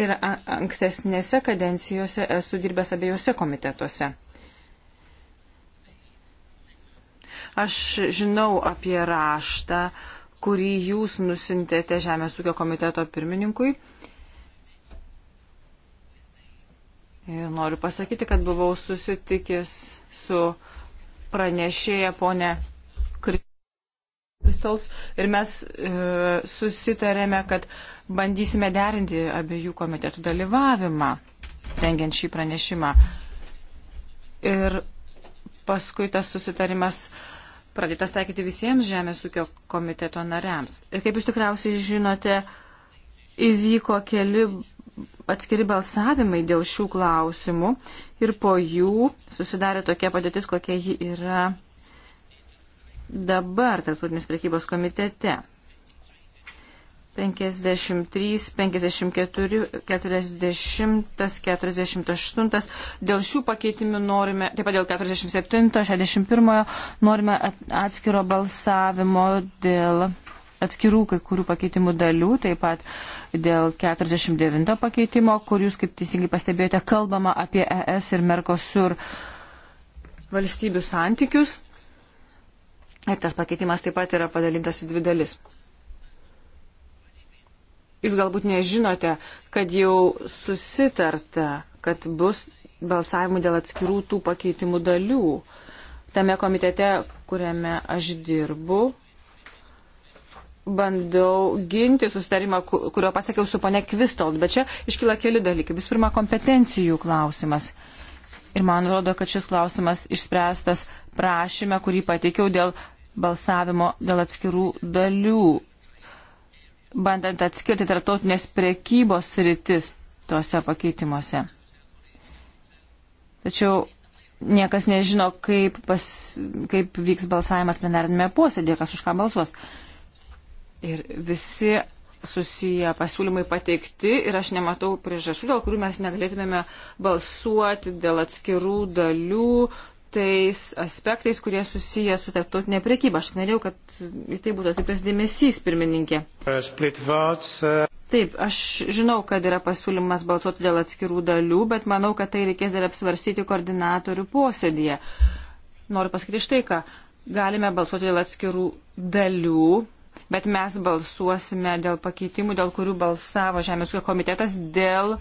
ir ankstesnėse kadencijose esu dirbęs abiejose komitetuose. Aš žinau apie raštą, kurį jūs nusintėte Žemės ūkio komiteto pirmininkui. Ir noriu pasakyti, kad buvau susitikęs su pranešėja ponė Kristols ir mes e, susitarėme, kad e, bandysime derinti abiejų komitetų dalyvavimą, rengiant šį pranešimą. Ir paskui tas susitarimas pradėtas taikyti visiems Žemės ūkio komiteto nariams. Ir kaip jūs tikriausiai žinote, įvyko keli atskiri balsavimai dėl šių klausimų ir po jų susidarė tokia padėtis, kokia ji yra dabar Tarptautinės prekybos komitete. 53, 54, 40, 48. Dėl šių pakeitimų norime, taip pat dėl 47, 61 norime atskiro balsavimo dėl atskirų kai kurių pakeitimų dalių, taip pat dėl 49 pakeitimo, kur jūs, kaip teisingai pastebėjote, kalbama apie ES ir Mercosur valstybių santykius. Ir tas pakeitimas taip pat yra padalintas į dvi dalis jūs galbūt nežinote, kad jau susitarta, kad bus balsavimų dėl atskirų tų pakeitimų dalių. Tame komitete, kuriame aš dirbu, bandau ginti susitarimą, kurio pasakiau su pane Kvistold, bet čia iškyla keli dalykai. Visų pirma, kompetencijų klausimas. Ir man atrodo, kad šis klausimas išspręstas prašyme, kurį pateikiau dėl balsavimo dėl atskirų dalių bandant atskirti tarptautinės prekybos rytis tuose pakeitimuose. Tačiau niekas nežino, kaip, pas, kaip vyks balsavimas plenarinėme posėdėje, kas už ką balsuos. Ir visi susiję pasiūlymai pateikti ir aš nematau priežasčių, dėl kurių mes negalėtumėme balsuoti dėl atskirų dalių, tais aspektais, kurie susiję su tarptautinė priekyba. Aš norėjau, kad į tai būtų atkreiptas dėmesys, pirmininkė. Uh, Taip, aš žinau, kad yra pasiūlymas balsuoti dėl atskirų dalių, bet manau, kad tai reikės dar apsvarstyti koordinatorių posėdėje. Noriu pasakyti štai ką. Galime balsuoti dėl atskirų dalių, bet mes balsuosime dėl pakeitimų, dėl kurių balsavo Žemės ūkio komitetas dėl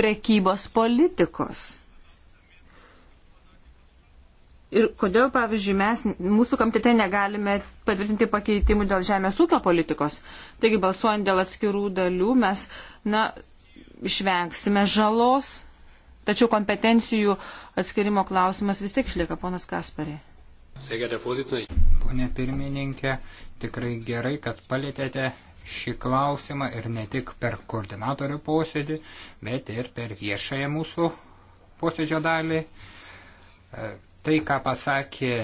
prekybos politikos. Ir kodėl, pavyzdžiui, mes mūsų komitete negalime patvirtinti pakeitimų dėl žemės ūkio politikos. Taigi, balsuojant dėl atskirų dalių, mes, na, išvengsime žalos, tačiau kompetencijų atskirimo klausimas vis tik išlieka, ponas Kasparė. Pone pirmininkė, tikrai gerai, kad palėtėte šį klausimą ir ne tik per koordinatorių posėdį, bet ir per viešąją mūsų posėdžio dalį. Tai, ką pasakė,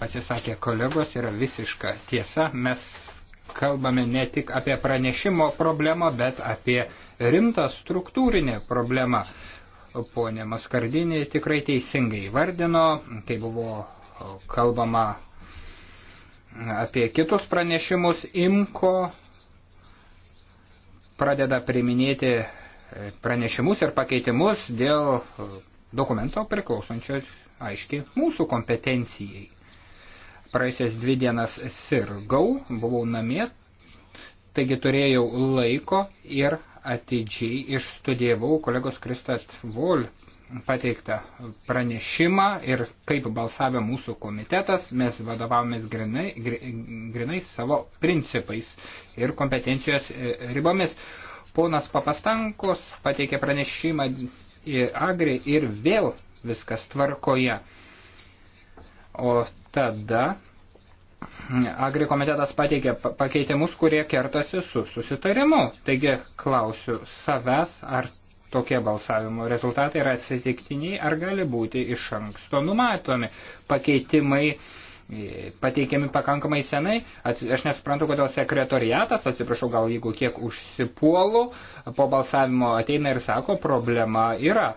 pasisakė kolegos, yra visiška tiesa. Mes kalbame ne tik apie pranešimo problemą, bet apie rimtą struktūrinę problemą. Pone Maskardinė tikrai teisingai vardino, tai buvo kalbama apie kitus pranešimus. Imko pradeda priminėti pranešimus ir pakeitimus dėl dokumento priklausančio aiški mūsų kompetencijai. Praėjusias dvi dienas sirgau, buvau namie, taigi turėjau laiko ir atidžiai išstudijavau kolegos Kristat Vol pateiktą pranešimą ir kaip balsavė mūsų komitetas, mes vadovavomės grinai, grinai savo principais ir kompetencijos e, ribomis. Ponas Papastankos pateikė pranešimą į Agri ir vėl viskas tvarkoje. O tada Agri komitetas pateikė pakeitimus, kurie kertasi su susitarimu. Taigi klausiu savęs, ar tokie balsavimo rezultatai yra atsitiktiniai, ar gali būti iš anksto numatomi pakeitimai e, pateikiami pakankamai senai. Aš nesuprantu, kodėl sekretoriatas, atsiprašau, gal jeigu kiek užsipuolu, po balsavimo ateina ir sako, problema yra.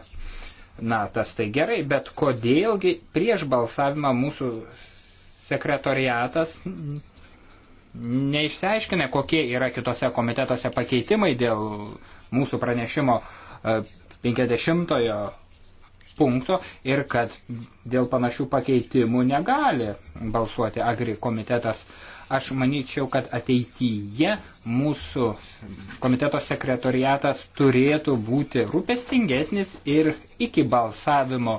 Na, tas tai gerai, bet kodėlgi prieš balsavimą mūsų sekretoriatas neišsiaiškinę, kokie yra kitose komitetuose pakeitimai dėl mūsų pranešimo e, 50-ojo punkto ir kad dėl panašių pakeitimų negali balsuoti agri komitetas. Aš manyčiau, kad ateityje mūsų komiteto sekretoriatas turėtų būti rūpestingesnis ir iki balsavimo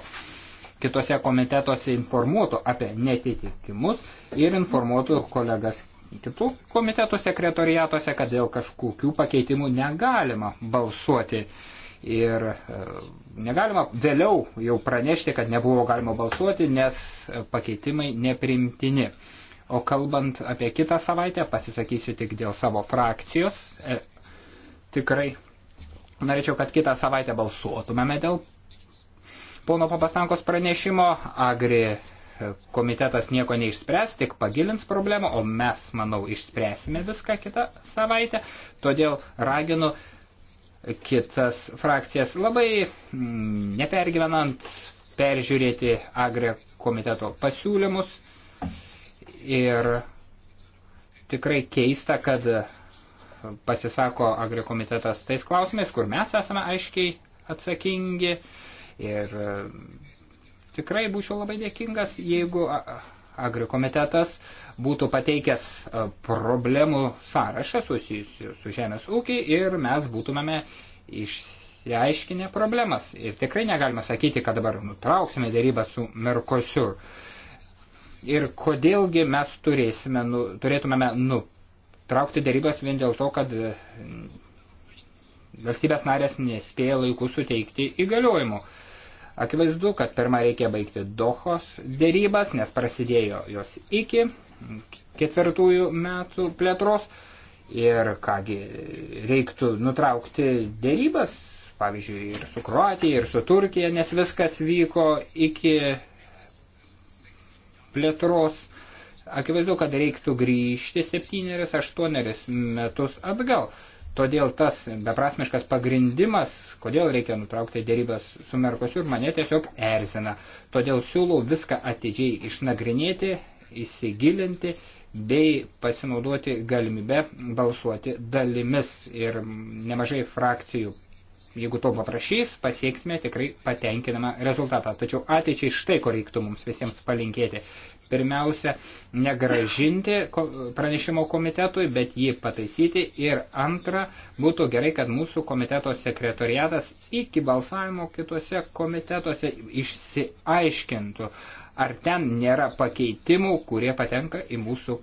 kitose komitetuose informuotų apie netitikimus ir informuotų kolegas kitų komitetų sekretoriatuose, kad dėl kažkokių pakeitimų negalima balsuoti ir e, negalima vėliau jau pranešti, kad nebuvo galima balsuoti, nes pakeitimai neprimtini. O kalbant apie kitą savaitę, pasisakysiu tik dėl savo frakcijos. E, tikrai norėčiau, kad kitą savaitę balsuotumėme dėl pono papasankos pranešimo. Agri e, komitetas nieko neišspręs, tik pagilins problemą, o mes, manau, išspręsime viską kitą savaitę. Todėl raginu kitas frakcijas. Labai mm, nepergyvenant peržiūrėti Agri komiteto pasiūlymus ir tikrai keista, kad pasisako Agri komitetas tais klausimais, kur mes esame aiškiai atsakingi ir mm, tikrai būčiau labai dėkingas, jeigu Agri komitetas uh, būtų pateikęs e, problemų sąrašą susijusių su žemės ūkiai ir mes būtumėme išsiaiškinę problemas. Ir tikrai negalima sakyti, kad dabar nutrauksime dėrybą su Merkosiu. Ir kodėlgi mes turėsime, nu, turėtumėme nutraukti dėrybas vien dėl to, kad e, valstybės narės nespėja laiku suteikti įgaliojimų. Akivaizdu, kad pirmą reikia baigti Dohos dėrybas, nes prasidėjo jos iki ketvirtųjų metų plėtros ir kągi reiktų nutraukti dėrybas, pavyzdžiui, ir su Kroatija, ir su Turkija, nes viskas vyko iki plėtros. Akivaizdu, kad reiktų grįžti septyneris, aštuoneris metus atgal. Todėl tas beprasmiškas pagrindimas, kodėl reikia nutraukti dėrybas su Merkosiu, mane tiesiog erzina. Todėl siūlau viską atidžiai išnagrinėti, įsigilinti bei pasinaudoti galimybę balsuoti dalimis ir nemažai frakcijų. Jeigu to paprašys, pasieksime tikrai patenkinamą rezultatą. Tačiau ateičiai štai ko reiktų mums visiems palinkėti. Pirmiausia, negražinti pranešimo komitetui, bet jį pataisyti. Ir antra, būtų gerai, kad mūsų komiteto sekretoriatas iki balsavimo kitose komitetuose išsiaiškintų, ar ten nėra pakeitimų, kurie patenka į mūsų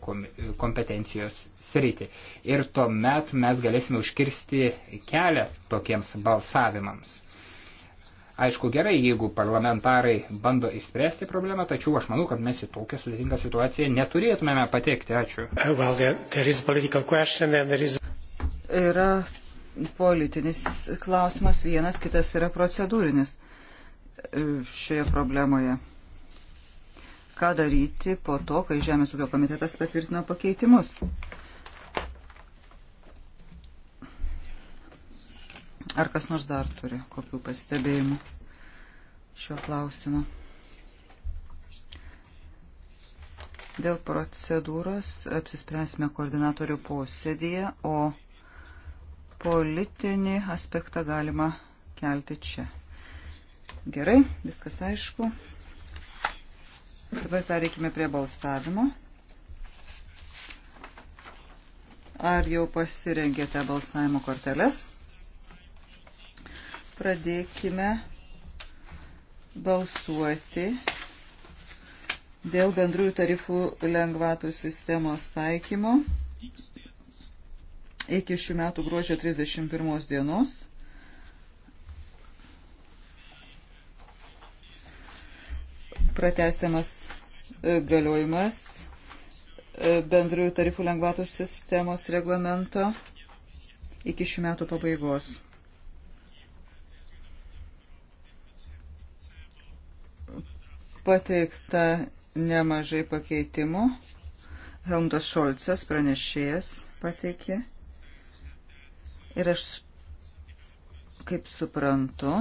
kompetencijos sritį. Ir tuomet mes galėsime užkirsti kelią tokiems balsavimams. Aišku, gerai, jeigu parlamentarai bando išspręsti problemą, tačiau aš manau, kad mes į tokią sudėtingą situaciją neturėtumėme patekti. Ačiū. Oh, well, there is is... Yra politinis klausimas vienas, kitas yra procedūrinis e, šioje problemoje ką daryti po to, kai Žemės ūkio komitetas patvirtino pakeitimus. Ar kas nors dar turi kokių pastebėjimų šiuo klausimu? Dėl procedūros apsispręsime koordinatorių posėdėje, o politinį aspektą galima kelti čia. Gerai, viskas aišku. Dabar pereikime prie balsavimo. Ar jau pasirengėte balsavimo korteles? Pradėkime balsuoti dėl bendrųjų tarifų lengvatų sistemos taikymo iki šių metų gruodžio 31 dienos. pratesiamas e, galiojimas e, bendrųjų tarifų lengvatų sistemos reglamento iki šių metų pabaigos. Pateikta nemažai pakeitimų. Helmutas Šolcas pranešėjas pateikė. Ir aš, kaip suprantu,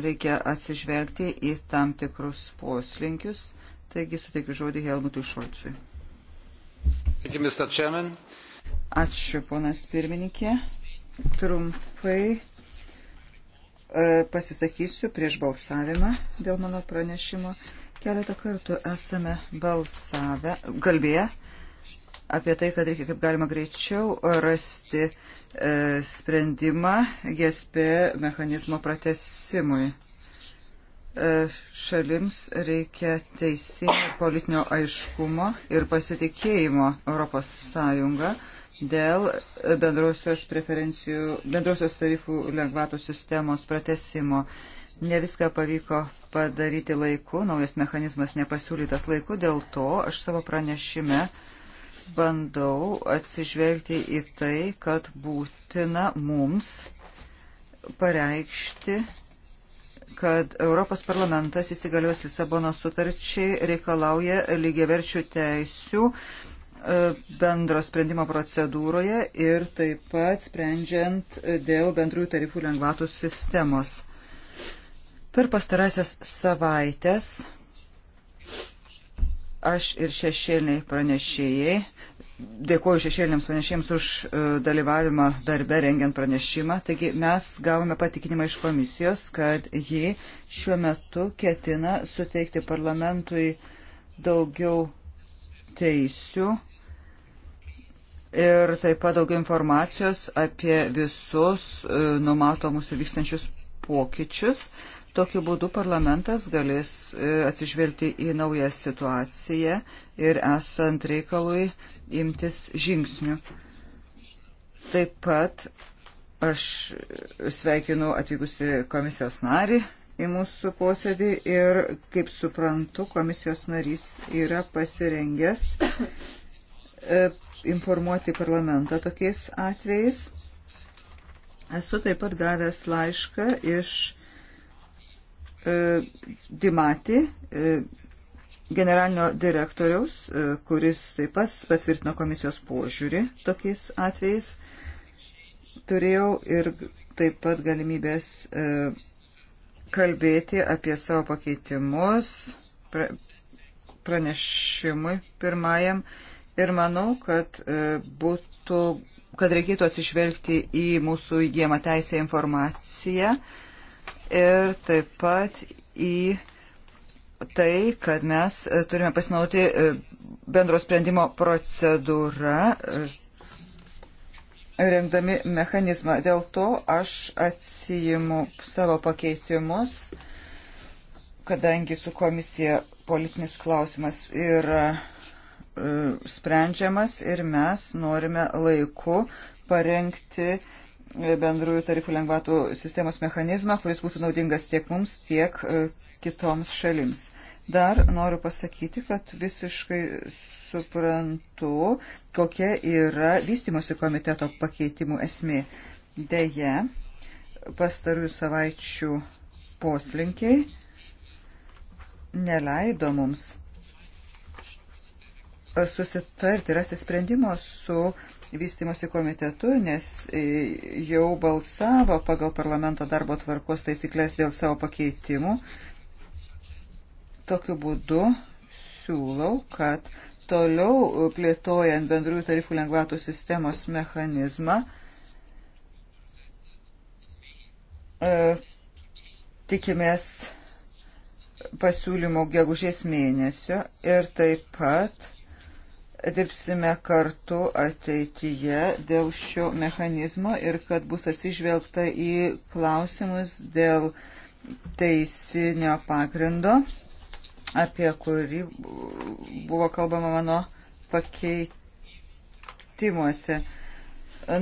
reikia atsižvelgti į tam tikrus poslinkius. Taigi suteikiu žodį Helmutui Šolcui. Ačiū, ponas pirmininkė. Trumpai e, pasisakysiu prieš balsavimą dėl mano pranešimo. Keletą kartų esame balsavę, kalbėję apie tai, kad reikia kaip galima greičiau rasti e, sprendimą GSP mechanizmo pratesimui. E, šalims reikia teisinio politinio aiškumo ir pasitikėjimo Europos Sąjunga dėl bendrosios, bendrosios tarifų lengvatos sistemos pratesimo. Ne viską pavyko padaryti laiku, naujas mechanizmas nepasiūlytas laiku, dėl to aš savo pranešime uh, bandau atsižvelgti į tai, kad būtina mums pareikšti, kad Europos parlamentas įsigalios Lisabono sutarčiai reikalauja lygiaverčių teisių e, bendro sprendimo procedūroje ir taip pat sprendžiant dėl bendrųjų tarifų lengvatų sistemos. Per pastarąsias savaitės Aš ir šešėliniai pranešėjai. Dėkuoju šešėliniams pranešėjams už e, dalyvavimą darbe rengiant pranešimą. Taigi mes gavome patikinimą iš komisijos, kad ji šiuo metu ketina suteikti parlamentui daugiau teisių ir taip pat daugiau informacijos apie visus e, numatomus ir vykstančius pokyčius. Tokiu būdu parlamentas galės e, atsižvelgti į naują situaciją ir esant reikalui imtis žingsnių. Taip pat aš sveikinu atvykusi komisijos narį į mūsų posėdį ir, kaip suprantu, komisijos narys yra pasirengęs e, informuoti parlamentą tokiais atvejais. Esu taip pat gavęs laišką iš E, Dimati, e, generalinio direktoriaus, e, kuris taip pat patvirtino komisijos požiūrį tokiais atvejais. Turėjau ir taip pat galimybės kalbėti apie savo pakeitimus pranešimui pirmajam ir manau, kad būtų kad reikėtų atsižvelgti į mūsų įgėmą teisę informaciją, uh, ir taip pat į tai, kad mes e, turime pasinauti e, bendro sprendimo procedūrą, e, rengdami mechanizmą. Dėl to aš atsijimu savo pakeitimus, kadangi su komisija politinis klausimas yra sprendžiamas ir mes norime laiku parengti uh, bendrųjų tarifų lengvatų sistemos mechanizmą, kuris būtų naudingas tiek mums, tiek e, kitoms šalims. Dar noriu pasakyti, kad visiškai suprantu, kokia yra vystimosi komiteto pakeitimų esmė. Deja, pastarųjų savaičių poslinkiai neleido mums susitarti, rasti sprendimo su vystimosi komitetu, nes e, jau balsavo pagal parlamento darbo tvarkos taisyklės dėl savo pakeitimų. Tokiu būdu siūlau, kad toliau plėtojant bendrųjų tarifų lengvatų sistemos mechanizmą, e, tikimės pasiūlymo gegužės mėnesio ir taip pat dirbsime kartu ateityje dėl šio mechanizmo ir kad bus atsižvelgta į klausimus dėl teisinio pagrindo, apie kurį buvo kalbama mano pakeitimuose.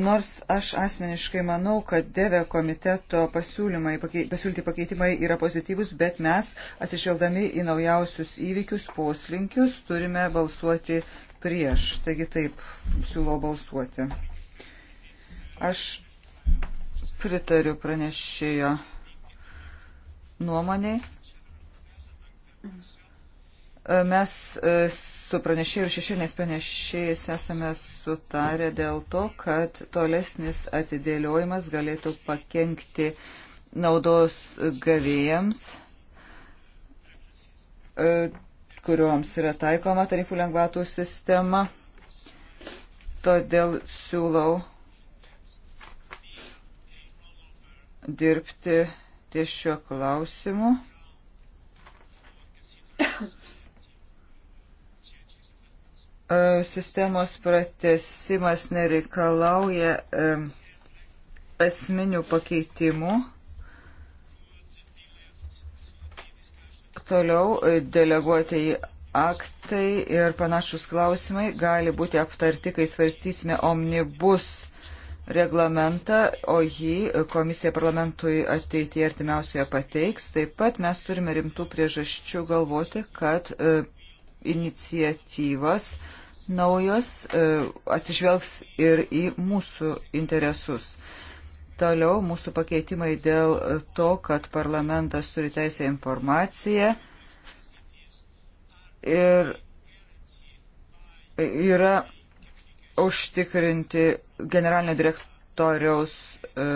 Nors aš asmeniškai manau, kad DEVE komiteto pasiūlymai, pakei, pasiūlyti pakeitimai yra pozityvus, bet mes, atsižvelgdami į naujausius įvykius, poslinkius, turime balsuoti prieš. Taigi taip siūlau balsuoti. Aš pritariu pranešėjo nuomoniai. Mes e, su pranešėjai ir šešėlės pranešėjais esame sutarę dėl to, kad tolesnis atidėliojimas galėtų pakengti naudos gavėjams e, kurioms yra taikoma tarifų lengvatų sistema. Todėl siūlau dirbti ties šiuo klausimu. E, sistemos pratesimas nereikalauja e, esminių pakeitimų. Toliau e, deleguoti į aktai ir panašus klausimai gali būti aptarti, kai svarstysime omnibus reglamentą, o jį komisija parlamentui ateityje artimiausioje pateiks. Taip pat mes turime rimtų priežasčių galvoti, kad e, iniciatyvas naujos e, atsižvelgs ir į mūsų interesus. Toliau mūsų pakeitimai dėl to, kad parlamentas turi teisę informaciją ir yra užtikrinti generalinio direktoriaus e,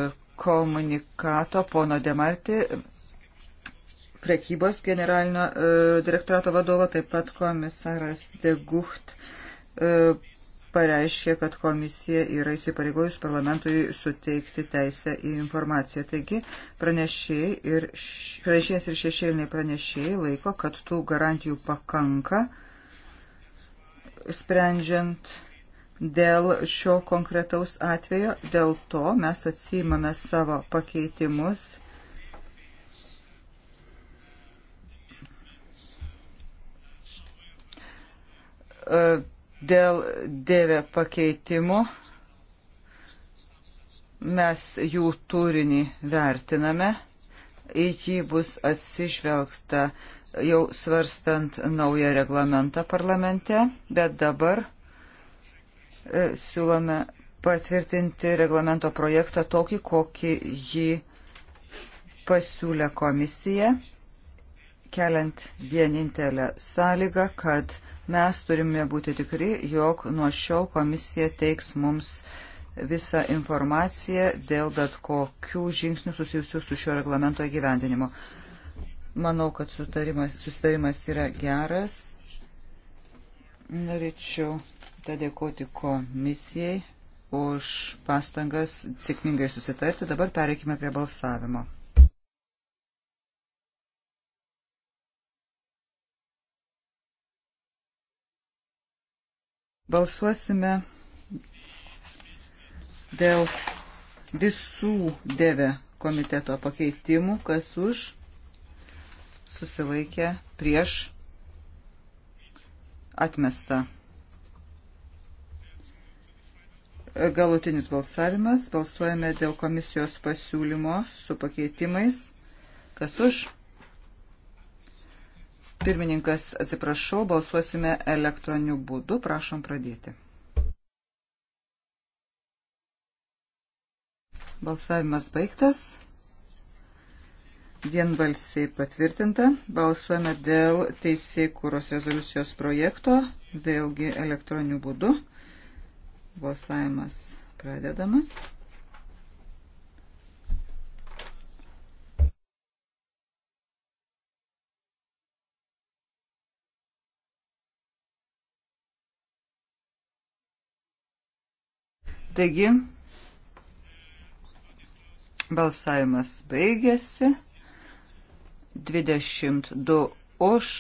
komunikato pono Demarti, e, prekybos generalinio e, direktorato vadovo, taip pat komisaras Degucht pareiškė, kad komisija yra įsipareigojus parlamentui suteikti teisę į informaciją. Taigi pranešėjai ir, pranešėjas ir šešėliniai pranešėjai laiko, kad tų garantijų pakanka, sprendžiant dėl šio konkretaus atvejo. Dėl to mes atsijimame savo pakeitimus e, Dėl dėvė pakeitimų mes jų turinį vertiname. Į jį bus atsižvelgta jau svarstant naują reglamentą parlamente, bet dabar e, siūlome patvirtinti reglamento projektą tokį, kokį jį pasiūlė komisija, keliant vienintelę sąlygą, kad Mes turime būti tikri, jog nuo šiol komisija teiks mums visą informaciją dėl bet kokių žingsnių susijusių su šio reglamento įgyvendinimu. Manau, kad susitarimas, susitarimas yra geras. Norėčiau tą dėkoti komisijai už pastangas sėkmingai susitarti. Dabar pereikime prie balsavimo. Balsuosime dėl visų dėvę komiteto pakeitimų, kas už susilaikė prieš atmestą. Galutinis balsavimas. Balsuojame dėl komisijos pasiūlymo su pakeitimais. Kas už? Pirmininkas, atsiprašau, balsuosime elektroniniu būdu. Prašom pradėti. Balsavimas baigtas. Vienbalsiai patvirtinta. Balsuojame dėl teisėjų kūros rezoliucijos projekto, vėlgi elektroniniu būdu. Balsavimas pradedamas. Taigi, balsavimas baigėsi. 22 už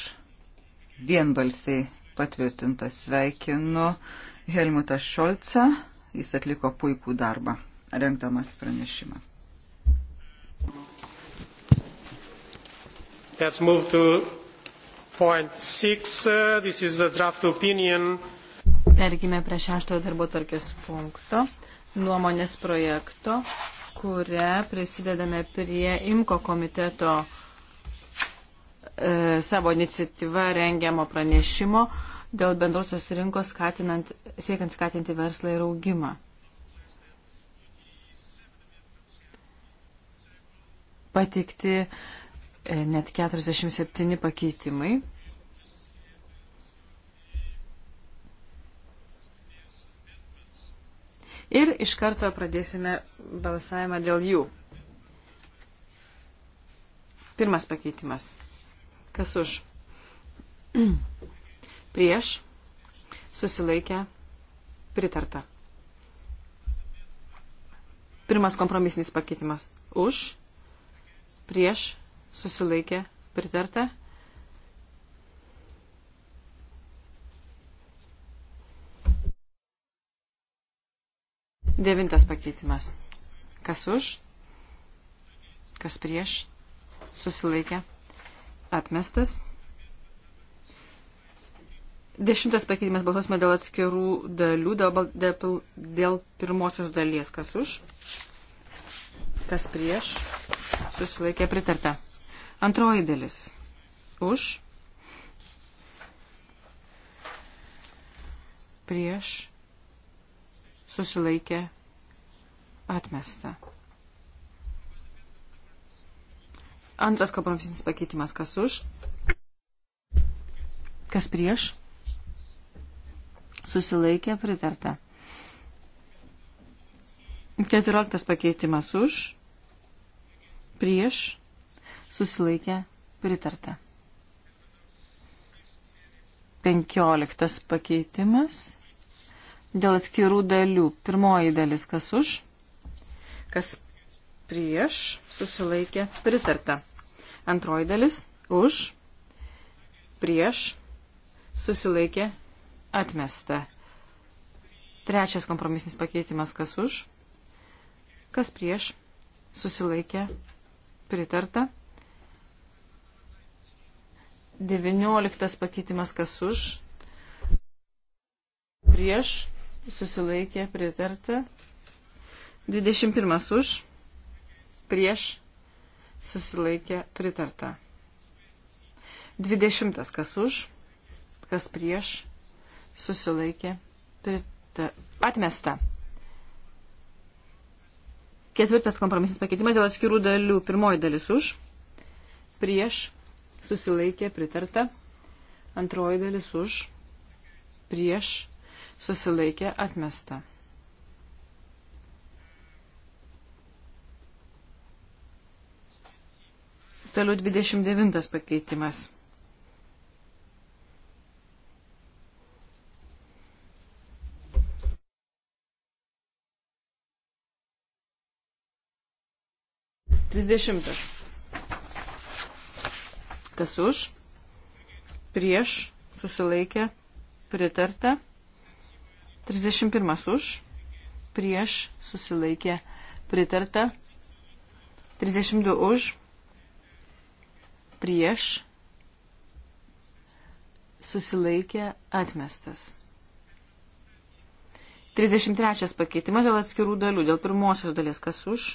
vienbalsiai patvirtintas sveikinu Helmutą Šolcą. Jis atliko puikų darbą, renkdamas pranešimą. Let's move to point six. Uh, this is a draft opinion Pergime prie šeštojo darbo tvarkės punkto, nuomonės projekto, kurią prisidedame prie IMKO komiteto e, savo iniciatyvą rengiamo pranešimo dėl bendrosios rinkos skatinant, siekiant skatinti verslą ir augimą. Pateikti e, net 47 pakeitimai. ir iš karto pradėsime balsavimą dėl jų. Pirmas pakeitimas. Kas už? Prieš. Susilaikę. Pritarta. Pirmas kompromisinis pakeitimas. Už. Prieš. Susilaikę. Pritarta. Devintas pakeitimas. Kas už? Kas prieš? Susilaikė. Atmestas. Dešimtas pakeitimas balsuosime dėl atskirų dalių, dėl, dėl, dėl pirmosios dalies. Kas už? Kas prieš? Susilaikė pritarta. Antroji dalis. Už. Prieš susilaikė atmesta. Antras kompromisinis pakeitimas, kas už, kas prieš, susilaikė pritarta. Keturioliktas pakeitimas už, prieš, susilaikė pritarta. Penkioliktas pakeitimas dėl atskirų dalių. Pirmoji dalis, kas už, kas prieš, susilaikė, pritarta. Antroji dalis, už, prieš, susilaikė, atmesta. Trečias kompromisinis pakeitimas, kas už, kas prieš, susilaikė, pritarta. Devinioliktas pakeitimas, kas už, prieš, susilaikė pritarta. 21 už, prieš, susilaikė pritarta. 20 kas už, kas prieš, susilaikė pritarta. Atmesta. Ketvirtas kompromisas pakeitimas dėl atskirų dalių. Pirmoji dalis už, prieš, susilaikė pritarta. Antroji dalis už, prieš, susilaikė atmesta. Toliau 29 pakeitimas. Trisdešimtas. Kas už? Prieš susilaikė pritarta. 31 už, prieš susilaikė pritarta. 32 už, prieš susilaikė atmestas. 33 pakeitimas dėl atskirų dalių. Dėl pirmosios dalies kas už,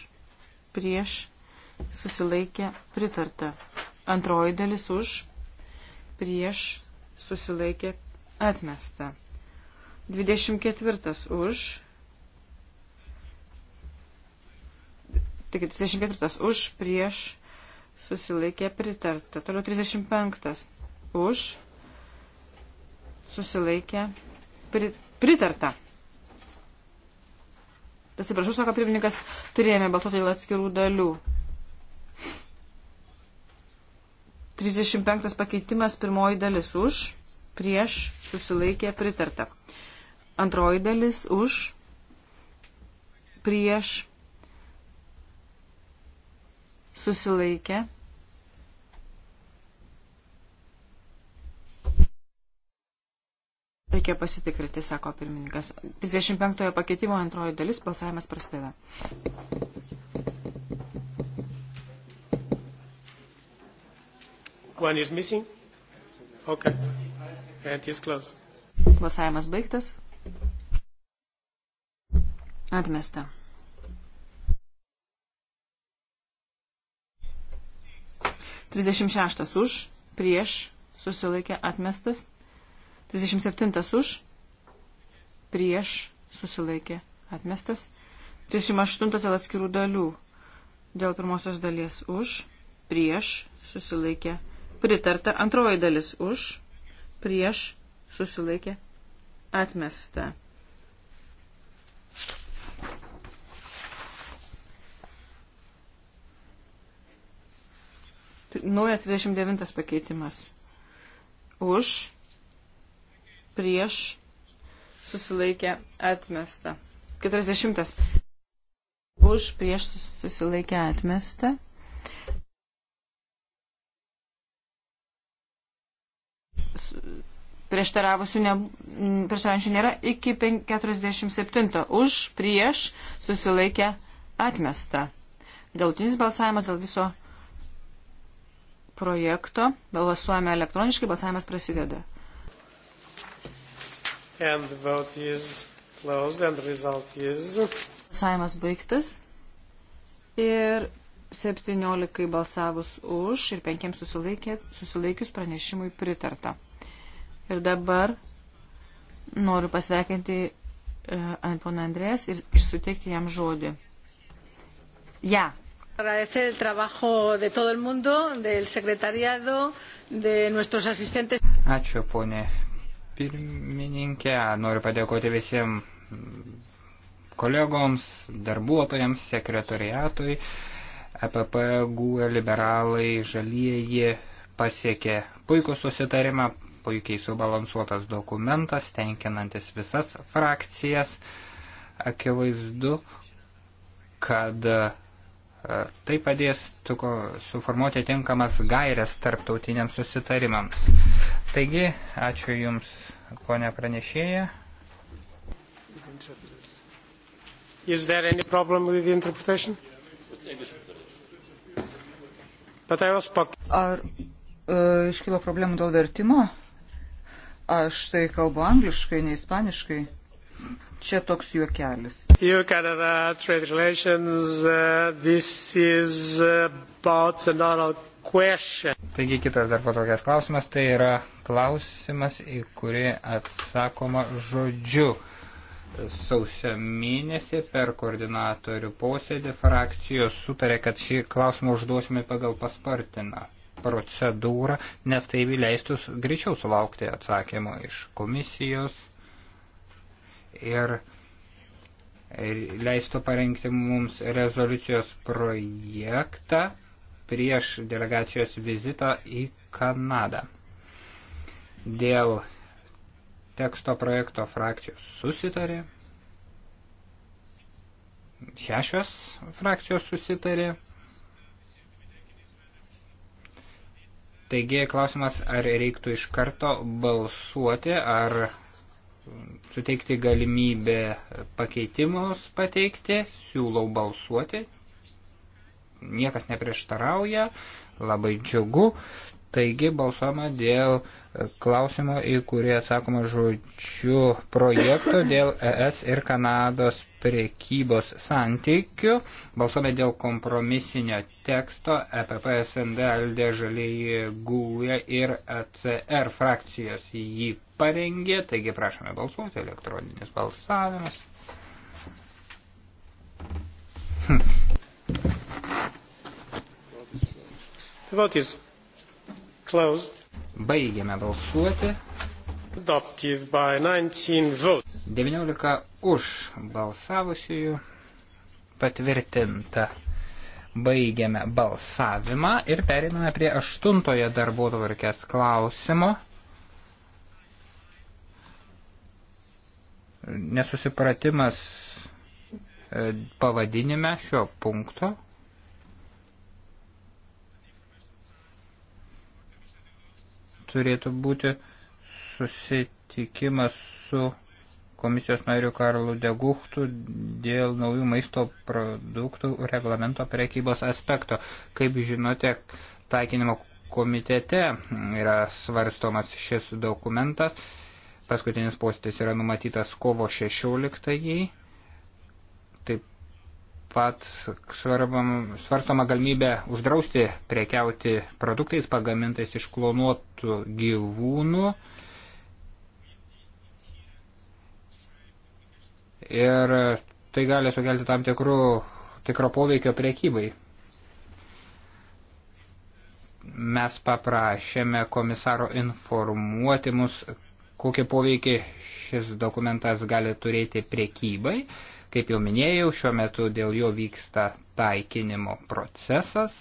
prieš susilaikė pritarta. Antroji dalis už, prieš susilaikė atmesta. 24 už. Tik 34 už, prieš, susilaikė pritarta. Toliau 35 už, susilaikė pri, pritarta. Atsiprašau, sako pirmininkas, turėjome balsuoti dėl atskirų dalių. 35 pakeitimas, pirmoji dalis už, prieš, susilaikė, pritarta. Antroji dalis už, prieš, susilaikę. Reikia pasitikrinti, sako pirmininkas. 35 pakeitimo antroji dalis balsavimas prasideda. One is missing? Okay. And is closed. Balsavimas baigtas. Atmesta. Trisdešimt šeštas už, prieš, susilaikė atmestas. Trisdešimt septintas už, prieš, susilaikė atmestas. Trisdešimt aštuntas dėl atskirų dalių. Dėl pirmosios dalies už, prieš, susilaikė pritarta. Antroji dalis už, prieš, susilaikė atmesta. Naujas 39 pakeitimas. Už, prieš, susilaikė, atmesta. 40. Už, prieš, susilaikė, atmesta. Prieštaravusių ne, prieštarančių nėra iki 47. Už, prieš, susilaikė, atmesta. Galutinis balsavimas dėl viso projekto. Balsuojame elektroniškai, balsavimas prasideda. Balsavimas baigtas. Ir 17 balsavus už ir 5 susilaikius pranešimui pritarta. Ir dabar noriu pasveikinti uh, poną Andrės ir, ir suteikti jam žodį. Ja, Agradecer el trabajo de todo el mundo, del secretariado, de nuestros asistentes. Ačiū, ponė pirmininkė. Noriu padėkoti visiems kolegoms, darbuotojams, sekretoriatui. EPP, GUE, liberalai, žalieji pasiekė puikų susitarimą, puikiai subalansuotas dokumentas, tenkinantis visas frakcijas. Akivaizdu, kad E, tai padės suformuoti tinkamas gairias tarptautiniams susitarimams. Taigi, ačiū Jums, ponia pranešėja. Is there any problem with the interpretation? But I was Ar uh, iškilo problemų dėl vertimo? Aš tai kalbu angliškai, ne ispaniškai čia toks juokelis. EU-Canada trade relations, uh, this is uh, about an oral question. Taigi kitas dar patogias klausimas, tai yra klausimas, į kurį atsakoma žodžiu. Sausio mėnesį per koordinatorių posėdį frakcijos sutarė, kad šį klausimą užduosime pagal paspartiną procedūrą, nes tai leistų greičiau sulaukti atsakymą iš komisijos ir leistų parengti mums rezoliucijos projektą prieš delegacijos vizitą į Kanadą. Dėl teksto projekto frakcijos susitarė. Šešios frakcijos susitarė. Taigi klausimas, ar reiktų iš karto balsuoti, ar suteikti galimybę pakeitimus pateikti, siūlau balsuoti, niekas neprieštarauja, labai džiugu. Taigi balsuoma dėl klausimo, į kurį atsakoma žodžiu projekto dėl ES ir Kanados priekybos santykių. Balsuome dėl kompromisinio teksto EPP, SND, LD, Žalieji, GUE ir ECR frakcijos jį parengė, taigi prašome balsuoti, elektroninis balsavimas. Vote is closed. Baigėme balsuoti. Adoptive by 19 votes. 19 už balsavusiųjų patvirtinta. Baigėme balsavimą ir periname prie aštuntojo darbo tvarkės klausimo. nesusipratimas e, pavadinime šio punkto. Turėtų būti susitikimas su komisijos nariu Karlu Deguchtu dėl naujų maisto produktų reglamento prekybos aspekto. Kaip žinote, taikinimo komitete yra svarstomas šis dokumentas Paskutinis postis yra numatytas kovo 16-ąjį. Taip pat svarbam, svarstama galimybė uždrausti prekiauti produktais pagamintais iš klonuotų gyvūnų. Ir tai gali sukelti tam tikrų, tikro poveikio priekybai. Mes paprašėme komisaro informuoti mus, kokie poveikiai šis dokumentas gali turėti priekybai. Kaip jau minėjau, šiuo metu dėl jo vyksta taikinimo procesas.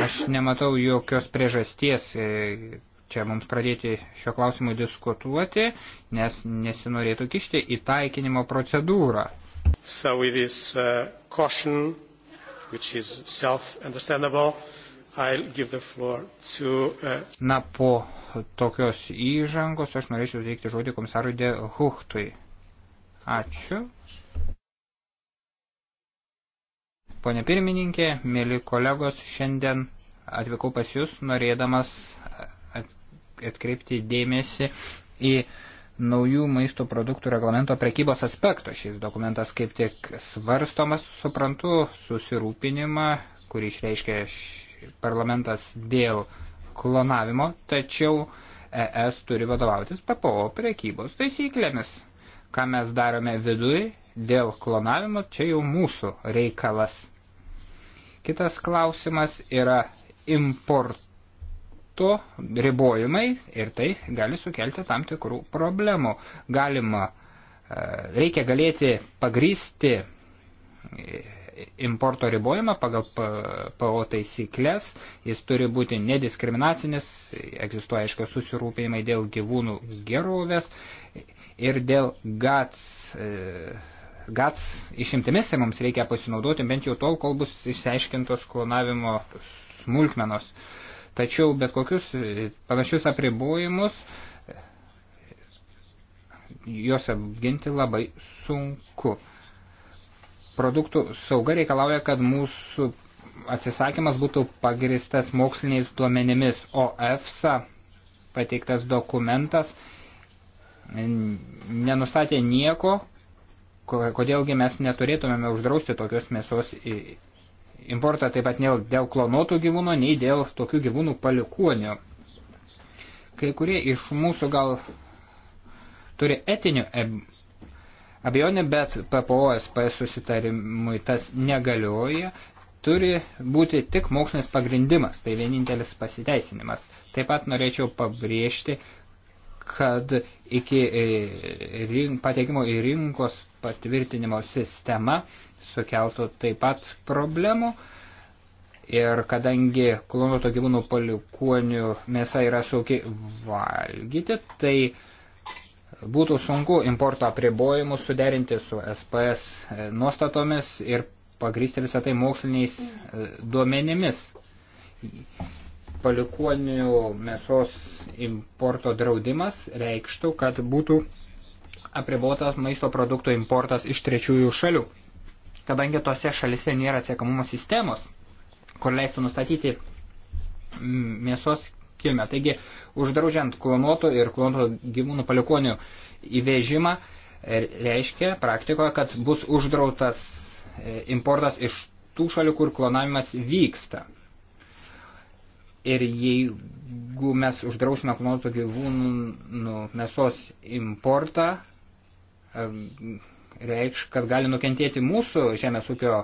Aš nematau jokios priežasties e, čia mums pradėti šio klausimu diskutuoti, nes nesinorėtų kišti į taikinimo procedūrą. So with this uh, caution, which is self-understandable, uh, To, uh... Na, po tokios įžangos aš norėčiau teikti žodį komisarui De Huchtui. Ačiū. Pone pirmininkė, mėly kolegos, šiandien atvykau pas Jūs norėdamas atkreipti dėmesį į naujų maisto produktų reglamento prekybos aspekto. Šis dokumentas kaip tik svarstomas, suprantu, susirūpinimą, kurį išreiškia parlamentas dėl klonavimo, tačiau ES turi vadovautis PPO prekybos taisyklėmis. Ką mes darome viduje dėl klonavimo, čia jau mūsų reikalas. Kitas klausimas yra importo ribojimai ir tai gali sukelti tam tikrų problemų. Galima, e, reikia galėti pagrysti importo ribojimą pagal PO taisyklės, jis turi būti nediskriminacinis, egzistuoja aiškios susirūpėjimai dėl gyvūnų gerovės ir dėl GATS, e, GATS išimtimis mums reikia pasinaudoti bent jau tol, kol bus išsiaiškintos klonavimo smulkmenos. Tačiau bet kokius e, panašius apribojimus e, juos apginti labai sunku. Produktų sauga reikalauja, kad mūsų atsisakymas būtų pagristas moksliniais duomenimis, o EFSA pateiktas dokumentas nenustatė nieko, kodėlgi mes neturėtumėme uždrausti tokios mėsos importą taip pat nei dėl klonotų gyvūnų, nei dėl tokių gyvūnų palikuonių. Kai kurie iš mūsų gal turi etinių e-, abejonių, bet PPO SPS susitarimui tas negalioja, turi būti tik mokslinis pagrindimas, tai vienintelis pasiteisinimas. Taip pat norėčiau pabrėžti, kad iki e, rink, patekimo į rinkos patvirtinimo sistema sukeltų taip pat problemų. Ir kadangi klonuoto gyvūnų palikuonių mėsa yra saugi valgyti, tai būtų sunku importo apribojimus suderinti su SPS e, nuostatomis ir pagrysti visą tai moksliniais e, duomenimis. Palikuonių mėsos importo draudimas reikštų, kad būtų apribotas maisto produktų importas iš trečiųjų šalių, kadangi tose šalise nėra atsiekamumo sistemos, kur leistų nustatyti mėsos kilmę. Taigi, uždraudžiant klonuotų ir klonuotų gyvūnų palikonių įvežimą, e, reiškia praktikoje, kad bus uždrautas e, importas iš tų šalių, kur klonavimas vyksta. Ir jeigu mes uždrausime klonuotų gyvūnų mėsos importą, e, reikš, kad gali nukentėti mūsų žemės ūkio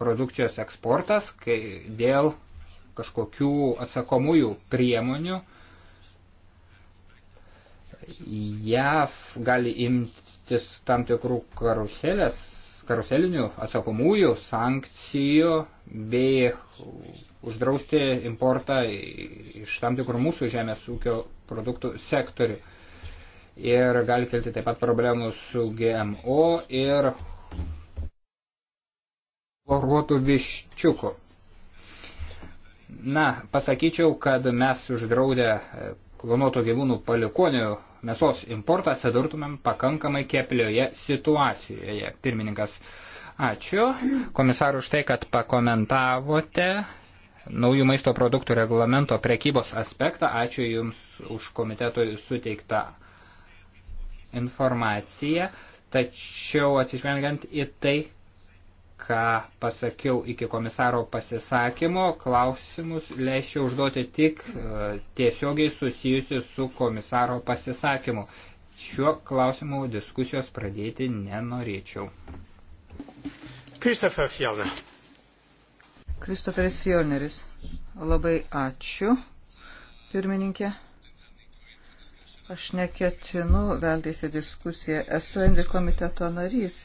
produkcijos eksportas, kai dėl kažkokių atsakomųjų priemonių, JAV gali imtis tam tikrų karuselės, karuselinių atsakomųjų sankcijų bei uždrausti importą iš tam tikrų mūsų žemės ūkio produktų sektorių. Ir gali kelti taip pat problemų su GMO ir chloruotų viščiukų. Na, pasakyčiau, kad mes uždraudę e, klonuoto gyvūnų palikonių mėsos importą atsidurtumėm pakankamai keplioje situacijoje. Pirmininkas, ačiū komisaru už tai, kad pakomentavote naujų maisto produktų reglamento prekybos aspektą. Ačiū Jums už komitetui suteiktą informaciją. Tačiau atsižvelgiant į tai, ką pasakiau iki komisaro pasisakymo, klausimus leisčiau užduoti tik e, tiesiogiai susijusi su komisaro pasisakymu. Šiuo klausimu diskusijos pradėti nenorėčiau. Kristofer Fjellner. Kristoferis Fjellneris. Labai ačiū, pirmininkė. Aš neketinu veltis į diskusiją. Esu Endi komiteto narys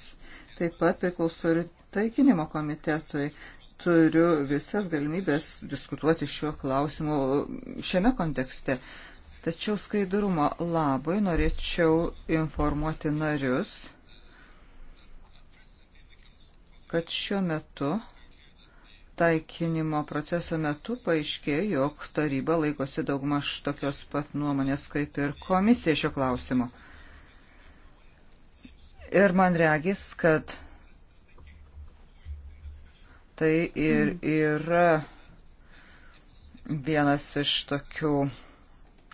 taip pat priklauso ir taikinimo komitetui. Turiu visas galimybės diskutuoti šiuo klausimu šiame kontekste. Tačiau skaidrumo labai norėčiau informuoti narius, kad šiuo metu taikinimo proceso metu paaiškėjo, jog taryba laikosi daugmaž tokios pat nuomonės kaip ir komisija šio klausimu. Ir man regis, kad tai ir mm. yra vienas iš tokių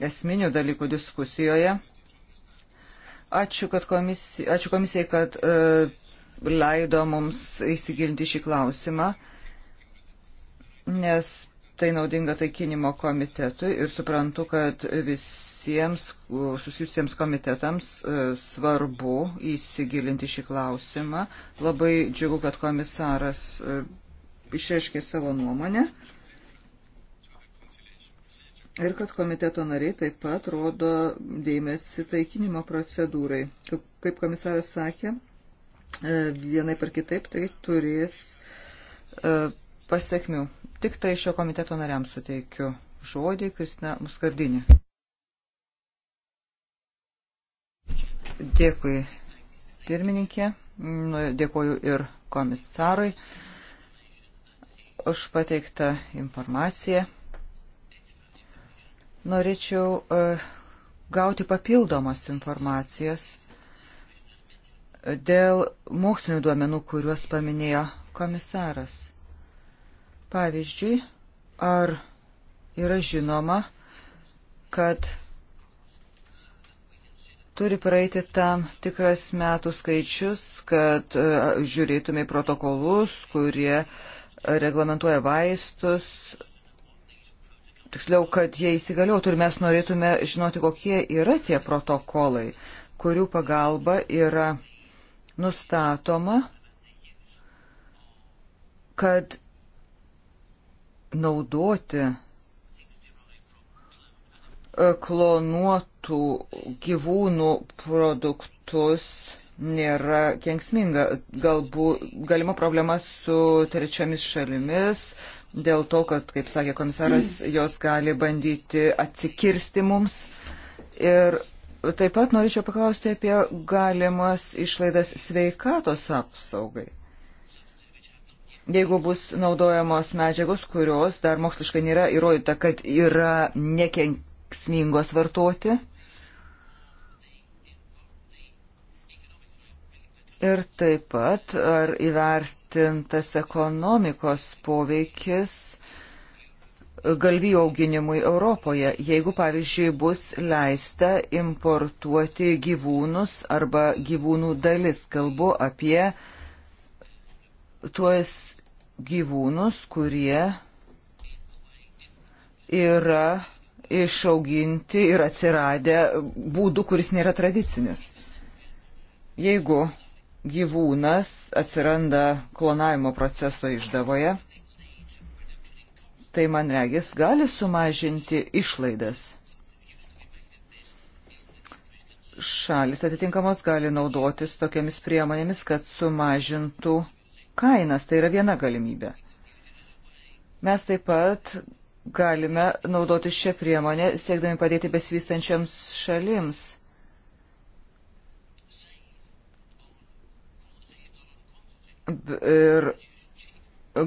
esminių dalykų diskusijoje. Ačiū, kad komisijai, ačiū komisijai, kad uh, leido mums įsigilinti šį klausimą, nes tai naudinga taikinimo komitetui ir suprantu, kad visiems susijusiems komitetams e, svarbu įsigilinti šį klausimą. Labai džiugu, kad komisaras e, išreiškė savo nuomonę. Ir kad komiteto nariai taip pat rodo dėmesį taikinimo procedūrai. Kaip komisaras sakė, e, vienai par kitaip tai turės pasiekmių. Tik tai šio komiteto nariams suteikiu žodį Kristina Muskardinė. Dėkui pirmininkė, nu, dėkoju ir komisarui už pateiktą informaciją. Norėčiau e, gauti papildomos informacijos dėl mokslinių duomenų, kuriuos paminėjo komisaras. Pavyzdžiui, ar yra žinoma, kad turi praeiti tam tikras metų skaičius, kad e, žiūrėtume į protokolus, kurie reglamentuoja vaistus. Tiksliau, kad jie įsigaliotų ir mes norėtume žinoti, kokie yra tie protokolai, kurių pagalba yra nustatoma, kad naudoti e, klonuotų gyvūnų produktus nėra kengsminga. Galbūt galima problema su trečiomis šalimis dėl to, kad, kaip sakė komisaras, mm. jos gali bandyti atsikirsti mums. Ir taip pat norėčiau paklausti apie galimas išlaidas sveikatos apsaugai jeigu bus naudojamos medžiagos, kurios dar moksliškai nėra įrodyta, kad yra nekenksmingos vartoti. Ir taip pat, ar įvertintas ekonomikos poveikis galvijų auginimui Europoje, jeigu, pavyzdžiui, bus leista importuoti gyvūnus arba gyvūnų dalis. Kalbu apie tuos gyvūnus, kurie yra išauginti ir atsiradę būdų, kuris nėra tradicinis. Jeigu gyvūnas atsiranda klonavimo proceso išdavoje, tai man regis gali sumažinti išlaidas. Šalis atitinkamos gali naudotis tokiamis priemonėmis, kad sumažintų kainas, tai yra viena galimybė. Mes taip pat galime naudoti šią priemonę, siekdami padėti besivystančiams šalims. Ir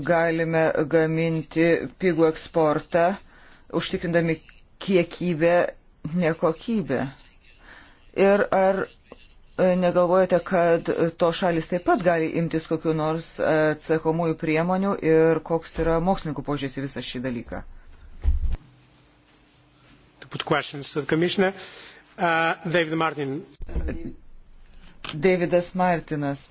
galime gaminti pigų eksportą, užtikrindami kiekybę, nekokybę. Ir ar negalvojate, kad to šalis taip pat gali imtis kokiu nors atsakomųjų priemonių ir koks yra mokslininkų požiūris į visą šį dalyką? Uh, David Martin. Davidas Martinas.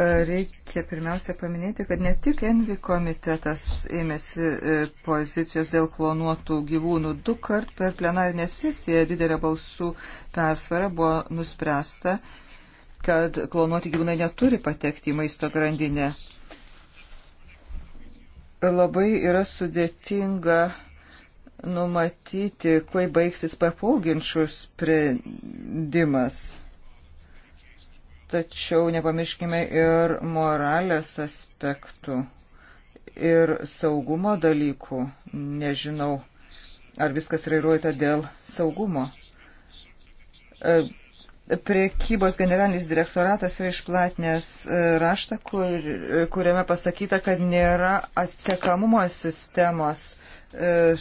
Reikia pirmiausia paminėti, kad ne tik Envi komitetas ėmėsi e, pozicijos dėl klonuotų gyvūnų. Du kart per plenarinę sesiją didelę balsų persvarą buvo nuspręsta, kad klonuoti gyvūnai neturi patekti į maisto grandinę. Labai yra sudėtinga numatyti, kuo baigsis papauginčių sprendimas tačiau nepamirškime ir moralės aspektų ir saugumo dalykų. Nežinau, ar viskas yra įrodyta dėl saugumo. E, priekybos generalinis direktoratas yra išplatinęs e, raštą, kur, kuriame pasakyta, kad nėra atsekamumo sistemos e,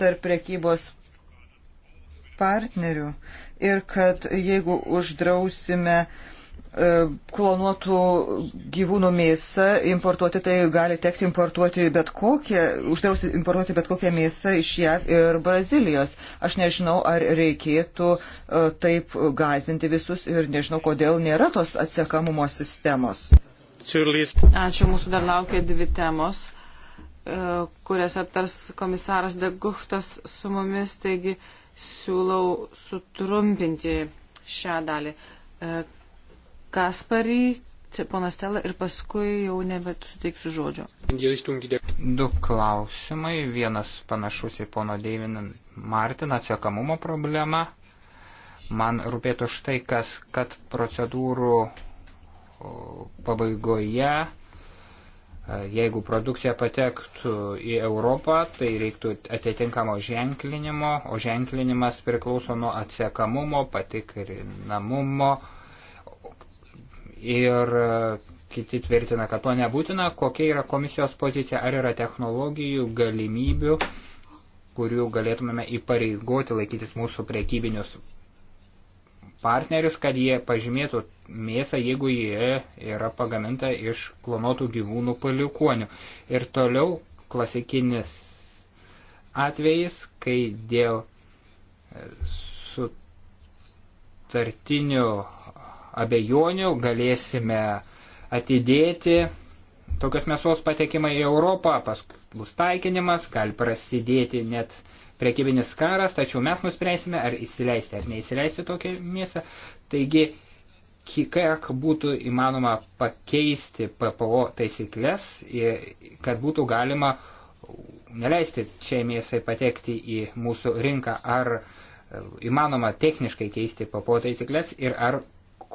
tarp priekybos partnerių ir kad jeigu uždrausime uh, E, klonuotų gyvūnų mėsą importuoti, tai gali tekti importuoti bet kokią, uždrausti importuoti bet kokią mėsą iš JAV ir Brazilijos. Aš nežinau, ar reikėtų e, taip gazinti visus ir nežinau, kodėl nėra tos atsiekamumo sistemos. Ačiū, mūsų dar laukia dvi temos e, kurias aptars komisaras Deguhtas su mumis, taigi siūlau sutrumpinti šią dalį Kasparį, ponas Stela ir paskui jau nebet suteiksiu žodžio. Du klausimai. Vienas panašus į pono Deiviną Martiną atsiekamumo problemą. Man rūpėtų štai kas, kad procedūrų pabaigoje, e, jeigu produkcija patektų į Europą, tai reiktų atitinkamo ženklinimo, o ženklinimas priklauso nuo atsiekamumo, patikrinamumo ir e, kiti tvirtina, kad to nebūtina. Kokia yra komisijos pozicija, ar yra technologijų, galimybių, kurių galėtumėme įpareigoti laikytis mūsų priekybinius partnerius, kad jie pažymėtų mėsą, jeigu jie yra pagaminta iš klonotų gyvūnų palikonių. Ir toliau klasikinis atvejis, kai dėl sutartinių abejonių, galėsime atidėti tokios mėsos patekimą į Europą, paskui bus taikinimas, gali prasidėti net prekybinis karas, tačiau mes nuspręsime, ar įsileisti ar neįsileisti tokią mėsą. Taigi, kiek būtų įmanoma pakeisti PPO taisyklės, kad būtų galima neleisti šiai mėsai patekti į mūsų rinką, ar e, įmanoma techniškai keisti PPO taisyklės ir ar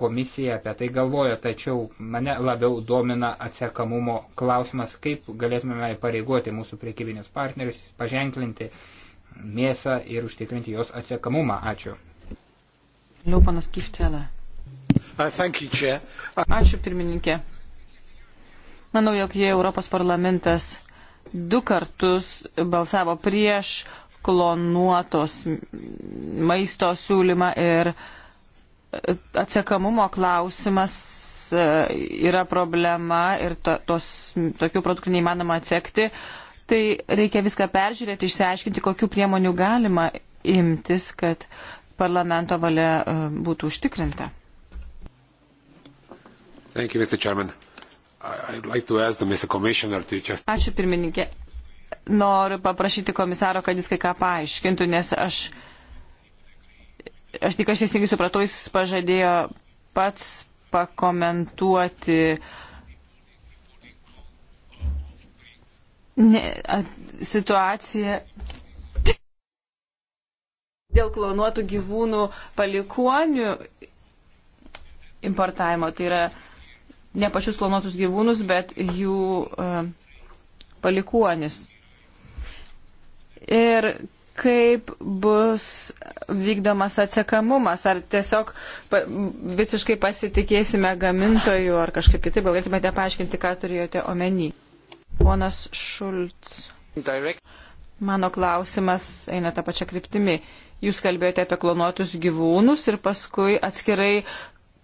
komisija apie tai galvoja, tačiau mane labiau domina atsekamumo klausimas, kaip galėtume pareigoti mūsų priekybinius partnerius, paženklinti mėsą ir užtikrinti jos atsekamumą. Ačiū. Liupanas Kiftelė. Uh, uh, Ačiū pirmininkė. Manau, jog jie Europos parlamentas du kartus balsavo prieš klonuotos maisto siūlymą ir uh, atsekamumo klausimas e, yra problema ir to, tos, tokių produktų neįmanoma atsekti, tai reikia viską peržiūrėti, išsiaiškinti, kokiu priemonių galima imtis, kad parlamento valia e, būtų užtikrinta. Thank you, Mr. Chairman. I'd like to ask the Mr. Commissioner to just... Ačiū pirmininkė. Noriu paprašyti komisaro, kad jis kai ką paaiškintų, nes aš uh, aš tik aš teisingai supratau, jis pažadėjo pats pakomentuoti ne, at, situaciją dėl klonuotų gyvūnų palikuonių importavimo. Tai yra ne pačius klonuotus gyvūnus, bet jų uh, palikuonis. Ir kaip bus vykdomas atsekamumas, ar tiesiog pa, visiškai pasitikėsime gamintojų, ar kažkaip kitaip galėtumėte paaiškinti, ką turėjote omeny. Ponas Šulc. Mano klausimas eina tą pačią kryptimį. Jūs kalbėjote apie klonuotus gyvūnus ir paskui atskirai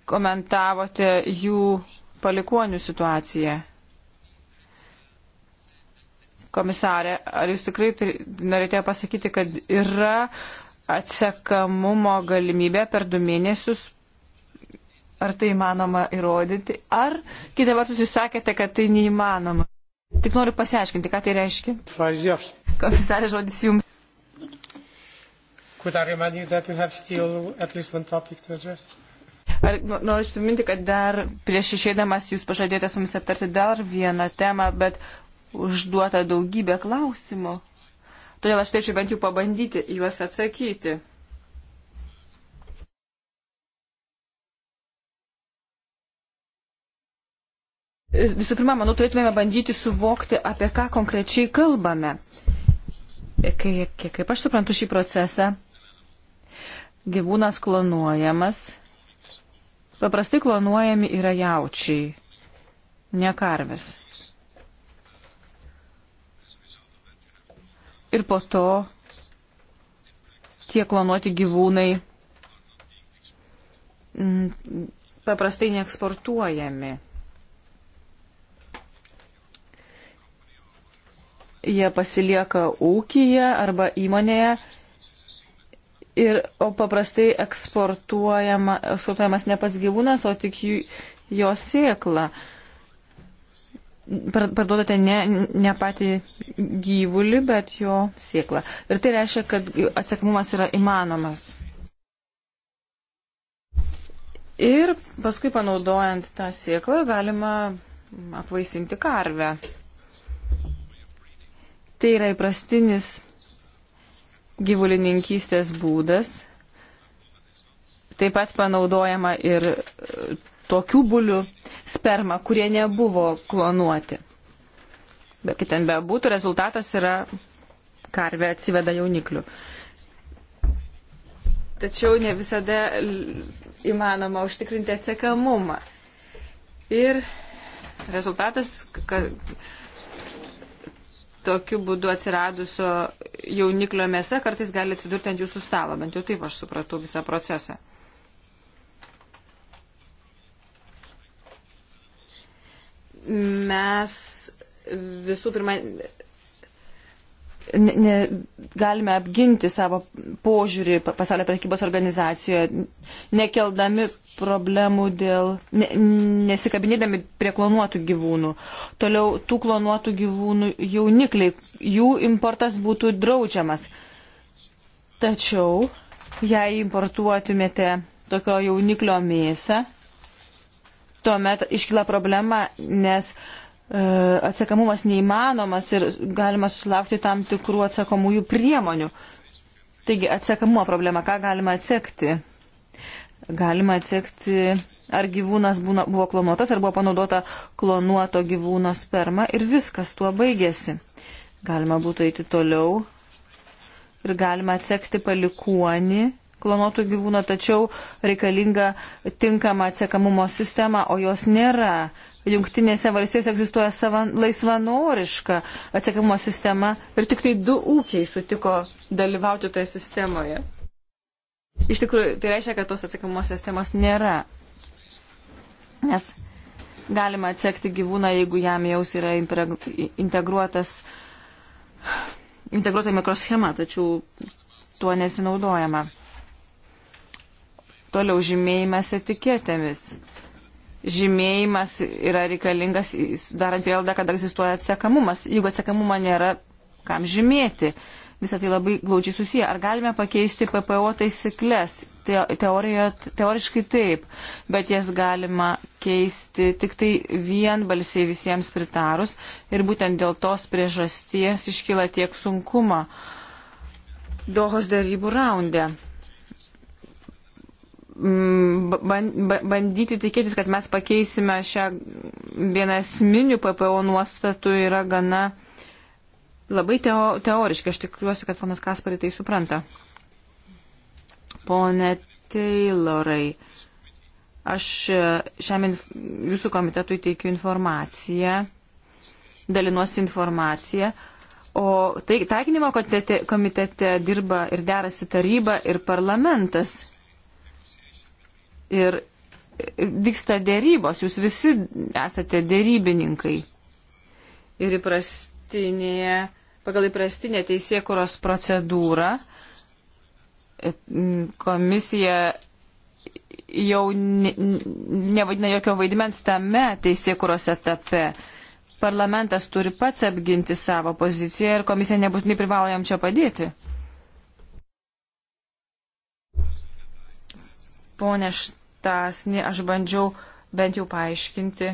komentavote jų palikonių situaciją komisarė, ar jūs tikrai norėtėjo pasakyti, kad yra atsekamumo galimybė per du mėnesius, ar tai įmanoma įrodyti, ar kitą vertus jūs sakėte, kad tai neįmanoma. Tik noriu pasiaiškinti, ką tai reiškia. Komisarė žodis jums. Ar noriu priminti, kad dar prieš išėdamas jūs pažadėjote su mumis aptarti dar vieną temą, bet užduota daugybė klausimų. Todėl aš teičiau bent jau pabandyti juos atsakyti. Visų pirma, manau, turėtumėme bandyti suvokti, apie ką konkrečiai kalbame. Kai, kaip aš suprantu šį procesą, gyvūnas klonuojamas. Paprastai klonuojami yra jaučiai, ne karvis. ir po to tie klonuoti gyvūnai mm, paprastai neeksportuojami. Jie pasilieka ūkyje arba įmonėje, ir, o paprastai eksportuojama, eksportuojamas ne pats gyvūnas, o tik jų, jo sėkla. Uh, parduodate ne, ne patį gyvulį, bet jo sieklą. Ir tai reiškia, kad atsiekamumas yra įmanomas. Ir paskui panaudojant tą sieklą galima apvaisinti karvę. Tai yra įprastinis gyvulininkystės būdas. Taip pat panaudojama ir tokių bulių spermą, kurie nebuvo klonuoti. Bet kaip ten bebūtų, rezultatas yra karvė atsiveda jauniklių. Tačiau ne visada įmanoma užtikrinti atsekamumą. Ir rezultatas, kad tokiu būdu atsiradusio jauniklio mėsa kartais gali atsidurti ant jūsų stalo, bent jau taip aš supratau visą procesą. mes visų pirma ne, ne, galime apginti savo požiūrį pasaulio prekybos organizacijoje, nekeldami problemų dėl, ne, nesikabinėdami prie klonuotų gyvūnų. Toliau tų klonuotų gyvūnų jaunikliai, jų importas būtų draudžiamas. Tačiau, jei importuotumėte tokio jauniklio mėsą, tuomet iškyla problema, nes e, atsakamumas neįmanomas ir galima susilaukti tam tikrų atsakomųjų priemonių. Taigi atsakamumo problema, ką galima atsekti? Galima atsekti, ar gyvūnas būna, buvo klonuotas, ar buvo panaudota klonuoto gyvūno sperma ir viskas tuo baigėsi. Galima būtų eiti toliau ir galima atsekti palikuonį klonuotų gyvūnų, tačiau reikalinga tinkama atsiekamumo sistema, o jos nėra. Jungtinėse valstijose egzistuoja savan, laisvanoriška atsiekamumo sistema ir tik tai du ūkiai sutiko dalyvauti toje sistemoje. Iš tikrųjų, tai reiškia, kad tos atsiekamumo sistemos nėra. Nes galima atsekti gyvūną, jeigu jam jaus yra integruotas, integruota mikroschema, tačiau tuo nesinaudojama. Toliau žymėjimas etiketėmis. Žymėjimas yra reikalingas, darant prielaidą, kad egzistuoja atsekamumas. Jeigu atsekamumo nėra, kam žymėti? Visą tai labai glaudžiai susiję. Ar galime pakeisti PPO taisyklės? Te, teorijoje, teoriškai taip, bet jas galima keisti tik tai vienbalsiai visiems pritarus ir būtent dėl tos priežasties iškyla tiek sunkumą Dohos darybų raunde. Mm, bandyti tikėtis, kad mes pakeisime šią vieną esminių PPO nuostatų yra gana labai teo, teoriškai. Aš tikiuosi, kad ponas Kasparį tai supranta. Pone Taylorai, aš e, šiam inf jūsų komitetui teikiu informaciją, dalinuosi informaciją. O tai, taikinimo komitete, komitete dirba ir derasi taryba ir parlamentas ir vyksta dėrybos, jūs visi esate dėrybininkai. Ir įprastinėje, pagal įprastinę teisėkuros procedūrą komisija jau ne, nevadina jokio vaidmens tame teisėkuros etape. Parlamentas turi pats apginti savo poziciją ir komisija nebūtinai privalo jam čia padėti. Pone Štasni, aš bandžiau bent jau paaiškinti,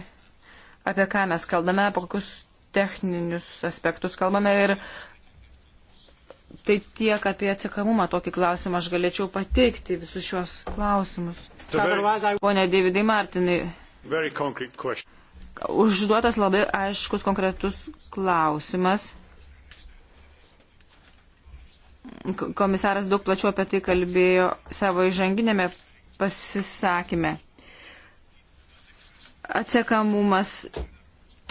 apie ką mes kalbame, apie kokius techninius aspektus kalbame ir tai tiek apie atsikamumą tokį klausimą aš galėčiau pateikti visus šios klausimus. Pone Davidai Martinai. Užduotas labai aiškus konkretus klausimas. Komisaras daug plačiau apie tai kalbėjo savo įžanginėme pasisakime. Atsekamumas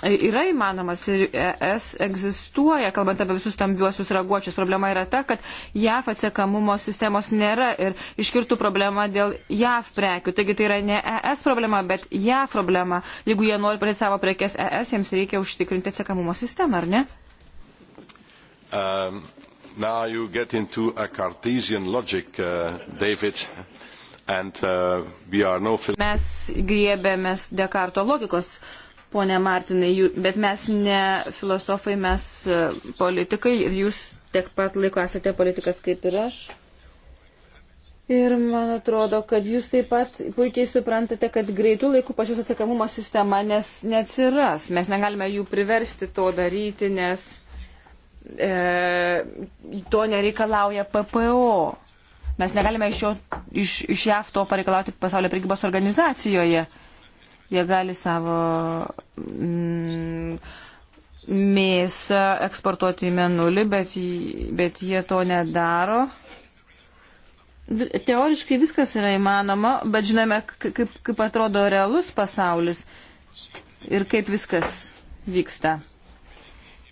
yra įmanomas ir ES egzistuoja, kalbant apie visus stambiuosius raguočius. Problema yra ta, kad JAF atsiekamumo sistemos nėra ir iškirtų problema dėl JAF prekių. Taigi tai yra ne ES problema, bet JAF problema. Jeigu jie nori pradėti savo prekes ES, jiems reikia užtikrinti atsiekamumo sistemą, ar ne? Um, now you get into a Cartesian logic, uh, David. Uh, mes griebėmės Dekarto logikos, ponė Martinai, bet mes ne filosofai, mes e, politikai ir jūs tiek pat laiko esate politikas kaip ir aš. Ir man atrodo, kad jūs taip pat puikiai suprantate, kad greitų laikų pačios atsakamumo sistema nes, neatsiras. Mes negalime jų priversti to daryti, nes e, to nereikalauja PPO. Mes negalime iš, jo, iš, iš JAV to pareikalauti pasaulio prekybos organizacijoje. Jie gali savo mm, mėsą eksportuoti į menulį, bet, bet jie to nedaro. Teoriškai viskas yra įmanoma, bet žinome, kaip, kaip atrodo realus pasaulis ir kaip viskas vyksta.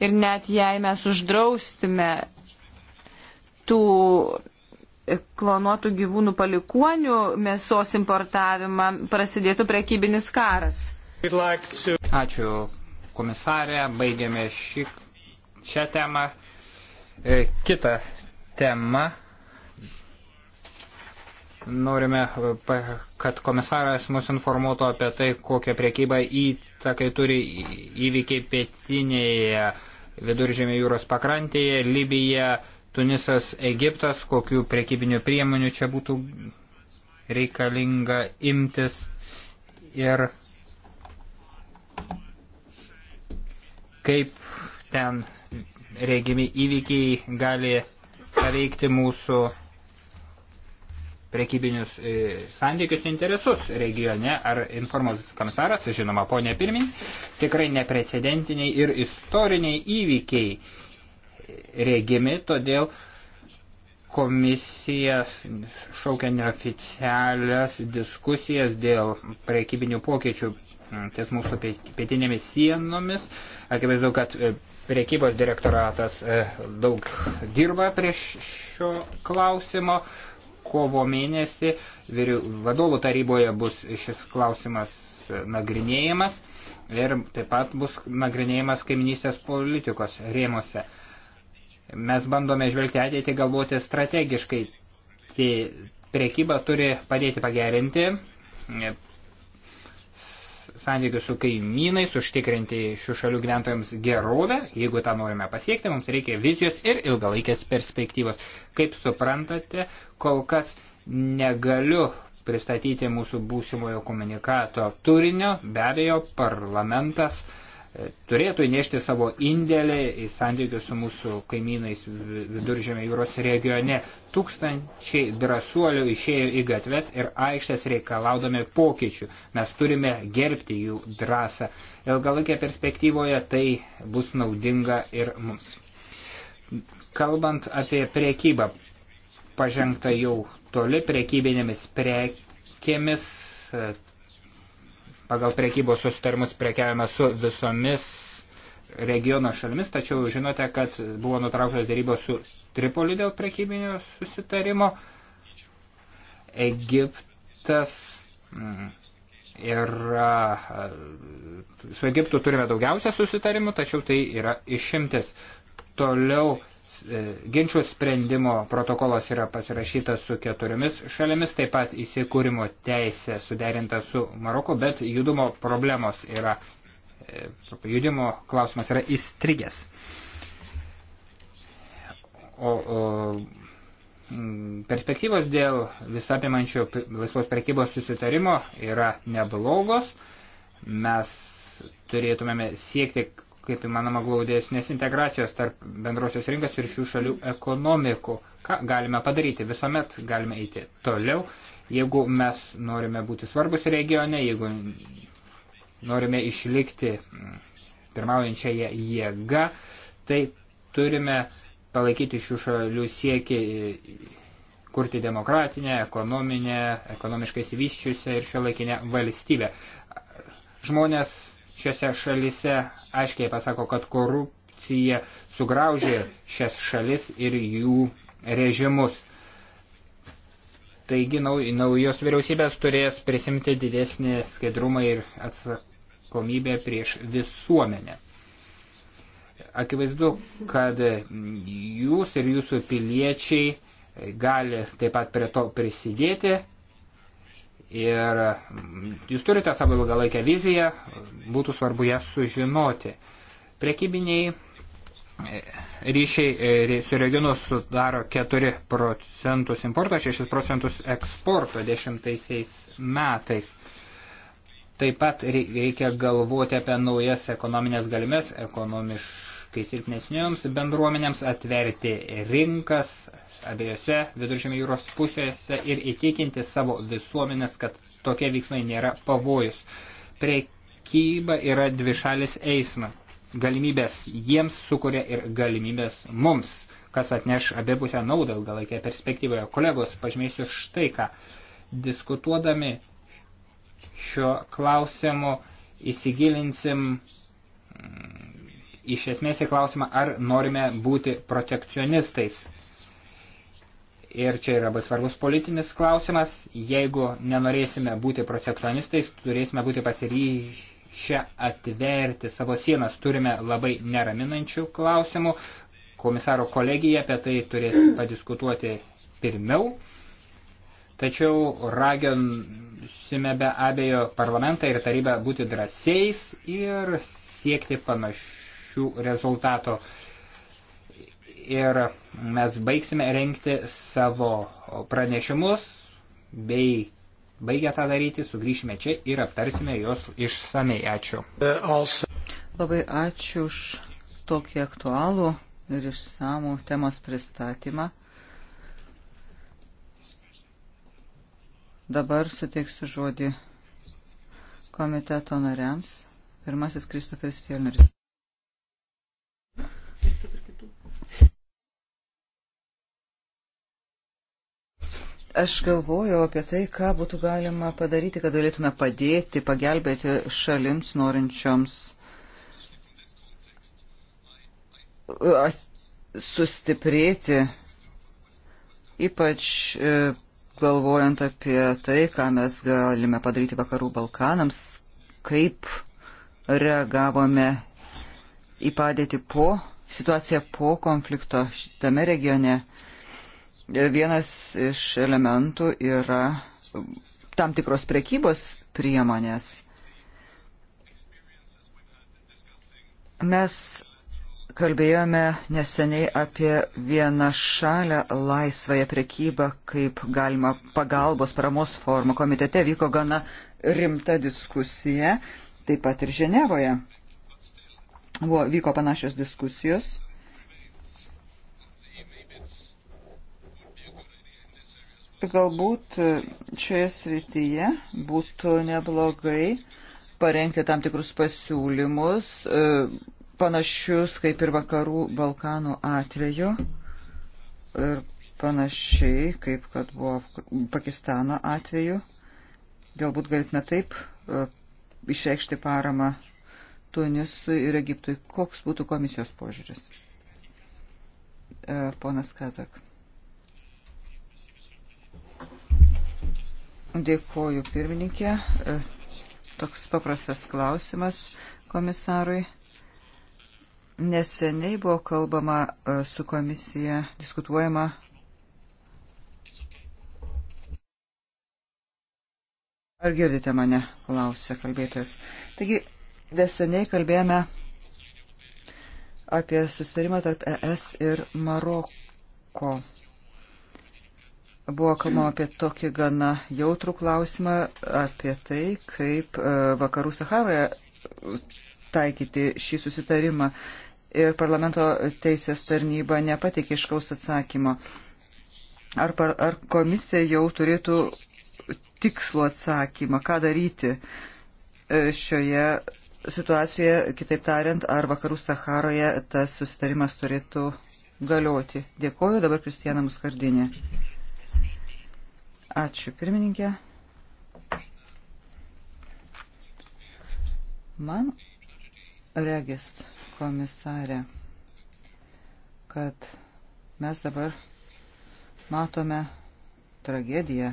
Ir net jei mes uždraustume tų klonuotų gyvūnų palikuonių mėsos importavimą prasidėtų prekybinis karas. Ačiū komisarė, baigėme šį, šią temą. E, kita tema. Norime, kad komisaras mus informuotų apie tai, kokią priekybą įtakai turi įvykiai pietinėje viduržėmė jūros pakrantėje, Libija, Tunisas, Egiptas, kokių prekybinių priemonių čia būtų reikalinga imtis ir kaip ten regimi įvykiai gali paveikti mūsų prekybinius e, santykius interesus regione ar informuos komisaras, žinoma, ponė pirmin, tikrai neprecedentiniai ir istoriniai įvykiai regimi, todėl komisija šaukia neoficialias diskusijas dėl prekybinių pokyčių ties mūsų pietinėmis sienomis. Akivaizdu, kad e, priekybos direktoratas e, daug dirba prie šio klausimo. Kovo mėnesį vadovų taryboje bus šis klausimas e, nagrinėjimas ir taip pat bus nagrinėjimas kaiminystės politikos rėmose. Mes bandome žvelgti ateitį, galvoti strategiškai. Tai priekyba turi padėti pagerinti santykius su kaimynais, užtikrinti šių šalių gyventojams gerovę. Jeigu tą norime pasiekti, mums reikia vizijos ir ilgalaikės perspektyvos. Kaip suprantate, kol kas negaliu pristatyti mūsų būsimojo komunikato turinio. Be abejo, parlamentas uh, turėtų įnešti savo indėlį į santykius su mūsų kaimynais viduržėmio jūros regione. Tūkstančiai drąsuolių išėjo į gatves ir aikštės reikalaudami pokyčių. Mes turime gerbti jų drąsą. Ilgalaikė perspektyvoje tai bus naudinga ir mums. Kalbant apie priekybą, pažengta jau toli priekybinėmis prekėmis pagal prekybos sustarimus prekiavime su visomis regiono šalimis, tačiau žinote, kad buvo nutrauktos dėrybos su Tripoli dėl prekybinio susitarimo. Egiptas ir mm, su Egiptu turime daugiausia susitarimų, tačiau tai yra išimtis. Toliau E, ginčių sprendimo protokolas yra pasirašytas su keturiomis šalimis, taip pat įsikūrimo teisė suderinta su Maroku, bet judumo problemos yra, e, judimo klausimas yra įstrigęs. O, o perspektyvos dėl visapimančio laisvos prekybos susitarimo yra neblogos. Mes turėtumėme siekti, kaip įmanoma glaudėsnės integracijos tarp bendrosios rinkos ir šių šalių ekonomikų. Ką galime padaryti? Visuomet galime eiti toliau. Jeigu mes norime būti svarbus regione, jeigu norime išlikti mm, pirmaujančiąją jėgą, tai turime palaikyti šių šalių siekį e, kurti demokratinę, ekonominę, ekonomiškai įsivyščiusią ir šio laikinę valstybę. Žmonės šiose šalise aiškiai pasako, kad korupcija sugraužė šias šalis ir jų režimus. Taigi naujos vyriausybės turės prisimti didesnį skaidrumą ir atsakomybę prieš visuomenę. Akivaizdu, kad jūs ir jūsų piliečiai gali taip pat prie to prisidėti, Ir mm, jūs turite savo ilgalaikę viziją, būtų svarbu ją sužinoti. Prekybiniai e, ryšiai e, su regionu sudaro 4 procentus importo, 6 procentus eksporto dešimtaisiais metais. Taip pat reikia galvoti apie naujas ekonominės galimės ekonomiškai silpnesnioms bendruomenėms atverti rinkas, abiejose viduržėmio jūros pusėse ir įtikinti savo visuomenės, kad tokie veiksmai nėra pavojus. Prekyba yra dvišalis eismas. Galimybės jiems sukuria ir galimybės mums, kas atneš abipusę naudą ilgalaikėje perspektyvoje. Kolegos, pažymėsiu štai ką. Diskutuodami šio klausimu įsigilinsim mm, iš esmės į klausimą, ar norime būti protekcionistais ir čia yra labai svarbus politinis klausimas. Jeigu nenorėsime būti protekcionistais, turėsime būti pasiryšę atverti savo sienas. Turime labai neraminančių klausimų. Komisaro kolegija apie tai turės padiskutuoti pirmiau. Tačiau raginsime be abejo parlamentą ir tarybą būti drąsiais ir siekti panašių rezultato ir mes baigsime renkti savo pranešimus, bei baigę tą daryti, sugrįšime čia ir aptarsime juos išsamei. Ačiū. Labai ačiū už tokį aktualų ir išsamų temos pristatymą. Dabar suteiksiu žodį komiteto nariams. Pirmasis Kristoferis Fielneris. Aš galvojau apie tai, ką būtų galima padaryti, kad galėtume padėti, pagelbėti šalims norinčioms sustiprėti, ypač e, galvojant apie tai, ką mes galime padaryti vakarų Balkanams, kaip reagavome į padėtį po situaciją po konflikto tame regione Vienas iš elementų yra tam tikros prekybos priemonės. Mes kalbėjome neseniai apie vieną šalę laisvąją prekybą, kaip galima pagalbos paramos formą. Komitete vyko gana rimta diskusija, taip pat ir Ženevoje. Buvo, vyko panašios diskusijos. Galbūt e, šioje srityje būtų neblogai parengti tam tikrus pasiūlymus, e, panašius kaip ir vakarų Balkanų atveju ir panašiai kaip kad buvo Pakistano atveju. Galbūt galėtume taip e, išreikšti paramą Tunisui ir Egiptui. Koks būtų komisijos požiūris? Ponas Kazak. Dėkoju pirmininkė. E, toks paprastas klausimas komisarui. Neseniai buvo kalbama e, su komisija, diskutuojama. Ar girdite mane, klausė kalbėtojas. Taigi, neseniai kalbėjome apie susitarimą tarp ES ir Maroko. Buvo kalbama apie tokį gana jautrų klausimą, apie tai, kaip e, vakarų Saharoje e, taikyti šį susitarimą. Ir parlamento teisės tarnyba nepateikė iškaus atsakymo. Ar, par, ar komisija jau turėtų tikslų atsakymą, ką daryti e, šioje situacijoje, kitaip tariant, ar vakarų Saharoje tas susitarimas turėtų galioti. Dėkuoju dabar Kristijana Muskardinė. Ačiū, pirmininkė. Man regis, komisarė, kad mes dabar matome tragediją,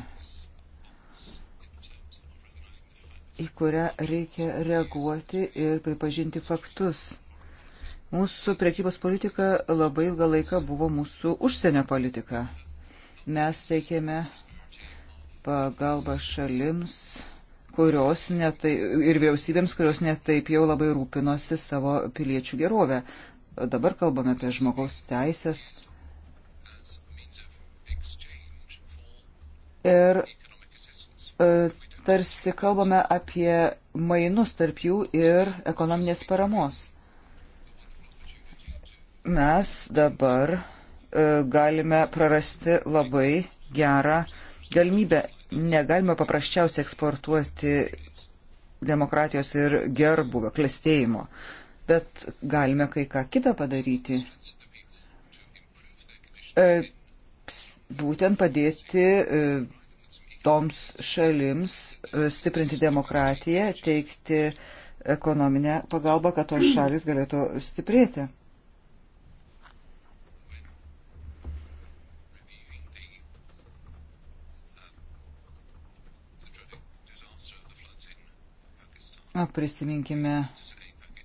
į kurią reikia reaguoti ir pripažinti faktus. Mūsų prekybos politika labai ilgą laiką buvo mūsų užsienio politika. Mes teikėme pagalbą šalims kurios netai, ir vyriausybėms, kurios netaip jau labai rūpinosi savo piliečių gerovę. Dabar kalbame apie žmogaus teisės. Ir e, tarsi kalbame apie mainus tarp jų ir ekonominės paramos. Mes dabar e, galime prarasti labai gerą galimybę negalima paprasčiausiai eksportuoti demokratijos ir gerbuvio, klestėjimo, bet galime kai ką kitą padaryti. E, būtent padėti e, toms šalims e, stiprinti demokratiją, teikti ekonominę pagalbą, kad tos šalis galėtų stiprėti. Prisiminkime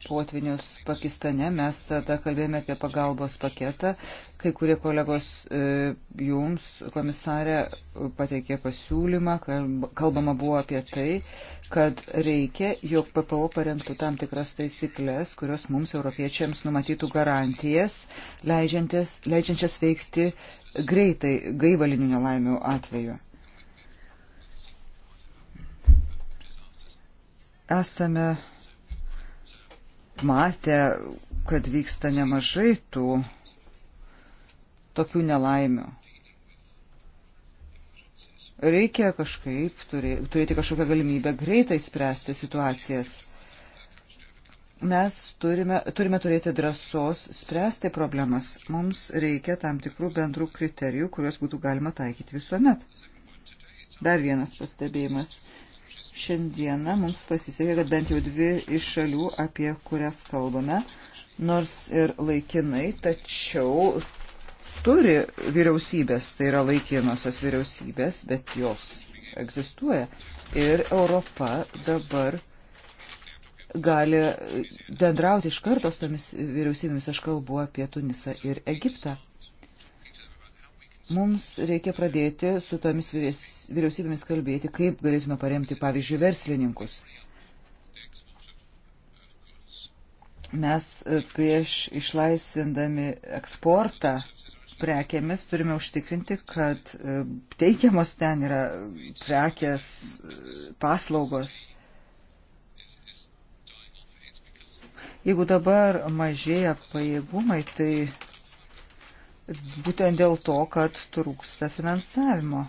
potvinius Pakistane, mes tada kalbėjome apie pagalbos paketą. Kai kurie kolegos e, jums, komisarė, pateikė pasiūlymą, kalbama buvo apie tai, kad reikia, jog PPO parengtų tam tikras taisyklės, kurios mums, europiečiams, numatytų garantijas, leidžiančias veikti greitai gaivalinių nelaimių atveju. esame matę, kad vyksta nemažai tų tokių nelaimių. Reikia kažkaip turėti kažkokią galimybę greitai spręsti situacijas. Mes turime, turime turėti drąsos spręsti problemas. Mums reikia tam tikrų bendrų kriterijų, kuriuos būtų galima taikyti visuomet. Dar vienas pastebėjimas. Šiandieną mums pasisekė, kad bent jau dvi iš šalių, apie kurias kalbame, nors ir laikinai, tačiau turi vyriausybės, tai yra laikinosios vyriausybės, bet jos egzistuoja. Ir Europa dabar gali bendrauti iš karto su tomis vyriausybėmis. Aš kalbu apie Tunisą ir Egiptą. Mums reikia pradėti su tomis vyriausybėmis kalbėti, kaip galėtume paremti, pavyzdžiui, verslininkus. Mes e, prieš išlaisvindami eksportą prekėmis turime užtikrinti, kad e, teikiamos ten yra prekės e, paslaugos. Jeigu dabar mažėja pajėgumai, tai būtent dėl to, kad trūksta finansavimo.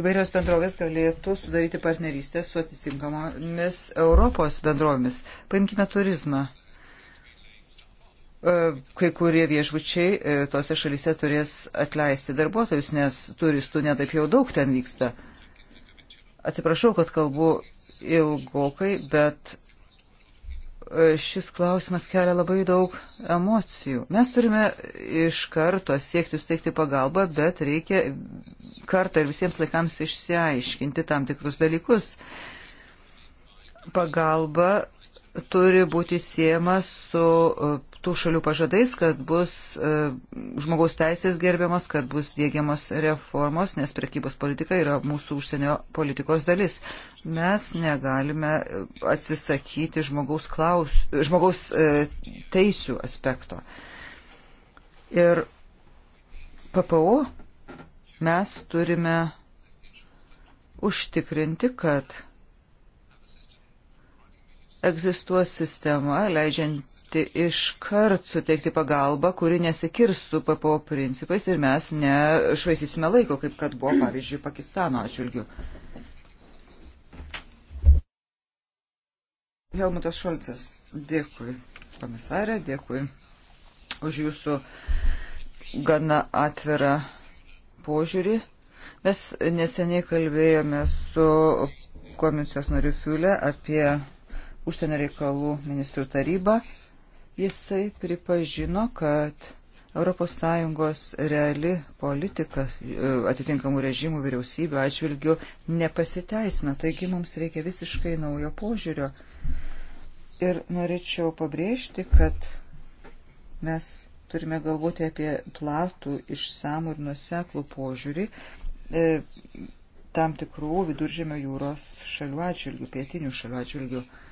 Įvairios bendrovės galėtų sudaryti partnerystę su atitinkamomis Europos bendrovėmis. Paimkime turizmą. E, kai kurie viešbučiai e, tose šalyse turės atleisti darbuotojus, nes turistų netaip jau daug ten vyksta. Atsiprašau, kad kalbu ilgokai, bet E, šis klausimas kelia labai daug emocijų. Mes turime iš karto siekti suteikti pagalbą, bet reikia kartą ir visiems laikams išsiaiškinti tam tikrus dalykus. Pagalba turi būti siejama su e, tų šalių pažadais, kad bus e, žmogaus teisės gerbiamas, kad bus dėgiamos reformos, nes prekybos politika yra mūsų užsienio politikos dalis. Mes negalime e, atsisakyti žmogaus, klaus, žmogaus teisų aspekto. Ir PPO mes turime užtikrinti, kad egzistuos sistema, leidžianti iškart suteikti pagalbą, kuri nesikirstų PPO principais ir mes nešvaisysime laiko, kaip kad buvo, pavyzdžiui, Pakistano atžvilgių. Helmutas Šolcas, dėkui komisarė, dėkui už jūsų gana atvirą požiūrį. Mes neseniai kalbėjome su komisijos nariu Fiulė apie užsienio reikalų ministrų taryba, jisai pripažino, kad ES reali politika e, atitinkamų režimų vyriausybių atžvilgių nepasiteisina. Taigi mums reikia visiškai naujo požiūrio. Ir norėčiau pabrėžti, kad mes turime galvoti apie platų, išsamų ir nuseklų požiūrį e, tam tikrų viduržėmio jūros šalių atžvilgių, pietinių šalių atžvilgių. E,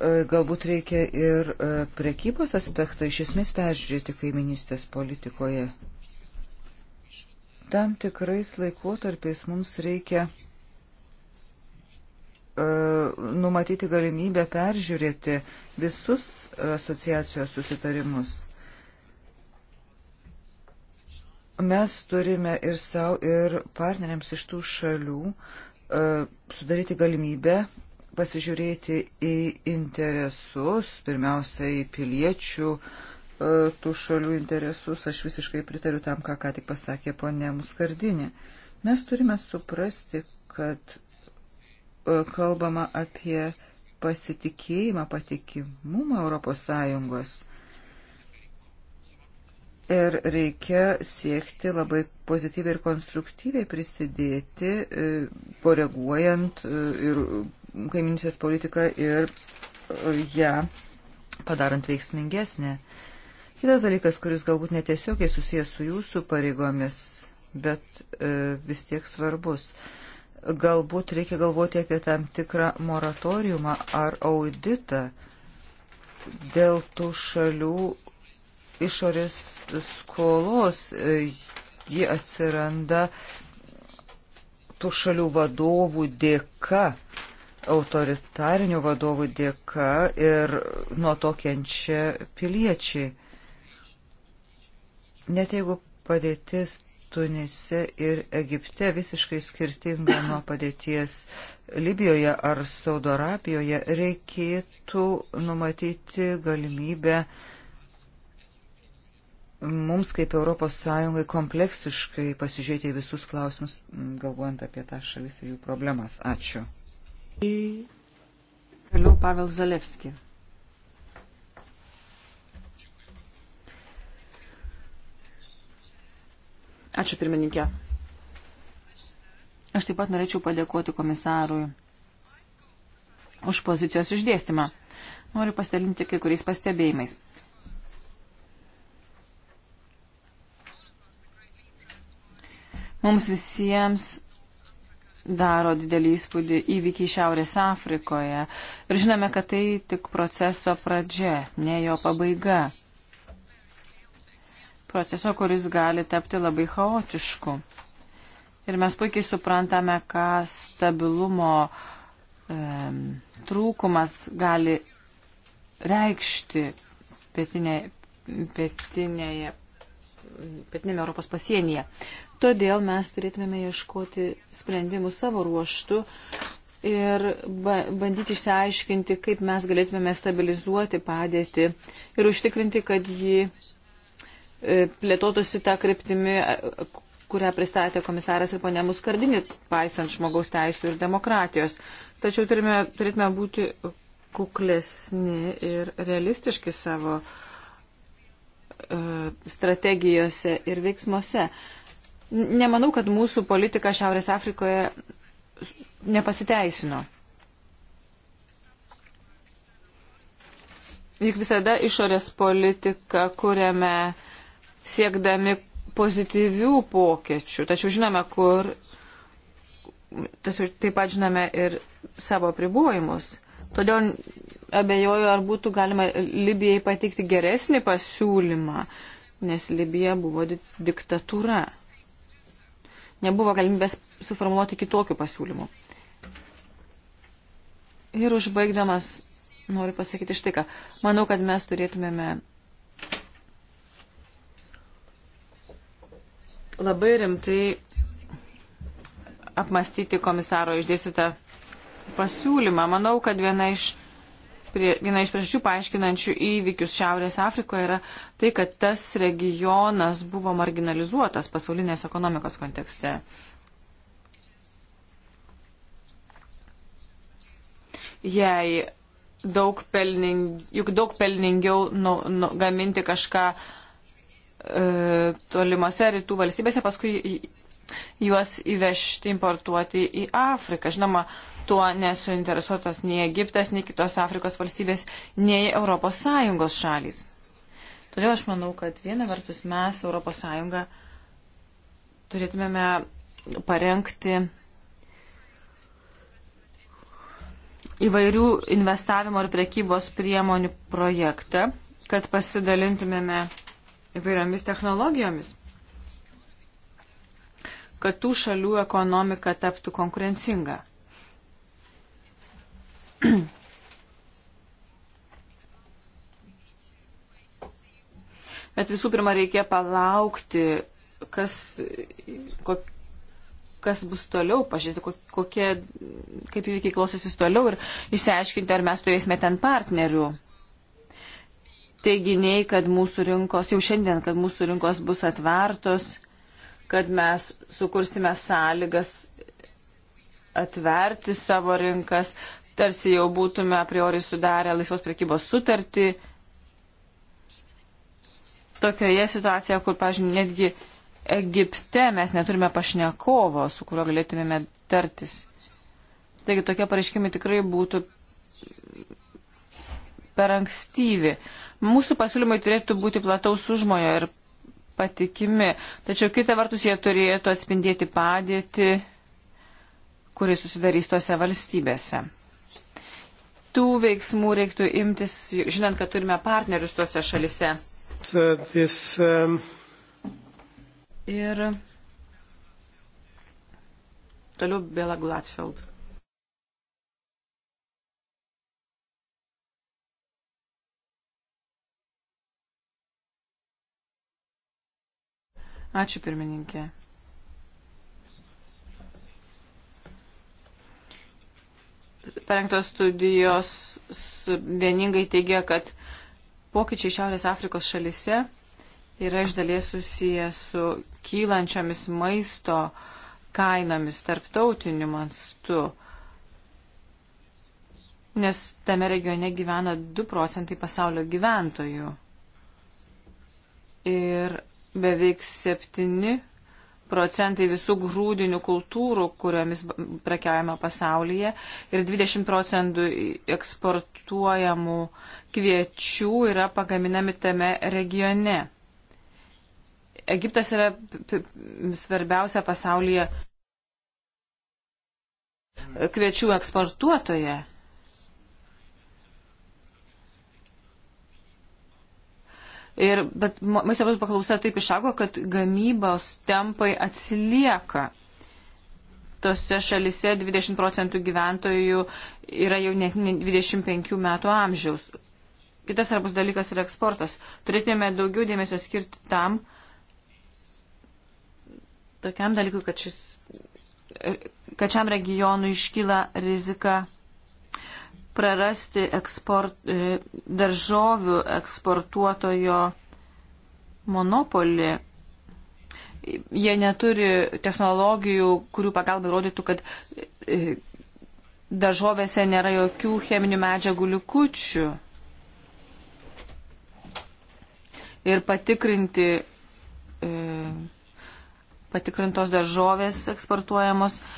E, galbūt reikia ir e, prekybos aspektą iš esmės peržiūrėti kaiminystės politikoje. Tam tikrais laikotarpiais mums reikia e, numatyti galimybę peržiūrėti visus asociacijos susitarimus. Mes turime ir savo, ir partneriams iš tų šalių sudaryti galimybę pasižiūrėti į interesus, pirmiausia į piliečių e, tų šalių interesus. Aš visiškai pritariu tam, ką ką tik pasakė ponė Muskardinė. Mes turime suprasti, kad e, kalbama apie pasitikėjimą, patikimumą Europos Sąjungos. Ir reikia siekti labai pozityviai ir konstruktyviai prisidėti, e, koreguojant ir kaiminsės politiką ir e, ją padarant veiksmingesnę. Kitas dalykas, kuris galbūt netiesiogiai susijęs su jūsų pareigomis, bet e, vis tiek svarbus. Galbūt reikia galvoti apie tam tikrą moratoriumą ar auditą dėl tų šalių išorės skolos. E, ji atsiranda tų šalių vadovų dėka. E, autoritarinių vadovų dėka ir nuo to kenčia piliečiai. Net jeigu padėtis Tunise ir Egipte visiškai skirtinga nuo padėties Libijoje ar Saudo Arabijoje, reikėtų numatyti galimybę mums kaip ES kompleksiškai pasižiūrėti į visus klausimus, galvojant apie tą šalis ir jų problemas. Ačiū. Vėliau Pavel Zalewski. Ačiū pirmininkė. Aš taip pat norėčiau padėkoti komisarui už pozicijos išdėstymą. Noriu pasidalinti kai kuriais pastebėjimais. Mums visiems daro didelį įspūdį įvykiai Šiaurės Afrikoje. Ir žinome, kad tai tik proceso pradžia, ne jo pabaiga. Proceso, kuris gali tapti labai chaotišku. Ir mes puikiai suprantame, ką stabilumo e, trūkumas gali reikšti pietinė, pietinėje, pietinėme Europos pasienyje. Todėl mes turėtumėme ieškoti sprendimų savo ruoštų ir ba bandyti išsiaiškinti, kaip mes galėtumėme stabilizuoti padėtį ir užtikrinti, kad ji e, plėtotųsi tą kryptimį, e, kurią pristatė komisaras ir ponė Muskardinė, paisant žmogaus teisų ir demokratijos. Tačiau turime, turėtume būti kuklesni ir realistiški savo e, strategijose ir veiksmuose. Uh, Nemanau, kad mūsų politika Šiaurės Afrikoje nepasiteisino. Juk visada išorės politiką kuriame siekdami pozityvių pokėčių, tačiau žinome, kur, tačiau taip pat žinome ir savo pribojimus. Todėl abejoju, ar būtų galima Libijai pateikti geresnį pasiūlymą, nes Libija buvo diktatūra nebuvo galimybės suformuoluoti kitokių pasiūlymų. Ir užbaigdamas noriu pasakyti štai ką. Manau, kad mes turėtumėme labai rimtai apmastyti komisaro išdėsitą pasiūlymą. Manau, kad viena iš prie, viena iš priežasčių paaiškinančių įvykius Šiaurės Afrikoje yra tai, kad tas regionas buvo marginalizuotas pasaulinės ekonomikos kontekste. Jei daug, pelning, juk daug pelningiau nu, nu, gaminti kažką e, tolimose rytų valstybėse, paskui juos įvežti, importuoti į Afriką. Žinoma, e, tuo nesuinteresuotos nei Egiptas, nei kitos Afrikos valstybės, nei ES šalys. Todėl aš manau, kad viena vertus mes, ES, turėtumėme parengti įvairių investavimo ir prekybos priemonių projektą, kad pasidalintumėme įvairiomis technologijomis, kad tų šalių ekonomika taptų konkurencinga. Bet visų pirma, reikia palaukti, kas, kok, kas bus toliau, pažiūrėti, kokie, kaip įvykiai klausysis toliau ir išsiaiškinti, ar mes turėsime ten partnerių. Teiginiai, kad mūsų rinkos, jau šiandien, kad mūsų rinkos bus atvertos, kad mes sukursime sąlygas atverti savo rinkas, tarsi jau būtume a priori sudarę laisvos prekybos sutartį. Tokioje situacijoje, kur, pažiūrėjau, netgi Egipte mes neturime pašnekovo, su kuriuo galėtumėme tartis. Taigi tokie pareiškimai tikrai būtų per ankstyvi. Mūsų pasiūlymai turėtų būti plataus užmojo ir patikimi, tačiau kita vertus jie turėtų atspindėti padėtį, kuri susidarys tose valstybėse tų veiksmų reiktų imtis, žinant, kad turime partnerius tuose šalise? So this, um... Ir toliau Bela Glatfeld. Ačiū pirmininkė. parengtos studijos vieningai teigia, kad pokyčiai Šiaurės Afrikos šalise yra iš dalies susiję su kylančiomis maisto kainomis tarptautiniu mastu, nes tame regione gyvena 2 procentai pasaulio gyventojų ir beveik 7 procentai visų grūdinių kultūrų, kuriomis prekiaujama pasaulyje, ir 20 procentų eksportuojamų kviečių yra pagaminami tame regione. Egiptas yra svarbiausia pasaulyje kviečių eksportuotoje. Ir, bet maisto produktų paklausa taip išaugo, kad gamybos tempai atsilieka. Tose šalise 20 procentų gyventojų yra jau net 25 metų amžiaus. Kitas svarbus dalykas yra eksportas. Turėtume daugiau dėmesio skirti tam, tokiam dalykui, kad, šis, kad šiam regionui iškyla rizika prarasti eksport, e, daržovių eksportuotojo monopolį. Jie neturi technologijų, kurių pagalba rodytų, kad e, daržovėse nėra jokių cheminių medžiagų likučių. Ir patikrinti e, patikrintos daržovės eksportuojamos e,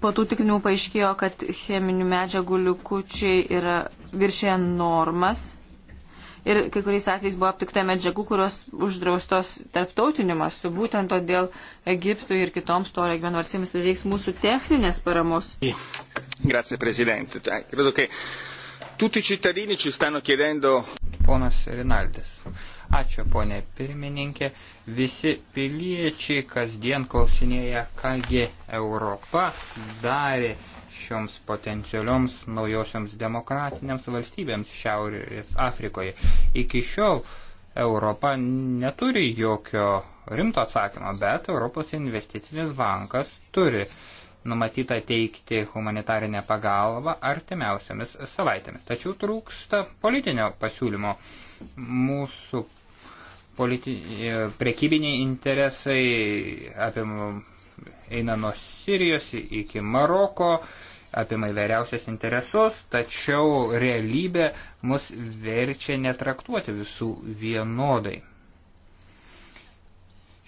po tų tikrinimų paaiškėjo, kad cheminių medžiagų likučiai yra viršėję normas. Ir kai kuriais atvejais buvo aptikta medžiagų, kurios uždraustos tarptautiniu mastu. Būtent todėl Egiptui ir kitoms to regiono valstybėms prireiks mūsų techninės paramos. Grazie, prezidente. Eh, credo che tutti i cittadini ci stanno chiedendo. Ponas Rinaldis. Ačiū, ponė pirmininkė. Visi piliečiai kasdien klausinėja, kągi Europa darė šioms potencialioms naujosioms demokratiniams valstybėms Šiaurės Afrikoje. Iki šiol Europa neturi jokio rimto atsakymo, bet Europos investicinis bankas turi numatyta teikti humanitarinę pagalbą artimiausiamis savaitėmis. Tačiau trūksta politinio pasiūlymo. Mūsų politi... E, prekybiniai interesai apima eina nuo Sirijos iki Maroko, apima įvairiausias interesus, tačiau realybė mus verčia netraktuoti visų vienodai.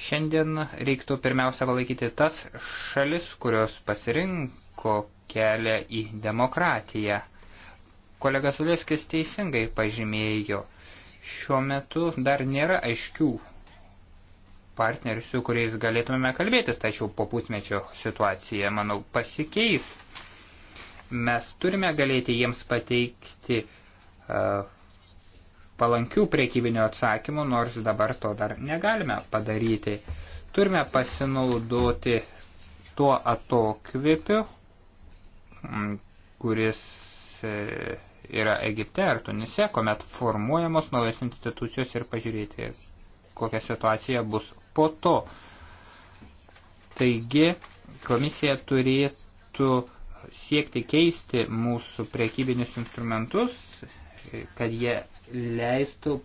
Šiandien reiktų pirmiausia palaikyti tas šalis, kurios pasirinko kelią į demokratiją. Kolega Sulėskis teisingai pažymėjo, šiuo metu dar nėra aiškių partnerių, su kuriais galėtumėme kalbėtis, tačiau po pusmečio situacija, manau, pasikeis. Mes turime galėti jiems pateikti uh, palankių priekybinio atsakymų, nors dabar to dar negalime padaryti. Turime pasinaudoti tuo atokvėpiu, kuris uh, yra Egipte ar Tunise, kuomet formuojamos naujos institucijos ir pažiūrėti, kokia situacija bus po to. Taigi, komisija turėtų siekti keisti mūsų priekybinius instrumentus, kad jie leistų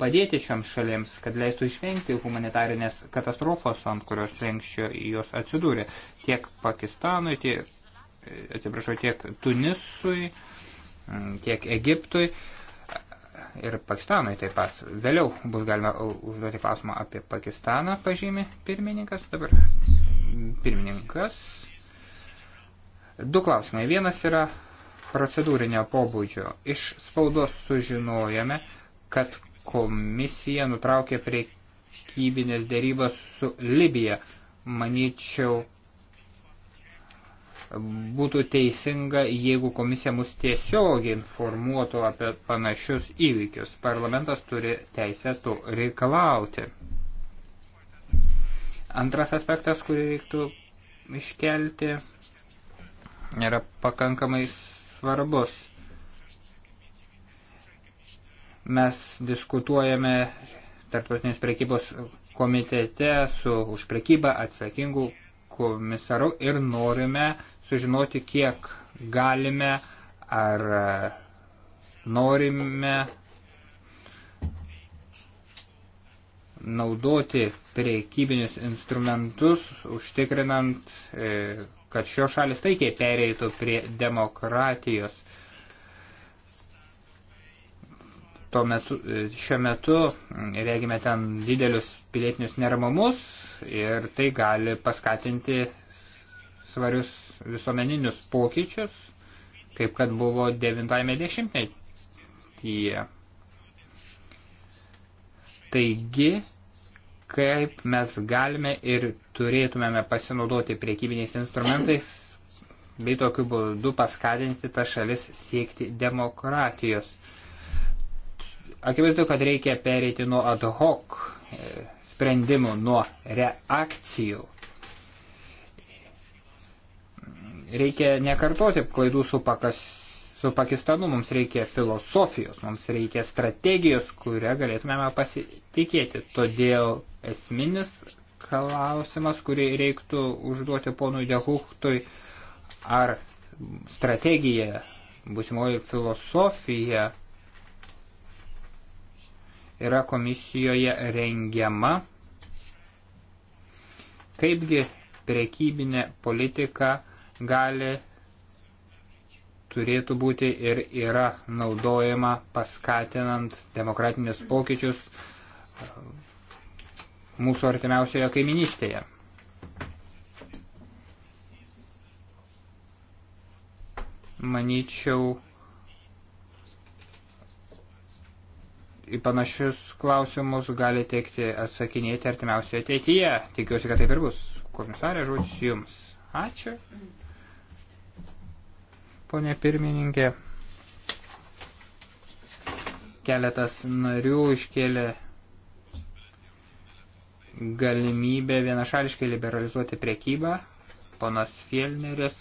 padėti šioms šalims, kad leistų išvengti humanitarinės katastrofos, ant kurios lenkščio jos atsidūrė tiek Pakistanui, tiek, atsiprašau, tiek Tunisui, Mm, tiek Egiptui ir Pakistanui taip pat. Vėliau bus galima užduoti klausimą apie Pakistaną, pažymė pirmininkas. Dabar pirmininkas. Du klausimai. Vienas yra procedūrinio pobūdžio. Iš spaudos sužinojame, kad komisija nutraukė priekybinės dėrybas su Libija. Manyčiau, būtų teisinga, jeigu komisija mus tiesiog informuotų apie panašius įvykius. Parlamentas turi teisę to reikalauti. Antras aspektas, kurį reiktų iškelti, yra pakankamai svarbus. Mes diskutuojame tarptautinės prekybos komitete su už prekybą atsakingu komisaru ir norime sužinoti, kiek galime ar norime naudoti priekybinius instrumentus, užtikrinant, e, kad šios šalis taikiai pereitų prie demokratijos. Tuo metu, e, šiuo metu regime ten didelius pilietinius neramumus ir tai gali paskatinti svarius visuomeninius pokyčius, kaip kad buvo 90-metyje. Taigi, kaip mes galime ir turėtumėme pasinaudoti priekybiniais instrumentais, bei tokiu būdu paskatinti tą šalis siekti demokratijos. Akivaizdu, kad reikia pereiti nuo ad hoc e, sprendimų, nuo reakcijų reikia nekartoti klaidų su, pakas, su Pakistanu, mums reikia filosofijos, mums reikia strategijos, kurią galėtumėme pasitikėti. Todėl esminis klausimas, kurį reiktų užduoti ponui Dehuktui, ar strategija, būsimoji filosofija yra komisijoje rengiama, kaipgi prekybinė politika gali turėtų būti ir yra naudojama paskatinant demokratinius pokyčius uh, mūsų artimiausioje kaiminystėje. Manyčiau, į panašius klausimus gali tekti atsakinėti artimiausioje ateityje. Tikiuosi, kad taip ir bus. Komisarė, žodis jums. Ačiū ponė pirmininkė. Keletas narių iškėlė galimybę vienašališkai liberalizuoti priekybą, ponas Fielneris,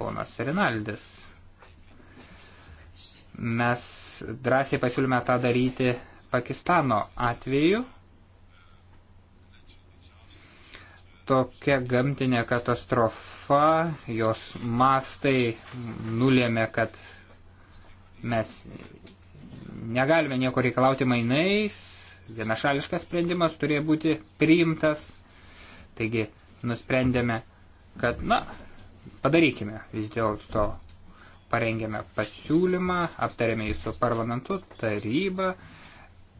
ponas Rinaldis. Mes drąsiai pasiūlėme tą daryti Pakistano atveju, tokia gamtinė katastrofa, jos mastai nulėmė, kad mes negalime nieko reikalauti mainais, vienašališkas sprendimas turėjo būti priimtas, taigi nusprendėme, kad, na, padarykime vis dėlto, parengėme pasiūlymą, aptarėme jį su parlamentu, taryba,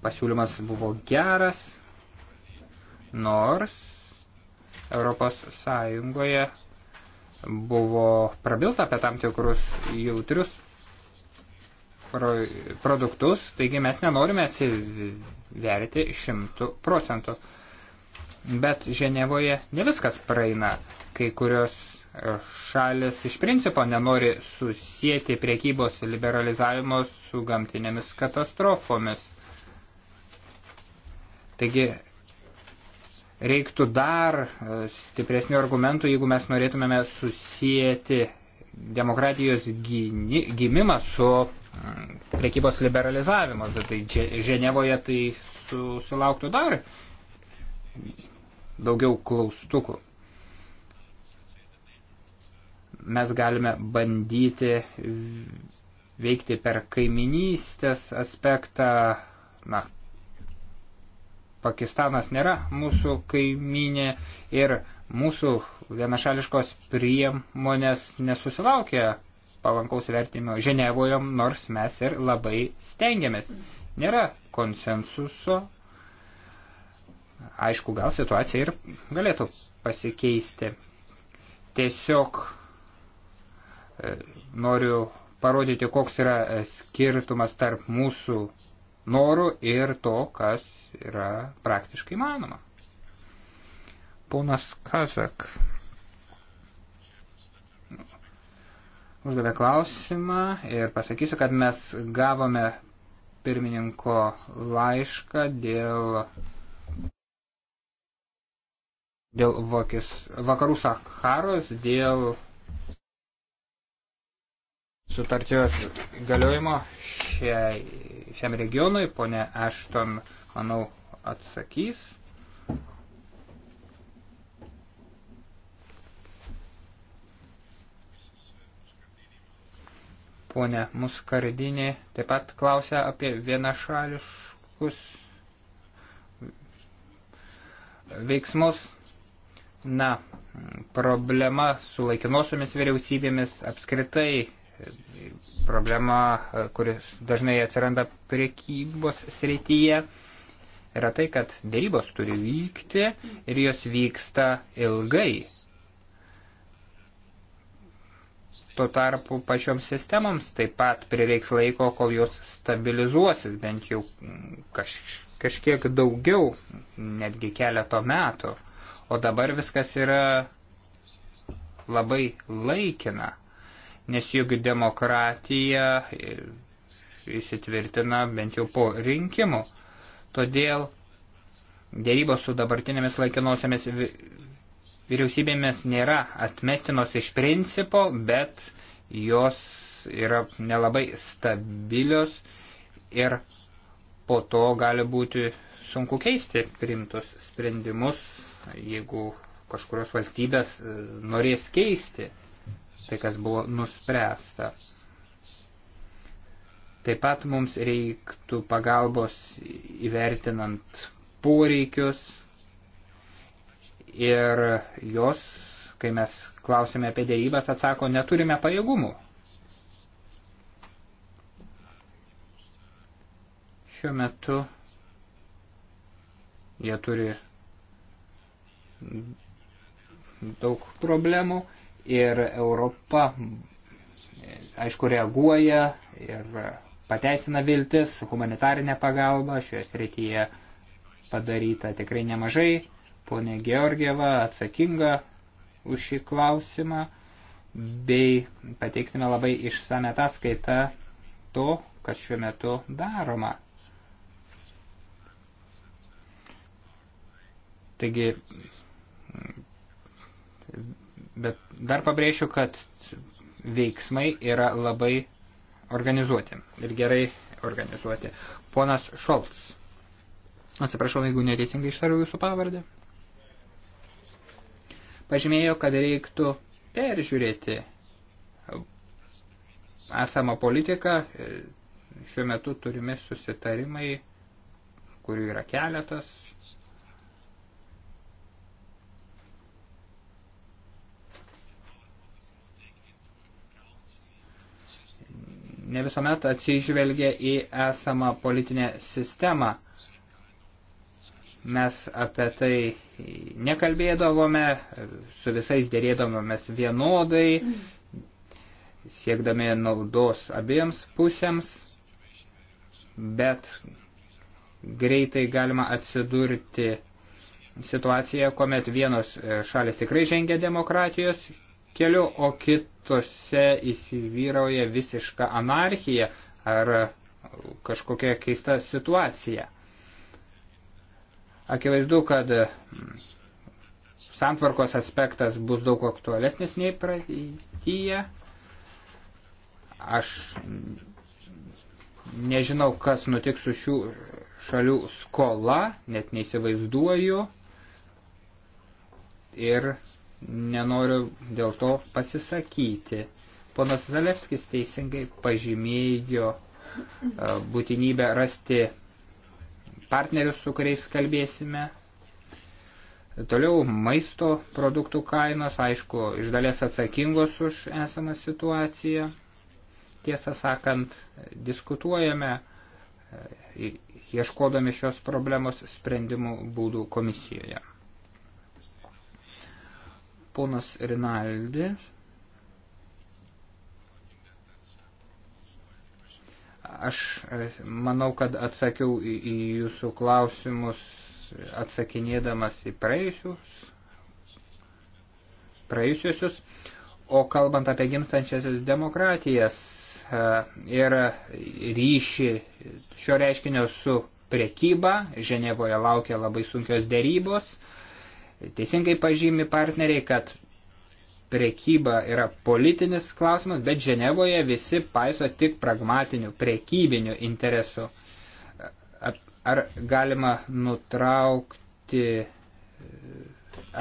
pasiūlymas buvo geras, nors Europos Sąjungoje buvo prabilta apie tam tikrus jautrius pro, produktus, taigi mes nenorime atsiverti šimtų procentų. Bet Ženevoje ne viskas praeina, kai kurios šalis iš principo nenori susijęti priekybos liberalizavimo su gamtinėmis katastrofomis. Taigi reiktų dar e, stipresnių argumentų, jeigu mes norėtumėme susijęti demokratijos gyni, gimimą su mm, prekybos liberalizavimu. Tai, tai Ženevoje tai susilauktų dar daugiau klaustukų. Mes galime bandyti veikti per kaiminystės aspektą, na, Pakistanas nėra mūsų kaiminė ir mūsų vienašališkos priemonės nesusilaukė palankaus vertimo Ženevoje, nors mes ir labai stengiamės. Nėra konsensuso. Aišku, gal situacija ir galėtų pasikeisti. Tiesiog e, noriu parodyti, koks yra e, skirtumas tarp mūsų norų ir to, kas yra praktiškai manoma. Ponas Kazak uždavė klausimą ir pasakysiu, kad mes gavome pirmininko laišką dėl, dėl vokis, vakarų Saharos, dėl sutartijos galiojimo šiai, šiam regionui. Pone Ashton, manau, atsakys. Pone Muskardinė taip pat klausia apie vienašališkus veiksmus. Na, problema su laikinosiomis vyriausybėmis apskritai problema, kuris dažnai atsiranda priekybos srityje, yra tai, kad dėrybos turi vykti ir jos vyksta ilgai. Tuo tarpu pačioms sistemoms taip pat prireiks laiko, kol jos stabilizuosis bent jau kaž, kažkiek daugiau, netgi keleto metų. O dabar viskas yra labai laikina nes juk demokratija įsitvirtina bent jau po rinkimų. Todėl dėrybos su dabartinėmis laikinosiamis vyriausybėmis nėra atmestinos iš principo, bet jos yra nelabai stabilios ir po to gali būti sunku keisti priimtus sprendimus, jeigu kažkurios valstybės e, norės keisti tai, kas buvo nuspręsta. Taip pat mums reiktų pagalbos įvertinant poreikius ir jos, kai mes klausime apie dėrybas, atsako, neturime pajėgumų. Šiuo metu jie turi daug problemų ir Europa, aišku, reaguoja ir pateisina viltis, humanitarinė pagalba, šioje srityje padaryta tikrai nemažai. Pone Georgieva atsakinga už šį klausimą, bei pateiksime labai išsame ataskaitą to, kas šiuo metu daroma. Taigi, Bet dar pabrėšiu, kad veiksmai yra labai organizuoti ir gerai organizuoti. Ponas Šolts. Atsiprašau, jeigu neteisingai ištariu jūsų pavardę. Pažymėjo, kad reiktų peržiūrėti esamą politiką. Šiuo metu turimi susitarimai, kurių yra keletas, ne visuomet atsižvelgia į esamą politinę sistemą. Mes apie tai nekalbėdavome, su visais dėrėdavomės vienodai, siekdami naudos abiems pusėms, bet greitai galima atsidurti situaciją, kuomet vienos šalis tikrai žengia demokratijos keliu, o kit, tose įsivyrauja visiška anarchija ar kažkokia keista situacija. Akivaizdu, kad mm, santvarkos aspektas bus daug aktualesnis nei praeityje. Aš mm, nežinau, kas nutiks su šių šalių skola, net neįsivaizduoju. Ir nenoriu dėl to pasisakyti. Ponas Zalevskis teisingai pažymėjo e, būtinybę rasti partnerius, su kuriais kalbėsime. Toliau maisto produktų kainos, aišku, iš dalies atsakingos už esamą situaciją. Tiesą sakant, diskutuojame, e, ieškodami šios problemos sprendimų būdų komisijoje. Ponas Rinaldi. Aš e, manau, kad atsakiau į, į jūsų klausimus atsakinėdamas į praėjusius, praėjusius, o kalbant apie gimstančiasias demokratijas e, ir ryšį šio reiškinio su priekyba, Ženevoje laukia labai sunkios dėrybos, Teisingai pažymi partneriai, kad prekyba yra politinis klausimas, bet Ženevoje visi paiso tik pragmatinių, prekybinių interesų. Ar galima nutraukti e,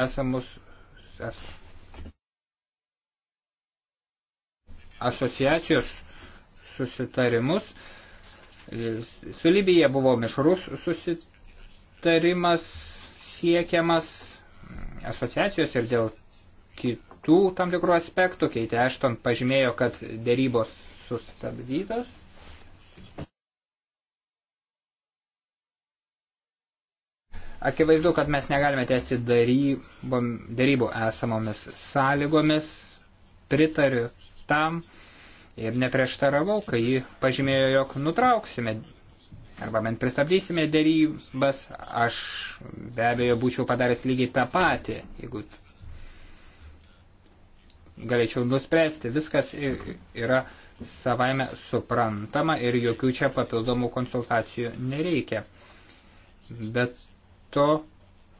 esamus es, asociacijos susitarimus? E, su Libija buvo mišrus susitarimas siekiamas asociacijos ir dėl kitų tam tikrų aspektų. Keitė Ešton pažymėjo, kad dėrybos sustabdytos. Akivaizdu, kad mes negalime tęsti darybų esamomis sąlygomis. Pritariu tam ir neprieštaravau, kai ji pažymėjo, jog nutrauksime arba bent pristabdysime dėrybas, aš be abejo būčiau padaręs lygiai tą patį, jeigu galėčiau nuspręsti. Viskas yra savaime suprantama ir jokių čia papildomų konsultacijų nereikia. Bet to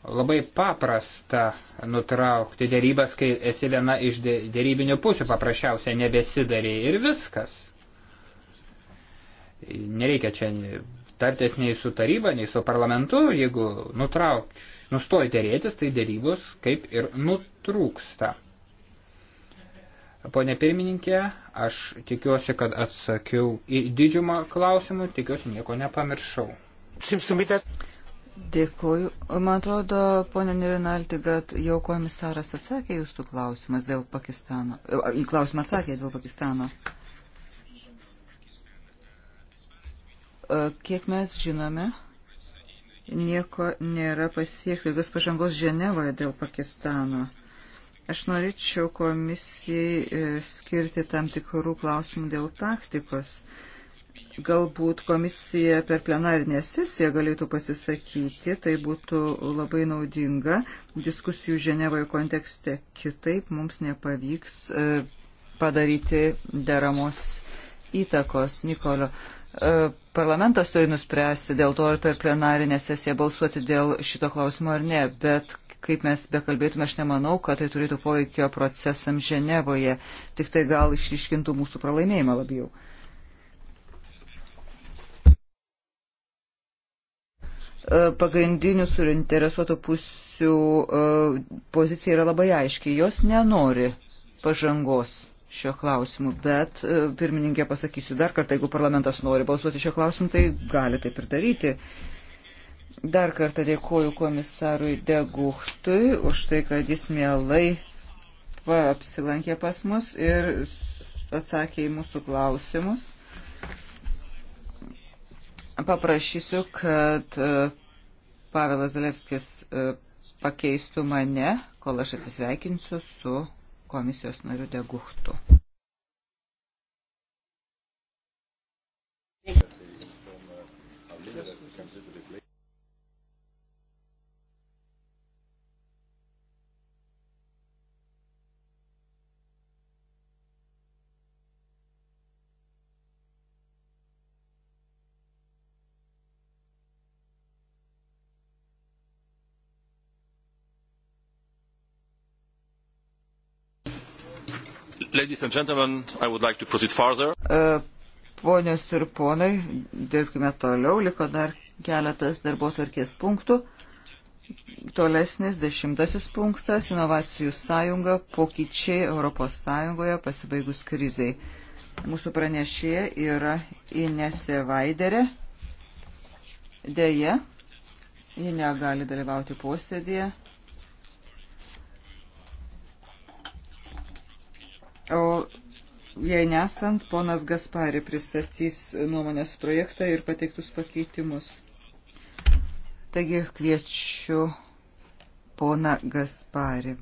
labai paprasta nutraukti dėrybas, kai esi viena iš dėrybinių pusių, paprasčiausia nebesidarė ir viskas. Nereikia čia tartis nei su taryba, nei su parlamentu, jeigu nutrauk, nustoji dėrėtis, tai dėrybos kaip ir nutrūksta. Pone pirmininkė, aš tikiuosi, kad atsakiau į didžiumą klausimų, tikiuosi nieko nepamiršau. Dėkuoju. Man atrodo, ponė Nirinalti, kad jau komisaras atsakė jūsų klausimas dėl Pakistano. Į klausimą atsakė dėl Pakistano. E, kiek mes žinome, nieko nėra pasiekti, jokios pažangos Ženevoje dėl Pakistano. Aš norėčiau komisijai e, skirti tam tikrų klausimų dėl taktikos. Galbūt komisija per plenarinę sesiją galėtų pasisakyti, tai būtų labai naudinga diskusijų Ženevoje kontekste. Kitaip mums nepavyks e, padaryti deramos įtakos. Nikolio, uh, E, parlamentas turi nuspręsti dėl to, ar per plenarinę sesiją balsuoti dėl šito klausimo ar ne, bet kaip mes bekalbėtume, aš nemanau, kad tai turėtų poveikio procesam Ženevoje, tik tai gal išriškintų mūsų pralaimėjimą labiau. E, pagrindinių surinteresuotų pusių e, pozicija yra labai aiški, jos nenori pažangos šio klausimu, bet e, pirmininkė pasakysiu dar kartą, jeigu parlamentas nori balsuoti šio klausimu, tai gali taip ir daryti. Dar kartą dėkoju komisarui Deguhtui už tai, kad jis mielai apsilankė pas mus ir atsakė į mūsų klausimus. Paprašysiu, kad e, Pavelas Zalevskis e, pakeistų mane, kol aš atsisveikinsiu su komisijos nariu Deguhtu. Thank you. Ladies and gentlemen, I would like to proceed further. E, ponios ir ponai, dirbkime toliau, liko dar keletas darbo tvarkės punktų. Tolesnis dešimtasis punktas - inovacijų sąjunga, pokyčiai Europos Sąjungoje pasibaigus krizai. Mūsų pranešėja yra Inese Vaiderė. Deja, ji negali dalyvauti posėdėje. O jei nesant, ponas Gaspari pristatys nuomonės projektą ir pateiktus pakeitimus. Taigi kviečiu poną Gaspari.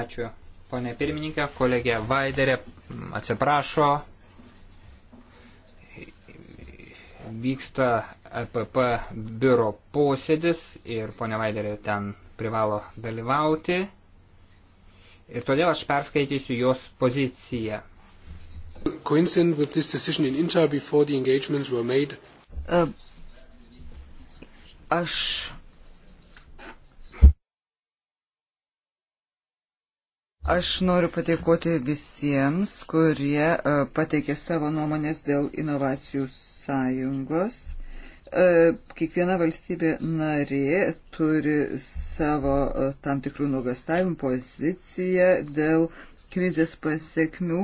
Ačiū. Pone pirmininkė, kolegė Vaiderė atsiprašo. Vyksta EPP biuro posėdis ir ponia Vaiderė ten privalo dalyvauti ir todėl aš perskaitysiu jos poziciją. Coincident with this decision in Inter before the engagements were made. Uh, aš Aš noriu padėkoti visiems, kurie e, pateikė savo nuomonės dėl inovacijų sąjungos. E, kiekviena valstybė narė turi savo e, tam tikrų nuogastavimų poziciją dėl krizės pasiekmių.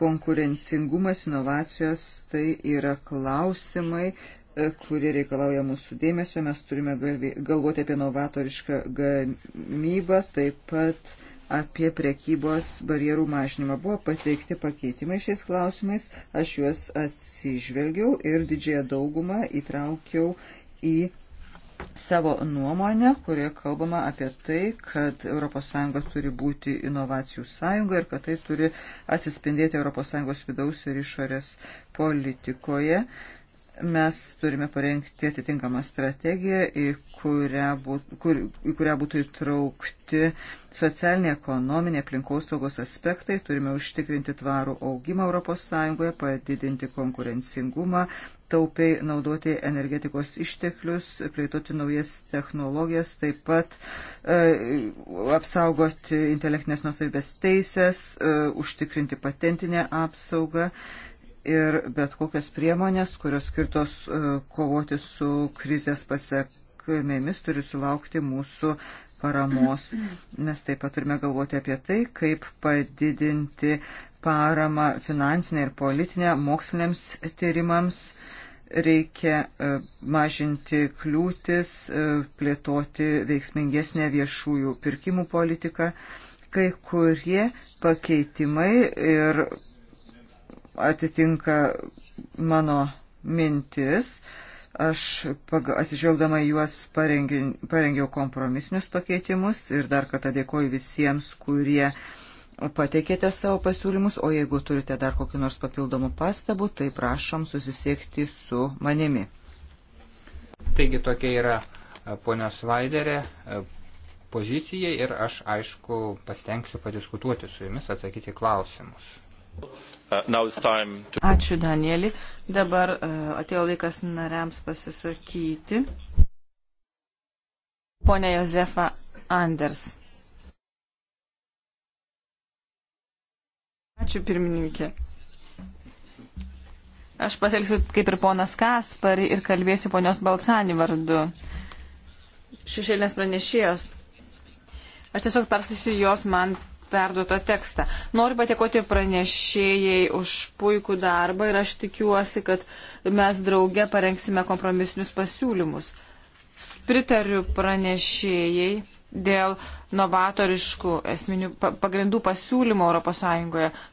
Konkurencingumas, inovacijos tai yra klausimai, e, kurie reikalauja mūsų dėmesio. Mes turime galvoti apie novatorišką gamybą, taip pat apie prekybos barjerų mažinimą. Buvo pateikti pakeitimai šiais klausimais, aš juos atsižvelgiau ir didžiąją daugumą įtraukiau į savo nuomonę, kurioje kalbama apie tai, kad ES turi būti inovacijų sąjunga ir kad tai turi atsispindėti ES vidaus ir išorės politikoje. Uh, mes turime parengti atitinkamą strategiją, į kurią, būt, kur, į kurią būtų įtraukti socialinė, ekonominė, aplinkosaugos aspektai. Turime užtikrinti tvarų augimą ES, padidinti konkurencingumą, taupiai naudoti energetikos išteklius, plėtoti naujas technologijas, taip pat e, apsaugoti intelektinės nusavybės teisės, e, užtikrinti patentinę apsaugą. E, ir bet kokias priemonės, kurios skirtos e, kovoti su krizės pasiekmėmis, turi sulaukti mūsų paramos. Mes taip pat turime galvoti apie tai, kaip padidinti paramą finansinę ir politinę moksliniams tyrimams. Reikia e, mažinti kliūtis, e, plėtoti veiksmingesnę viešųjų pirkimų politiką. Kai kurie pakeitimai ir atitinka mano mintis. Aš atsižvelgdama juos parengiau kompromisinius pakeitimus ir dar kartą dėkoju visiems, kurie pateikėte savo pasiūlymus, o jeigu turite dar kokiu nors papildomu pastabu, tai prašom susisiekti su manimi. Taigi tokia yra e, ponios Vaiderė e, pozicija ir aš aišku pasitengsiu padiskutuoti su jumis, atsakyti klausimus. Uh, Ačiū, Danieli. Dabar uh, atėjo laikas nariams pasisakyti. Pone Jozefa Anders. Ačiū, pirmininkė. Aš pasielgsiu kaip ir ponas Kaspari ir kalbėsiu ponios Balcani vardu. Šešėlinės pranešėjos. Aš tiesiog persakysiu jos man perduotą tekstą. Noriu patikoti pranešėjai už puikų darbą ir aš tikiuosi, kad mes drauge parengsime kompromisinius pasiūlymus. Pritariu pranešėjai dėl novatoriškų esminių pagrindų pasiūlymų ES.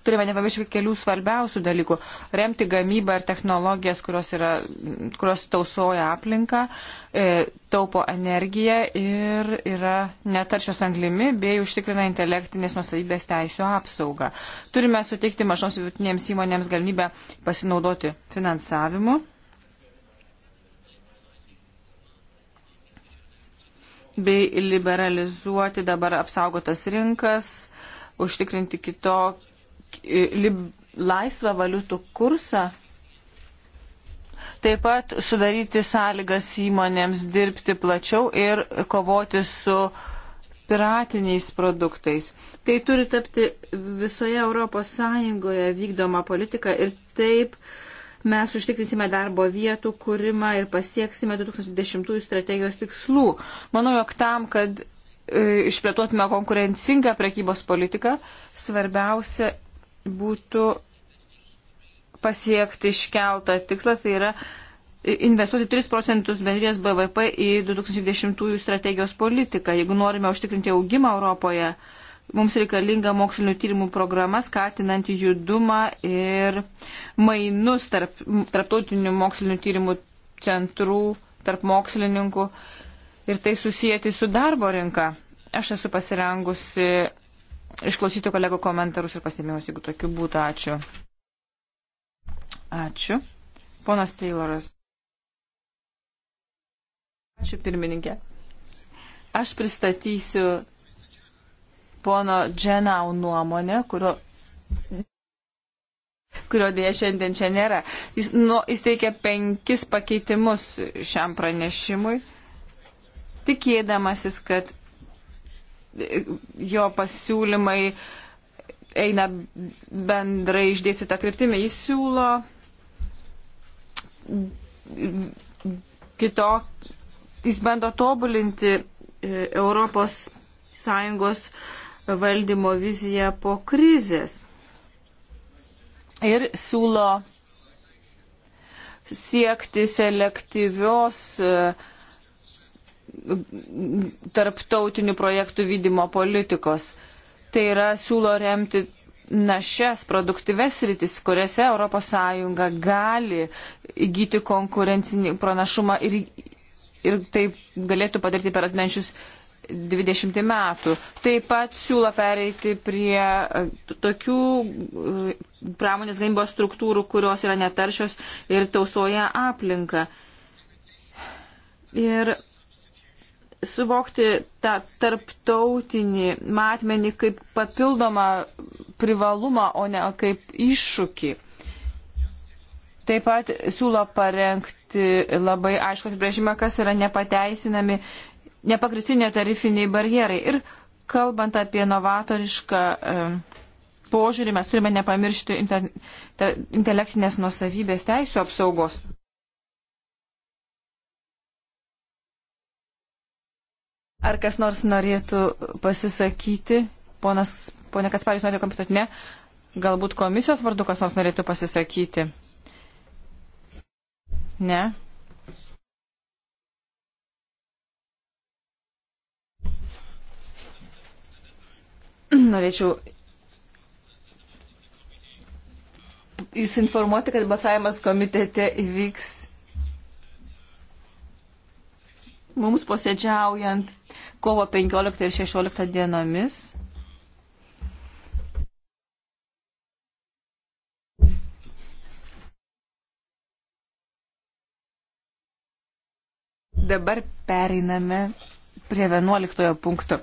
Turime nepamiršti kelių svarbiausių dalykų - remti gamybą ir technologijas, kurios, yra, kurios tausoja aplinką, e, taupo energiją ir yra netaršios anglimi bei užtikrina intelektinės nusavybės teisų apsaugą. Turime suteikti mažoms vidutinėms įmonėms galimybę pasinaudoti finansavimu bei liberalizuoti dabar apsaugotas rinkas, užtikrinti kitokį lib, laisvą valiutų kursą, taip pat sudaryti sąlygas įmonėms dirbti plačiau ir kovoti su piratiniais produktais. Tai turi tapti visoje Europos Sąjungoje vykdoma politika ir taip uh, mes užtikrinsime darbo vietų kūrimą ir pasieksime 2010 strategijos tikslų. Manau, jog tam, kad e, išplėtotume konkurencingą prekybos politiką, svarbiausia būtų pasiekti iškeltą tikslą, tai yra investuoti 3 procentus bendrės BVP į 2010 strategijos politiką. Jeigu norime užtikrinti augimą Europoje, Mums reikalinga mokslinių tyrimų programa, skatinanti judumą ir mainus tarp tarptautinių mokslinių tyrimų centrų, tarp mokslininkų ir tai susijęti su darbo rinka. Aš esu pasirengusi išklausyti kolego komentarus ir pastebėjimus, jeigu tokių būtų. Ačiū. Ačiū. Ponas Tayloras. Ačiū pirmininkė. Aš pristatysiu pono Dženau nuomonę, kurio kurio dėja šiandien čia nėra. Jis, nu, jis teikia penkis pakeitimus šiam pranešimui, tikėdamasis, kad jo pasiūlymai eina bendrai išdėstytą kryptimį. Jis siūlo kito, jis bando tobulinti Europos Sąjungos uh, valdymo viziją po krizės ir siūlo siekti selektyvios e, tarptautinių projektų vykdymo politikos. Tai yra siūlo remti našias produktyves rytis, kuriuose ES gali įgyti konkurencinį pranašumą ir, ir taip galėtų padaryti per atnešius 20 metų. Taip pat siūlo pereiti prie e, tokių e, pramonės gamybos struktūrų, kurios yra netaršios ir tausoja aplinką. Ir suvokti tą tarptautinį matmenį kaip papildomą privalumą, o ne kaip iššūkį. Taip pat siūlo parengti labai aišku apibrėžimą, kas yra nepateisinami nepagristinė tarifiniai barjerai. Ir kalbant apie novatorišką e, požiūrį, mes turime nepamiršti intelektinės nusavybės teisų apsaugos. Ar kas nors norėtų pasisakyti? Ponas, ponė Kasparis norėjo kompetuoti, ne? Galbūt komisijos vardu kas nors norėtų pasisakyti? Ne? norėčiau jūs informuoti, kad balsavimas komitete įvyks mums posėdžiaujant kovo 15 ir 16 dienomis. Dabar pereiname prie 11 punkto.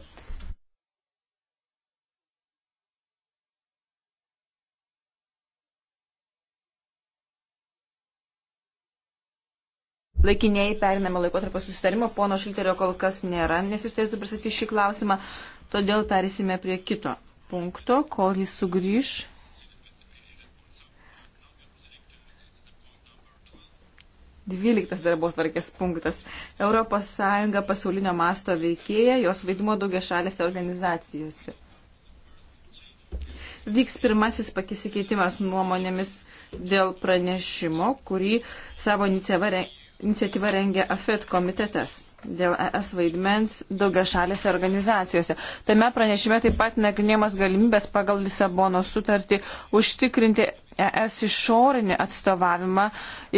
laikiniai perinamą laikotarpio susitarimo. Pono Šilterio kol kas nėra, nes jis turėtų pristatyti šį klausimą, todėl perėsime prie kito punkto, kol jis sugrįž. Dvyliktas darbo tvarkės punktas. Europos Sąjunga pasaulinio masto veikėja, jos vaidmo daugia šalėse organizacijose. Vyks pirmasis pakisikeitimas nuomonėmis dėl pranešimo, kurį savo iniciatyvą Iniciatyva rengia AFET komitetas dėl ES vaidmens daugia šalėse organizacijose. Tame pranešime taip pat nagrinėjamas galimybės pagal Lisabono sutartį užtikrinti ES išorinį atstovavimą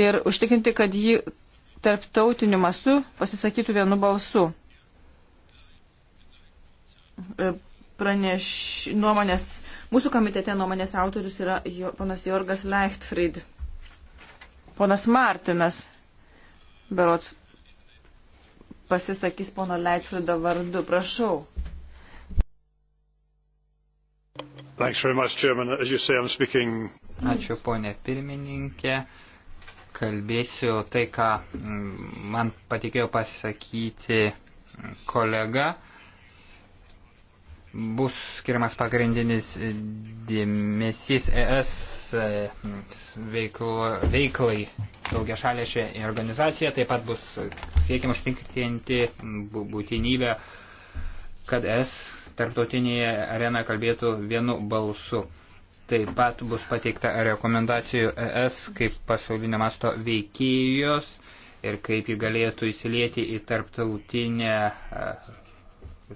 ir užtikrinti, kad jį tarptautiniu mastu pasisakytų vienu balsu. E, praneš nuomonės, mūsų komitete nuomonės autorius yra jo, ponas Jorgas Leichtfried. Ponas Martinas berots pasisakys pono Leitfrido vardu. Prašau. Much, say, Ačiū, ponė pirmininkė. Kalbėsiu tai, ką mm, man patikėjo pasakyti kolega bus skiriamas pagrindinis dėmesys ES e, veiklo, veiklai daugia šalėšė organizacija, taip pat bus siekiama užtinkrinti būtinybę, kad ES tarptautinėje arenoje kalbėtų vienu balsu. Taip pat bus pateikta rekomendacijų ES kaip pasaulinio masto veikėjos ir kaip jį galėtų įsilieti į tarptautinę e,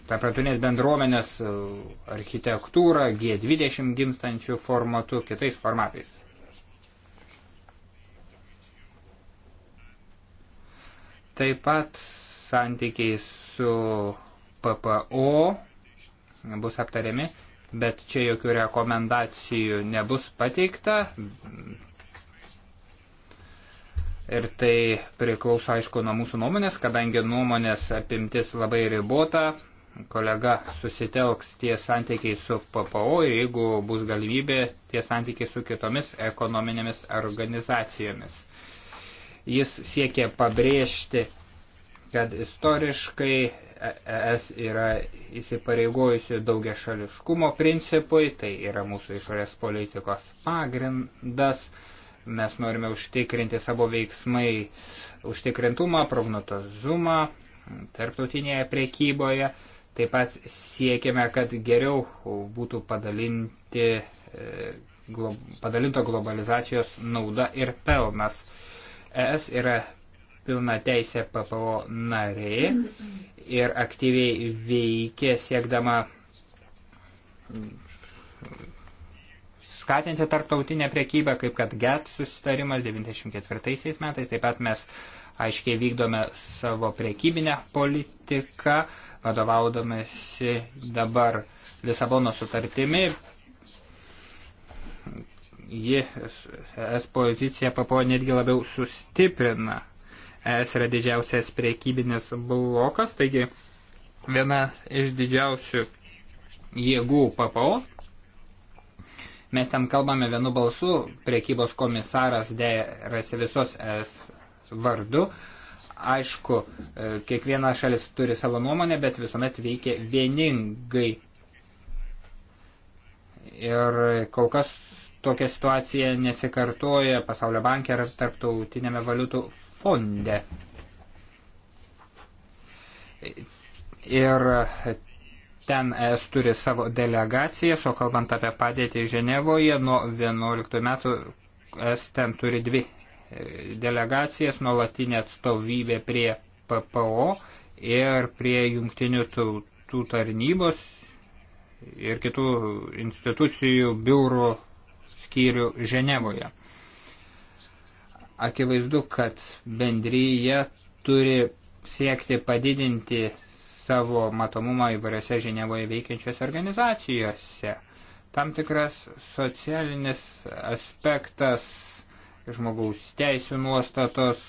tarptautinės bendruomenės e, architektūrą G20 gimstančių formatu, kitais formatais. Taip pat santykiai su PPO bus aptariami, bet čia jokių rekomendacijų nebus pateikta. Ir tai priklauso, aišku, nuo mūsų nuomonės, kadangi nuomonės apimtis labai ribota, kolega susitelks tie santykiai su PPO ir jeigu bus galimybė tie santykiai su kitomis ekonominėmis organizacijomis. Jis siekia pabrėžti, kad istoriškai ES yra įsipareigojusi daugia šališkumo principui, tai yra mūsų išorės politikos pagrindas. Mes norime užtikrinti savo veiksmai užtikrintumą, prognotozumą tarptautinėje priekyboje. Taip pat siekiame, kad geriau būtų padalinti, e, glo, padalinto globalizacijos nauda ir pelnas. ES yra pilna teisė PPO narė ir aktyviai veikia siekdama skatinti tarptautinę priekybę, kaip kad GATT e susitarimas 94 metais. Taip pat mes uh, aiškiai vykdome savo priekybinę politiką, vadovaudomėsi dabar Lisabono sutartimi. Ji es poziciją papo netgi labiau sustiprina. Es yra didžiausias priekybinis blokas, taigi viena iš didžiausių jėgų PPO. Mes ten kalbame vienu balsu, priekybos komisaras derasi visos es vardu. Aišku, e, kiekviena šalis turi savo nuomonę, bet visuomet veikia vieningai. Ir kol kas tokia situacija nesikartoja Pasaulio bankė ar tarptautinėme valiutų fonde. Ir ten es turi savo delegacijas, o kalbant apie padėtį Ženevoje, nuo 11 metų es ten turi dvi delegacijas, nuolatinę atstovybę prie PPO ir prie jungtinių tautų tarnybos ir kitų institucijų biurų skyrių Ženevoje. Akivaizdu, kad bendryje turi siekti padidinti savo matomumą įvairiose Ženevoje veikiančiose organizacijose. Tam tikras socialinis aspektas žmogaus teisų nuostatos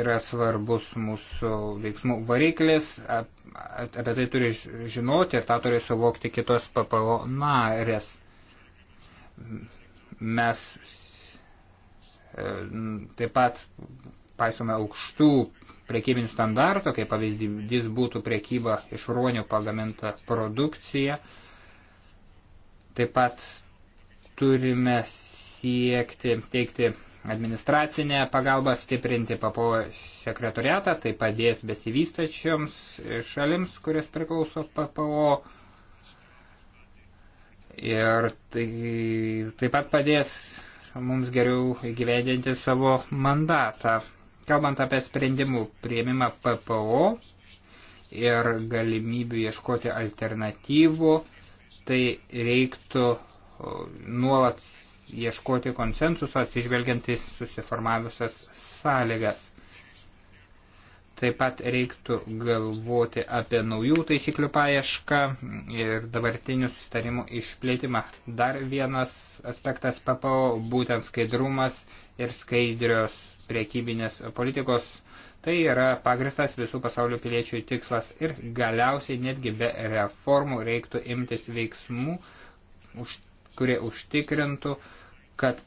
yra svarbus mūsų veiksmų variklis, apie tai turi žinoti ir tą turi suvokti kitos PPO narės. Mes e, taip pat paisome aukštų prekybinių standartų, kaip pavyzdys būtų prekyba iš ruonių pagaminta produkcija. Taip pat turime siekti teikti administracinę pagalbą, stiprinti PPO sekretoriatą, tai padės besivystačioms šalims, kurias priklauso PPO. Ir tai taip pat padės mums geriau įgyvendinti savo mandatą. Kalbant apie sprendimų prieimimą PPO ir galimybių ieškoti alternatyvų, tai reiktų nuolat ieškoti konsensuso atsižvelgiant į susiformavusias sąlygas. Taip pat reiktų galvoti apie naujų taisyklių paiešką ir dabartinių sustarimų išplėtimą. Dar vienas aspektas PPO - būtent skaidrumas ir skaidrios priekybinės politikos. Tai yra pagristas visų pasaulio piliečių tikslas ir galiausiai netgi be reformų reiktų imtis veiksmų, už kurie užtikrintų, kad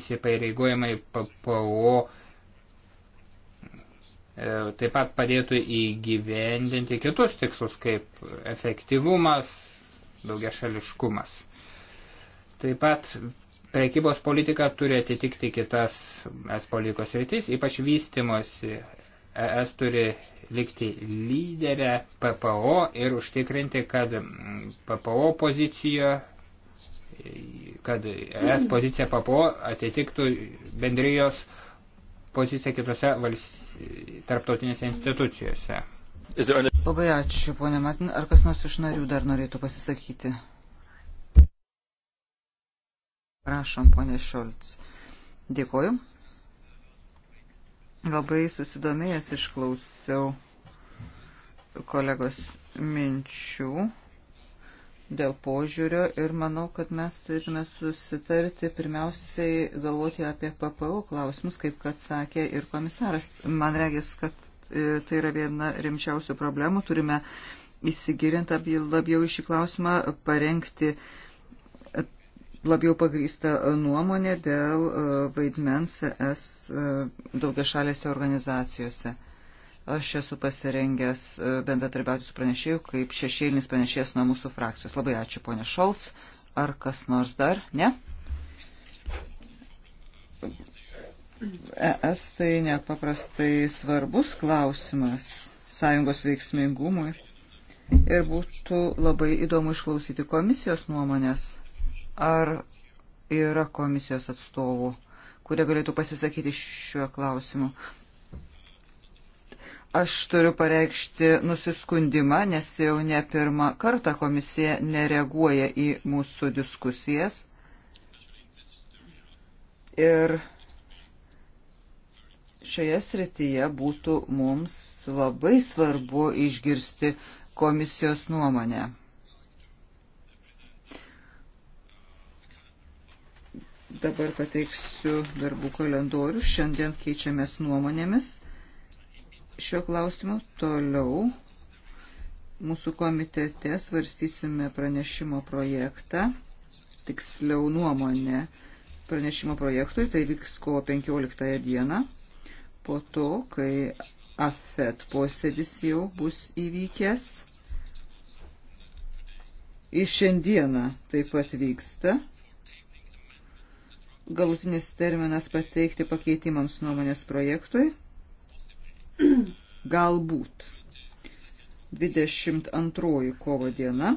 įsipareigojimai PPO e, taip pat padėtų įgyvendinti kitus tikslus, kaip efektyvumas, daugiašališkumas. Taip pat prekybos politika turi atitikti kitas es politikos rytis, ypač vystimosi. ES turi likti lyderę PPO ir užtikrinti, kad PPO pozicijoje kad ES pozicija PAPO atitiktų bendrijos poziciją kitose vals... tarptautinėse institucijose. Labai ačiū, ponė Matin. Ar kas nors iš narių dar norėtų pasisakyti? Prašom, ponė Šolts. Dėkoju. Labai susidomėjęs išklausiau kolegos minčių dėl požiūrio ir manau, kad mes turėtume susitarti pirmiausiai galvoti apie PPO klausimus, kaip kad sakė ir komisaras. Man regis, kad e, tai yra viena rimčiausių problemų. Turime įsigilint labiau į šį klausimą, parengti e, labiau pagrįstą e, nuomonę dėl vaidmens es daugia šalėse organizacijose. Aš esu pasirengęs e, bendratarbiauti su pranešėju kaip šešėlinis pranešėjas nuo mūsų frakcijos. Labai ačiū, ponė Šolts. Ar kas nors dar? Ne? ES tai nepaprastai svarbus klausimas sąjungos veiksmingumui. Ir būtų labai įdomu išklausyti komisijos nuomonės. Ar yra komisijos atstovų, kurie galėtų pasisakyti šiuo klausimu? Aš turiu pareikšti nusiskundimą, nes jau ne pirmą kartą komisija nereaguoja į mūsų diskusijas. Ir šioje srityje būtų mums labai svarbu išgirsti komisijos nuomonę. Dabar pateiksiu darbų kalendorių. Šiandien keičiamės nuomonėmis šiuo klausimu. Toliau mūsų komitete svarstysime pranešimo projektą, tiksliau nuomonę pranešimo projektui, tai vyks kovo 15 dieną, po to, kai AFET posėdis jau bus įvykęs. Į šiandieną taip pat vyksta. Galutinis terminas pateikti pakeitimams nuomonės projektui Galbūt. 22 kovo diena.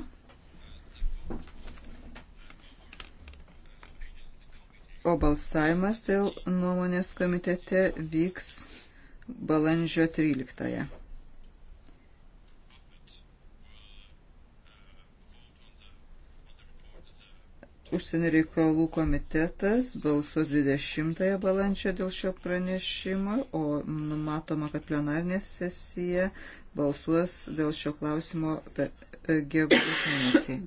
O balsavimas dėl nuomonės komitete vyks balandžio 13. -ąją. Užsienio reikalų komitetas balsuos 20 balandžio dėl šio pranešimo, o numatoma, kad plenarinė sesija balsuos dėl šio klausimo e, gegužės mėnesį.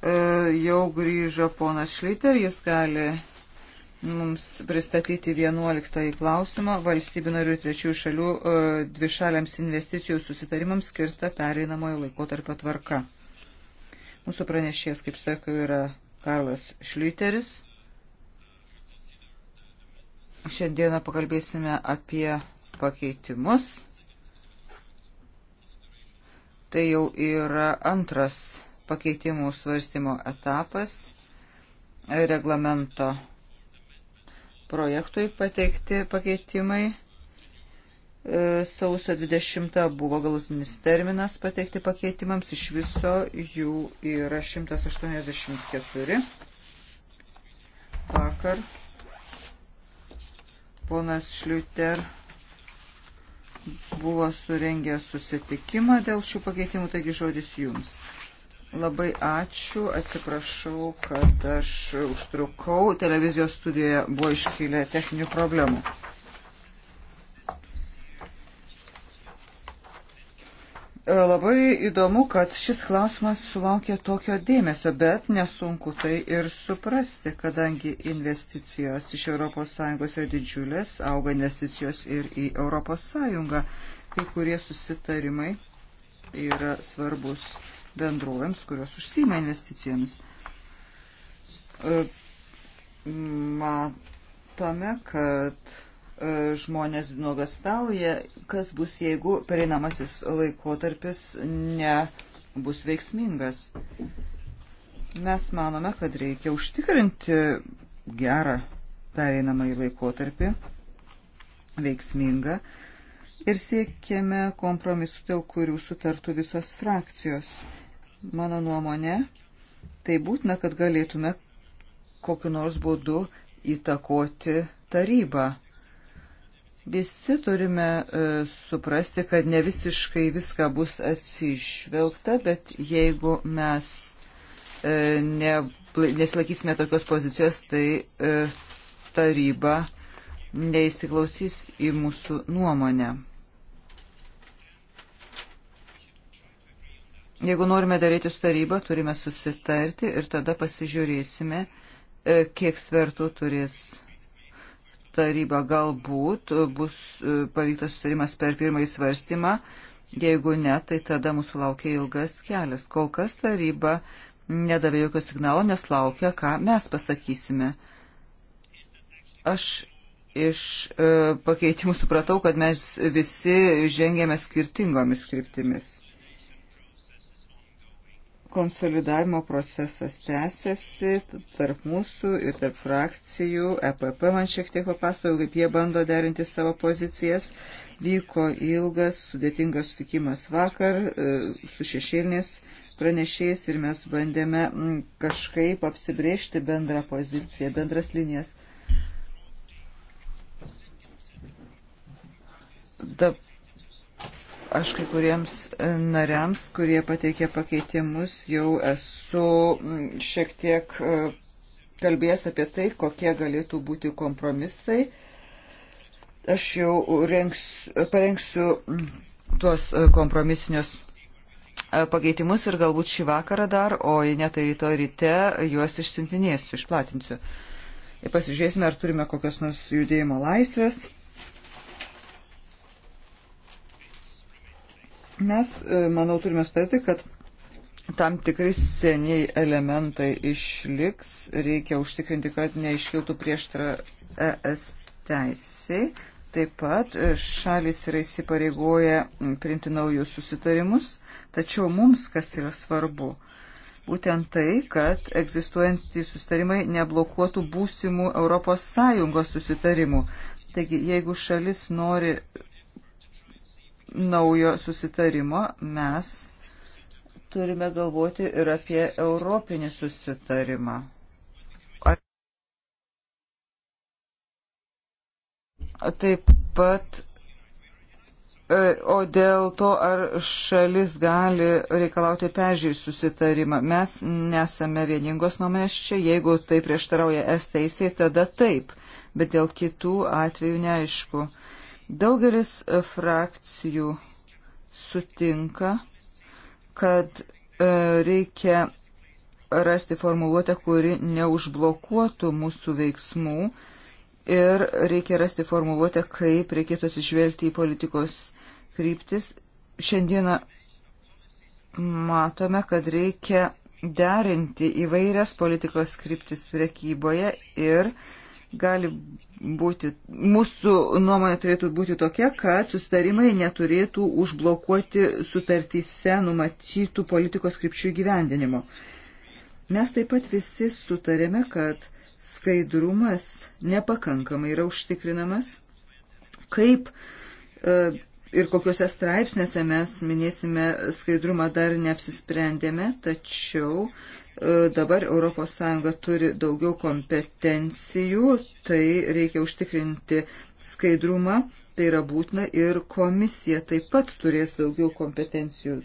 E, jau grįžo ponas Šliter, jis gali mums pristatyti 11 klausimą valstybių narių ir trečiųjų šalių e, dvišaliams investicijų susitarimams skirta pereinamojo laikotarpio tvarka. Mūsų pranešėjas, kaip sakiau, yra Karlas Šliuteris. Šiandieną pakalbėsime apie pakeitimus. Tai jau yra antras pakeitimų svarstymo etapas reglamento projektui pateikti pakeitimai. E, sausio 20 buvo galutinis terminas pateikti pakeitimams, iš viso jų yra 184. Vakar ponas Šliuter buvo surengęs susitikimą dėl šių pakeitimų, taigi žodis jums. Labai ačiū, atsiprašau, kad aš užtrukau. Televizijos studijoje buvo iškilę techninių problemų. Labai įdomu, kad šis klausimas sulaukė tokio dėmesio, bet nesunku tai ir suprasti, kadangi investicijos iš ES yra didžiulės, auga investicijos ir į ES. Kai kurie susitarimai yra svarbus bendrovėms, kurios užsima investicijomis. E, matome, kad e, žmonės nuogastauja, kas bus, jeigu pereinamasis laikotarpis nebus veiksmingas. Mes manome, kad reikia užtikrinti gerą pereinamąjį laikotarpį, veiksmingą ir siekėme kompromisų, dėl kurių sutartų visos frakcijos mano nuomonė, tai būtina, kad galėtume kokiu nors būdu įtakoti tarybą. Visi turime e, suprasti, kad ne visiškai viską bus atsižvelgta, bet jeigu mes e, ne, nesilakysime tokios pozicijos, tai e, taryba neįsiklausys į mūsų nuomonę. Jeigu norime daryti su taryba, turime susitarti ir tada pasižiūrėsime, e, kiek svertų turės taryba. Galbūt e, bus e, pavyktas susitarimas per pirmąjį svarstymą. Jeigu ne, tai tada mūsų laukia ilgas kelias. Kol kas taryba nedavė jokio signalo, nes laukia, ką mes pasakysime. Aš iš e, pakeitimų supratau, kad mes visi žengėme skirtingomis kryptimis konsolidavimo procesas tęsiasi tarp mūsų ir tarp frakcijų. EPP man šiek tiek papasakojo, kaip jie bando derinti savo pozicijas. Vyko ilgas, sudėtingas sutikimas vakar e, su šešėlinės pranešėjais ir mes bandėme kažkaip apsibriežti bendrą poziciją, bendras linijas. Dabar Aš kai kuriems e, nariams, kurie pateikė pakeitimus, jau esu šiek tiek e, kalbėjęs apie tai, kokie galėtų būti kompromisai. Aš jau rengs, parengsiu tuos e, kompromisinius pakeitimus ir galbūt šį vakarą dar, o jei ne tai rytoj ryte, juos išsintinėsiu, išplatinsiu. Ir pasižiūrėsime, ar turime kokios nors judėjimo laisvės Mes, e, manau, turime sutarti, kad tam tikri seniai elementai išliks, reikia užtikrinti, kad neiškiltų prieštra ES teisiai. Taip pat e, šalis yra įsipareigoję priimti naujus susitarimus, tačiau mums kas yra svarbu būtent tai, kad egzistuojantys susitarimai neblokuotų būsimų ES susitarimų. Taigi, jeigu šalis nori naujo susitarimo mes turime galvoti ir apie europinį susitarimą. Taip pat, e, o dėl to, ar šalis gali reikalauti peržiūrį susitarimą, mes nesame vieningos nuomonės čia, jeigu tai prieštarauja es teisė, tada taip, bet dėl kitų atvejų neaišku. Daugelis e, frakcijų sutinka, kad e, reikia rasti formuluotę, kuri neužblokuotų mūsų veiksmų ir reikia rasti formuluotę, kaip reikėtų atsižvelgti į politikos kryptis. Šiandieną matome, kad reikia derinti įvairias politikos kryptis priekyboje ir uh, gali būti, mūsų nuomonė turėtų būti tokia, kad sustarimai neturėtų užblokuoti sutartyse numatytų politikos krypčių įgyvendinimo. Mes taip pat visi sutarėme, kad skaidrumas nepakankamai yra užtikrinamas, kaip e, ir kokiuose straipsniuose mes minėsime skaidrumą dar neapsisprendėme, tačiau E, dabar ES turi daugiau kompetencijų, tai reikia užtikrinti skaidrumą, tai yra būtina ir komisija taip pat turės daugiau kompetencijų.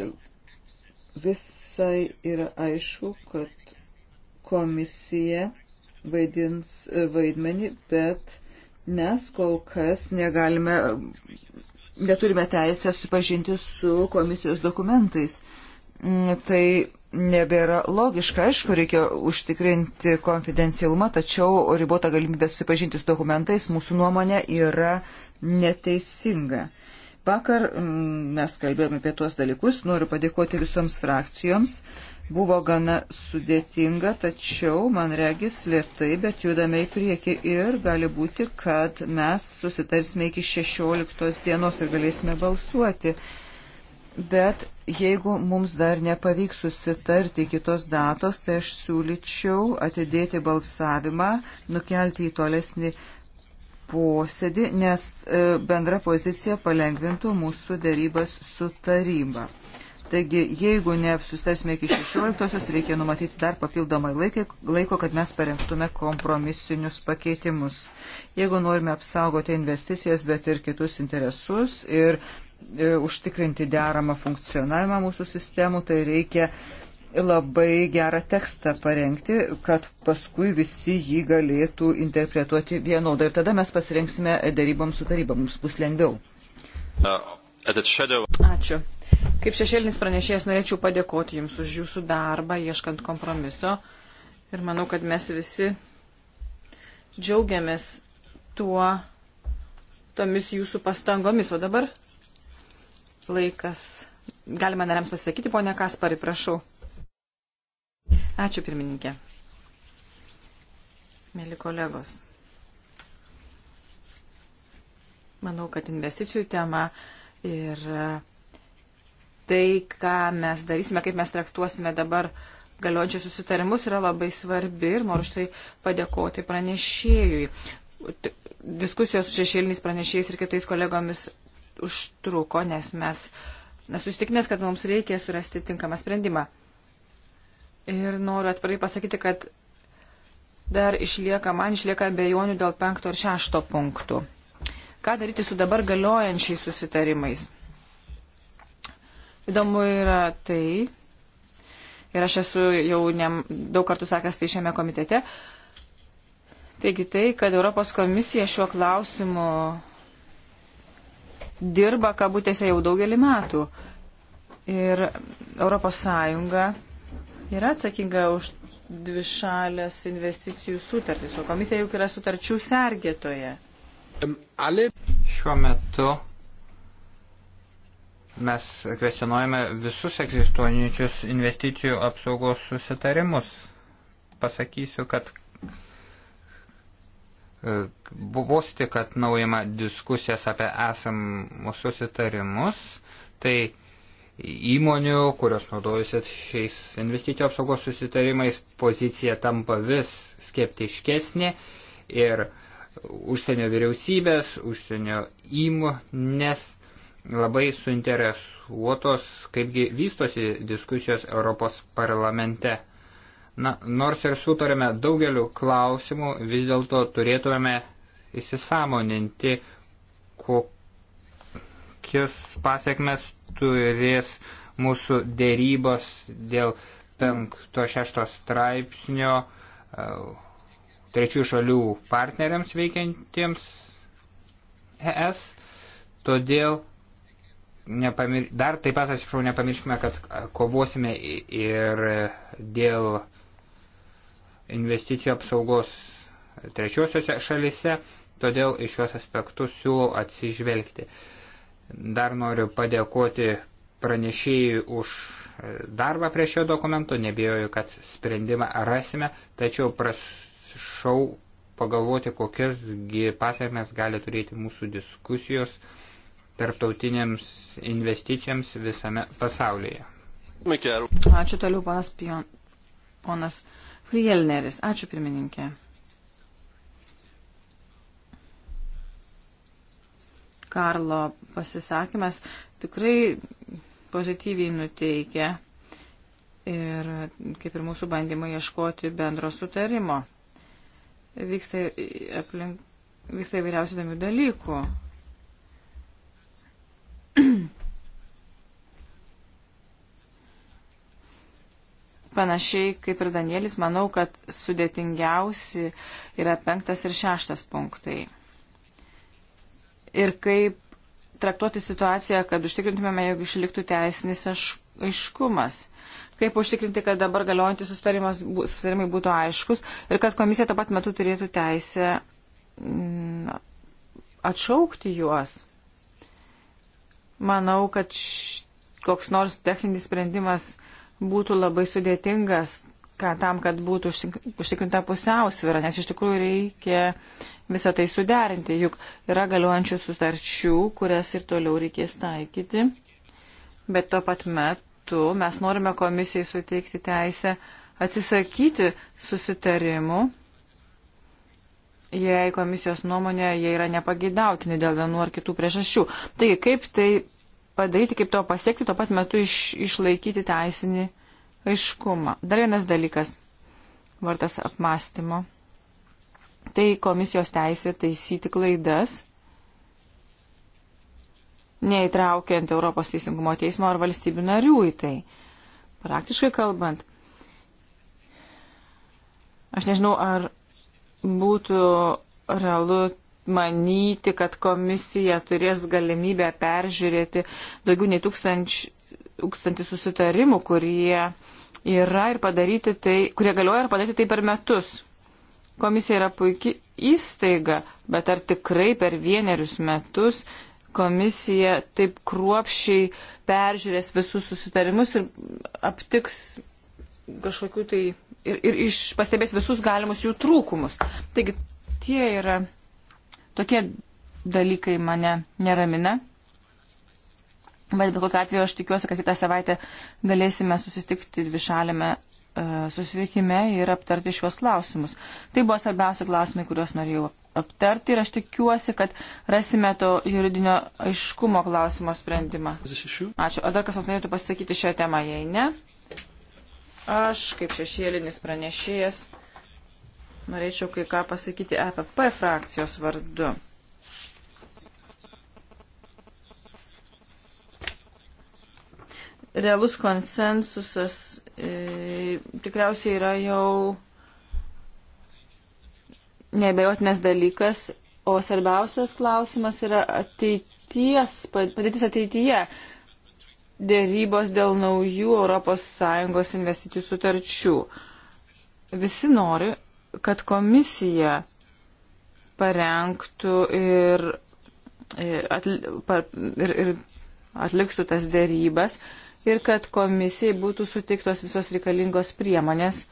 E, visai yra aišku, kad komisija vaidins e, vaidmenį, bet mes kol kas negalime, neturime teisę supažinti su komisijos dokumentais. Mm, tai nebėra logiška. Aišku, reikia užtikrinti konfidencialumą, tačiau ribota galimybė susipažinti su dokumentais mūsų nuomonė yra neteisinga. Vakar mm, mes kalbėjome apie tuos dalykus, noriu padėkoti visoms frakcijoms. Buvo gana sudėtinga, tačiau, man regis, lietai, bet judame į priekį ir gali būti, kad mes susitarsime iki 16 dienos ir galėsime balsuoti. Bet Jeigu mums dar nepavyks susitarti kitos datos, tai aš siūlyčiau atidėti balsavimą, nukelti į tolesnį posėdį, nes e, bendra pozicija palengvintų mūsų dėrybas su taryba. Taigi, jeigu neapsustarsime iki 16-osios, reikia numatyti dar papildomai laiko, kad mes parengtume kompromisinius pakeitimus. Jeigu norime apsaugoti investicijas, bet ir kitus interesus ir E, užtikrinti deramą funkcionavimą mūsų sistemų, tai reikia labai gerą tekstą parengti, kad paskui visi jį galėtų interpretuoti vienodai. Ir tada mes pasirinksime daryboms su taryba, mums bus lengviau. Uh, Ačiū. Kaip šešėlinis pranešėjas norėčiau padėkoti Jums už Jūsų darbą, ieškant kompromiso. Ir manau, kad mes visi džiaugiamės tuo, tomis Jūsų pastangomis. O dabar laikas. Galime nariams pasisakyti, ponia Kasparį, prašau. Ačiū pirmininkė. Mėly kolegos. Manau, kad investicijų tema ir tai, ką mes darysime, kaip mes traktuosime dabar galiojančius susitarimus, yra labai svarbi ir noriu štai padėkoti pranešėjui diskusijos su šešėliniais pranešėjais ir kitais kolegomis užtruko, nes mes susitikinęs, kad mums reikia surasti tinkamą sprendimą. Ir noriu atvirai pasakyti, kad dar išlieka, man išlieka bejonių dėl penkto ir šešto punktų. Ką daryti su dabar galiojančiais susitarimais? Įdomu yra tai, ir aš esu jau ne, daug kartų sakęs tai šiame komitete, taigi tai, kad Europos komisija šiuo klausimu dirba kabutėse jau daugelį metų. Ir ES yra atsakinga už dvišalės investicijų sutartis, o komisija juk yra sutarčių sergėtoje. Šiuo metu mes kvesionuojame visus egzistuojančius investicijų apsaugos susitarimus. Pasakysiu, kad E, Buvos tik atnaujama diskusijas apie esamus susitarimus, tai įmonių, kurios naudojasi šiais investicijų apsaugos susitarimais, pozicija tampa vis skeptiškesnė ir užsienio vyriausybės, užsienio įmonės labai suinteresuotos, kaipgi vystosi diskusijos Europos parlamente. Na, nors ir sutarėme daugeliu klausimų, vis dėlto turėtumėme įsisamoninti, kokias pasiekmes turės mūsų dėrybos dėl 5-6 straipsnio e, trečių šalių partneriams veikiantiems ES. Todėl nepamir... dar taip pat, atsiprašau, nepamirškime, kad e, kovosime ir dėl investicijų apsaugos trečiosiuose šalise, todėl iš šios aspektus siūlau atsižvelgti. Dar noriu padėkoti pranešėjui už darbą prie šio dokumento, nebijoju, kad sprendimą rasime, tačiau prašau pagalvoti, kokiasgi pasiekmes gali turėti mūsų diskusijos tarptautinėms investicijams visame pasaulyje. Ačiū toliau, ponas Pion. Ponas Prielneris. Ačiū pirmininkė. Karlo pasisakymas tikrai pozityviai nuteikia ir kaip ir mūsų bandymai ieškoti bendro sutarimo. Vyksta, aplink, vyksta įvairiausių įdomių dalykų. panašiai kaip ir Danielis, manau, kad sudėtingiausi yra penktas ir šeštas punktai. Ir kaip traktuoti situaciją, kad užtikrintumėme, jog išliktų teisinis aiškumas. Kaip užtikrinti, kad dabar galiojantis susitarimai būtų aiškus ir kad komisija tą pat metu turėtų teisę mm, atšaukti juos. Manau, kad š, koks nors techninis sprendimas būtų labai sudėtingas ką, tam, kad būtų užtikrinta pusiausvyrą, nes iš tikrųjų reikia visą tai suderinti, juk yra galiuojančių sutarčių, kurias ir toliau reikės taikyti, bet tuo pat metu mes norime komisijai suteikti teisę atsisakyti susitarimų, jei komisijos nuomonė jie yra nepagidautini dėl vienų ar kitų priežasčių. Taigi, kaip tai padaryti, kaip to pasiekti, tuo pat metu iš, išlaikyti teisinį aiškumą. Dar vienas dalykas, vartas apmastymo. Tai komisijos teisė taisyti klaidas, neįtraukiant Europos teisingumo teismo ar valstybių narių į tai. Praktiškai kalbant, aš nežinau, ar būtų realu manyti, kad komisija turės galimybę peržiūrėti daugiau nei tūkstančių tūkstantį susitarimų, kurie yra ir padaryti tai, kurie galioja ir padaryti tai per metus. Komisija yra puikiai įstaiga, bet ar tikrai per vienerius metus komisija taip kruopšiai peržiūrės visus susitarimus ir aptiks kažkokių tai ir, ir iš, pastebės visus galimus jų trūkumus. Taigi tie yra Tokie dalykai mane neramina. Bet bet kokiu atveju aš tikiuosi, kad kitą savaitę galėsime susitikti dvišalėme e, susitikime ir aptarti šiuos klausimus. Tai buvo svarbiausi klausimai, kuriuos norėjau aptarti ir aš tikiuosi, kad rasime to juridinio aiškumo klausimo sprendimą. Ačiū. Ar dar kas nors norėtų pasakyti šią temą, jei ne? Aš kaip šešėlinis pranešėjas. Norėčiau kai ką pasakyti EPP frakcijos vardu. Realus konsensusas e, tikriausiai yra jau nebejotinės dalykas, o svarbiausias klausimas yra ateities, padėtis ateityje dėrybos dėl naujų ES investicijų sutarčių. Visi nori, kad komisija parengtų ir, atli, par, ir, ir atliktų tas dėrybas ir kad komisijai būtų sutiktos visos reikalingos priemonės,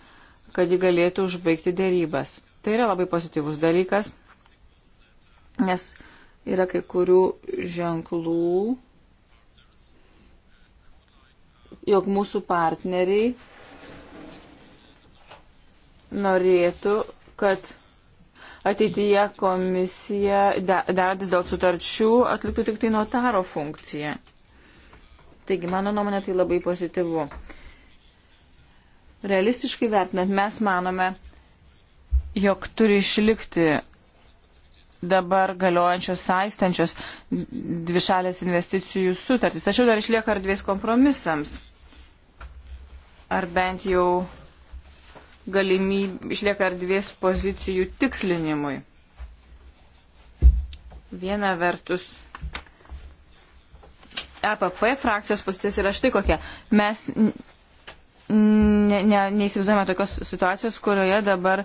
kad ji galėtų užbaigti dėrybas. Tai yra labai pozityvus dalykas, nes yra kai kurių ženklų, jog mūsų partneriai norėtų, kad ateityje komisija deradis dėl sutarčių atliktų tik tai notaro funkciją. Taigi, mano nuomonė, tai labai pozityvu. Realistiškai vertinant, mes manome, jog turi išlikti dabar galiojančios saistančios dvišalės investicijų sutartys. Tačiau dar išlieka erdvės kompromisams. Ar bent jau galimyb, išlieka erdvės pozicijų tikslinimui. Viena vertus, EPP frakcijos pozicija yra štai kokia. Mes ne, ne, neįsivaizduojame tokios situacijos, kurioje dabar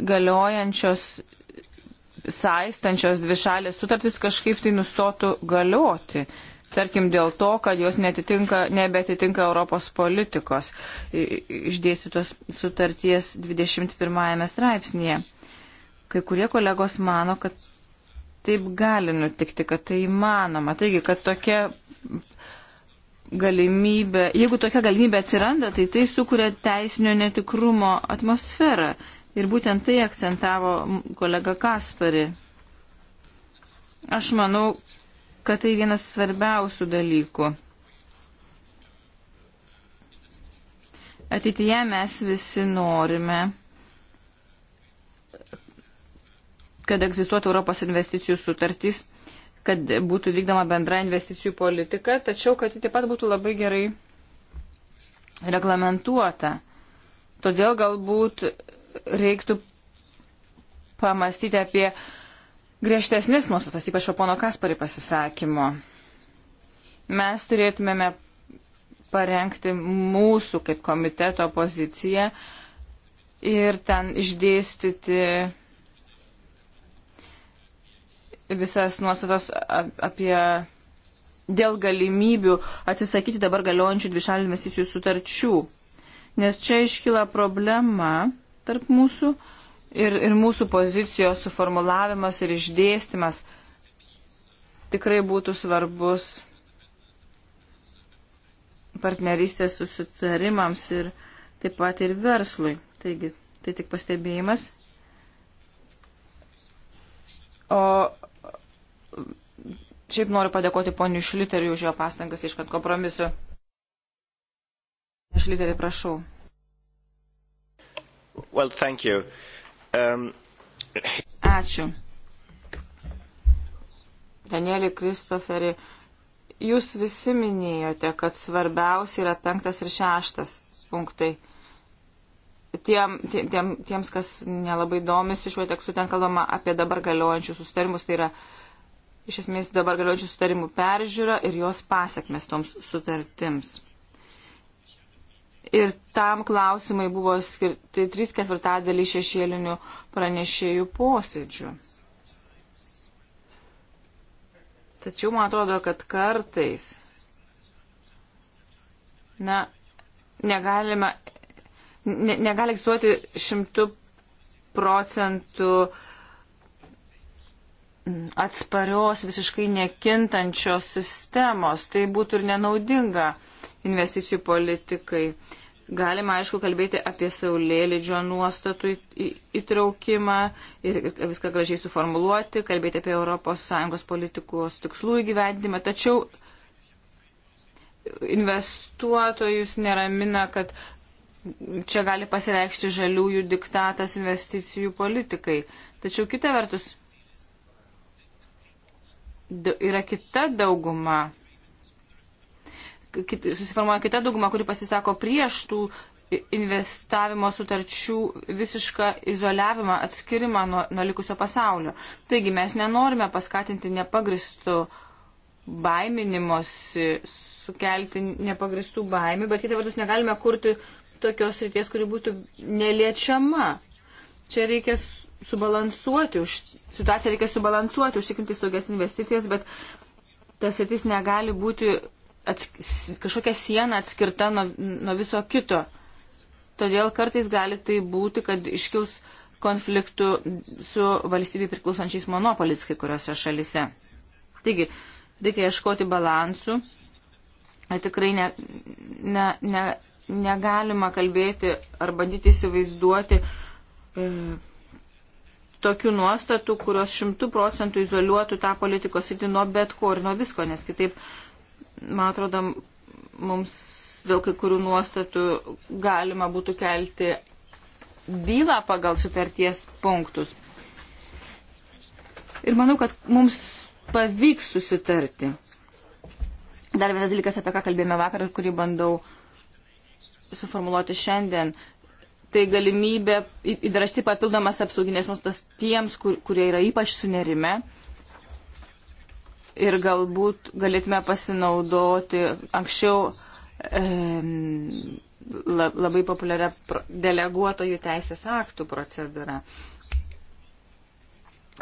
galiojančios saistančios dvišalės sutartys kažkaip tai nustotų galioti tarkim dėl to, kad jos netitinka, nebetitinka Europos politikos išdėstytos sutarties 21 straipsnėje. Kai kurie kolegos mano, kad taip gali nutikti, kad tai įmanoma. Taigi, kad tokia galimybė, jeigu tokia galimybė atsiranda, tai tai sukuria teisinio netikrumo atmosferą. Ir būtent tai akcentavo kolega Kaspari. Aš manau, kad tai vienas svarbiausių dalykų. Ateityje mes visi norime, kad egzistuotų Europos investicijų sutartys, kad būtų vykdoma bendra investicijų politika, tačiau kad ji taip pat būtų labai gerai reglamentuota. Todėl galbūt reiktų pamastyti apie uh, griežtesnės nuostatas, ypač po pono Kasparį pasisakymo. Mes turėtumėme parengti mūsų kaip komiteto poziciją ir ten išdėstyti visas nuostatas apie dėl galimybių atsisakyti dabar galiojančių dvišalių investicijų sutarčių. Nes čia iškyla problema tarp mūsų, ir, ir mūsų pozicijos suformulavimas ir išdėstymas tikrai būtų svarbus partnerystės susitarimams ir taip pat ir verslui. Taigi, tai tik pastebėjimas. O šiaip noriu padėkoti poniu Šliteriu už jo pastangas iškant kompromisu. Šliterį prašau. Well, thank you. Uh, Um... Ačiū. Danielį Kristoferį, jūs visi minėjote, kad svarbiausia yra penktas ir šeštas punktai. Tiem, tiem, tiems, kas nelabai domisi šiuo tekstu, ten kalbama apie dabar galiojančius sustarimus, tai yra iš esmės dabar galiojančių sustarimų peržiūra ir jos pasiekmes toms sutartims. Ir tam klausimai buvo skirti 3 ketvirtadalį šešėlinių pranešėjų posėdžių. Tačiau man atrodo, kad kartais na, negalime, ne, negali egzistuoti šimtų procentų atsparios, visiškai nekintančios sistemos. Tai būtų ir nenaudinga investicijų politikai. Galima, aišku, kalbėti apie saulėlydžio nuostatų įtraukimą ir viską gražiai suformuluoti, kalbėti apie ES politikos tikslų įgyvendimą, tačiau investuotojus neramina, kad čia gali pasireikšti žaliųjų diktatas investicijų politikai. Tačiau kita vertus yra kita dauguma susiformuoja kita dauguma, kuri pasisako prieš tų investavimo sutarčių visišką izoliavimą, atskirimą nuo, nuo likusio pasaulio. Taigi mes nenorime paskatinti nepagristų baiminimosi, sukelti nepagristų baimių, bet kitą vertus negalime kurti tokios ryties, kuri būtų neliečiama. Čia reikia subalansuoti, už, situaciją reikia subalansuoti, užtikrinti saugias investicijas, bet tas rytis negali būti ats, kažkokia siena atskirta nuo, nuo viso kito. Todėl kartais gali tai būti, kad iškils konfliktų su valstybei priklausančiais monopolis kai kuriuose šalise. Taigi, reikia ieškoti balansų. Tikrai ne, ne, ne, negalima kalbėti ar bandyti įsivaizduoti e, tokių nuostatų, kurios šimtų procentų izoliuotų tą politikos įtį nuo bet ko ir nuo visko, nes kitaip man atrodo, mums dėl kai kurių nuostatų galima būtų kelti bylą pagal sutarties punktus. Ir manau, kad mums pavyks susitarti. Dar vienas dalykas, apie ką kalbėjome vakar ir kurį bandau suformuoluoti šiandien, tai galimybė įdrasti papildomas apsauginės nuostas tiems, kur, kurie yra ypač sunerime. Uh, ir galbūt galėtume pasinaudoti anksčiau e, labai populiaria deleguotojų teisės aktų procedūra.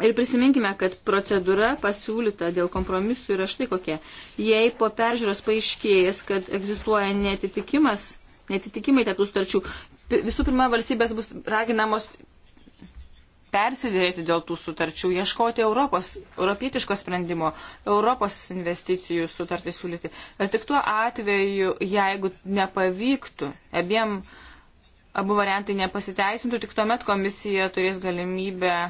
Ir prisiminkime, kad procedūra pasiūlyta dėl kompromisų yra štai kokia. Jei po peržiūros paaiškėjęs, kad egzistuoja netitikimas, netitikimai tarp tų starčių, visų pirma, valstybės bus raginamos persidėrėti dėl tų sutarčių, ieškoti Europos, europietiško sprendimo, Europos investicijų sutartį siūlyti. Ir tik tuo atveju, jeigu nepavyktų, abiem abu variantai nepasiteisintų, tik tuomet komisija turės galimybę e,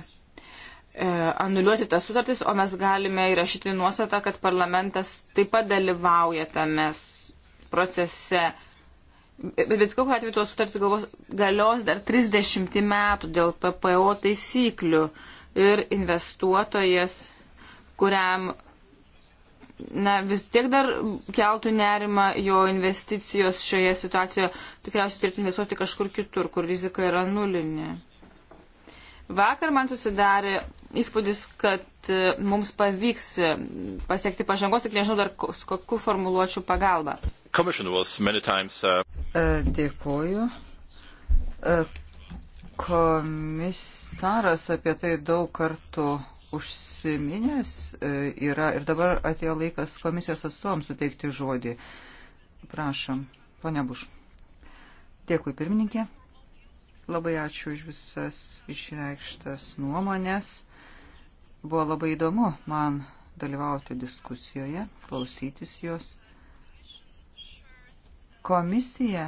anuliuoti tas sutartis, o mes galime įrašyti nuostatą, kad parlamentas taip pat dalyvauja tame procese Bet kokiu atveju tos sutartys galvos, galios dar 30 metų dėl PPO taisyklių ir investuotojas, kuriam na, vis tiek dar keltų nerima jo investicijos šioje situacijoje, tikriausiai turėtų investuoti kažkur kitur, kur rizika yra nulinė. Vakar man susidarė įspūdis, kad e, mums pavyks e, pasiekti pažangos, tik nežinau dar kokiu formuluočiu pagalba. Times, uh... E, Dėkuoju. Komisaras apie tai daug kartų užsiminęs yra ir dabar atėjo laikas komisijos atstovams suteikti žodį. Prašom, ponia Buš. Dėkui, pirmininkė. Labai ačiū už visas išreikštas nuomonės. Buvo labai įdomu man dalyvauti diskusijoje, klausytis jos. Komisija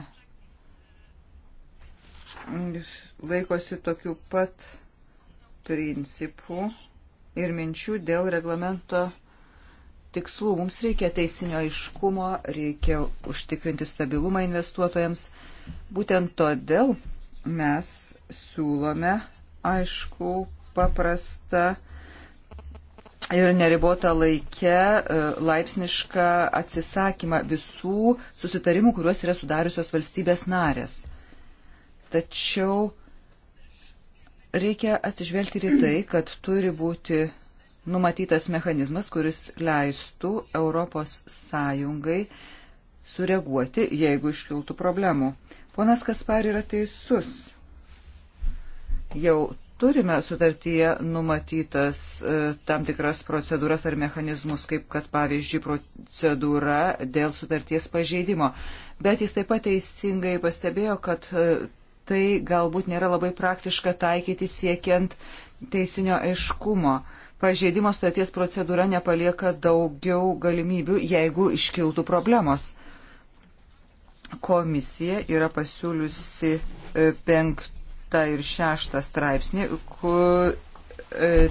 laikosi tokių pat principų ir minčių dėl reglamento tikslų. Mums reikia teisinio aiškumo, reikia užtikrinti stabilumą investuotojams. Būtent todėl mes siūlome aišku paprastą ir neribotą laikę e, laipsnišką atsisakymą visų susitarimų, kuriuos yra sudariusios valstybės narės. Tačiau reikia atsižvelgti ir į tai, kad turi būti numatytas mechanizmas, kuris leistų Europos Sąjungai sureaguoti, jeigu iškiltų problemų. Ponas Kaspar yra teisus. Jau turime sutartyje numatytas e, tam tikras procedūras ar mechanizmus, kaip kad pavyzdžiui procedūra dėl sutarties pažeidimo. Bet jis taip pat teisingai pastebėjo, kad e, tai galbūt nėra labai praktiška taikyti siekiant teisinio aiškumo. Pažeidimo sutarties procedūra nepalieka daugiau galimybių, jeigu iškiltų problemos. Komisija yra pasiūliusi e, penktų ir 6 straipsnį, kuriuose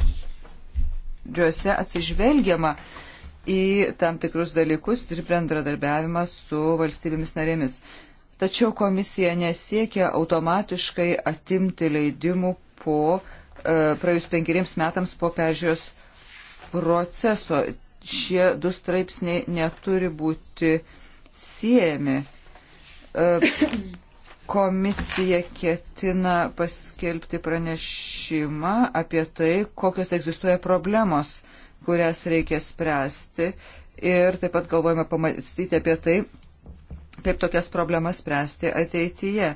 atsižvelgiama į tam tikrus dalykus ir bendradarbiavimą su valstybėmis narėmis. Tačiau komisija nesiekia automatiškai atimti leidimų po e, praėjus penkeriems metams po peržiūros proceso. Šie du straipsniai neturi būti siejami. E, Komisija ketina paskelbti pranešimą apie tai, kokios egzistuoja problemos, kurias reikia spręsti. Ir taip pat galvojame pamastyti apie tai, kaip tokias problemas spręsti ateityje.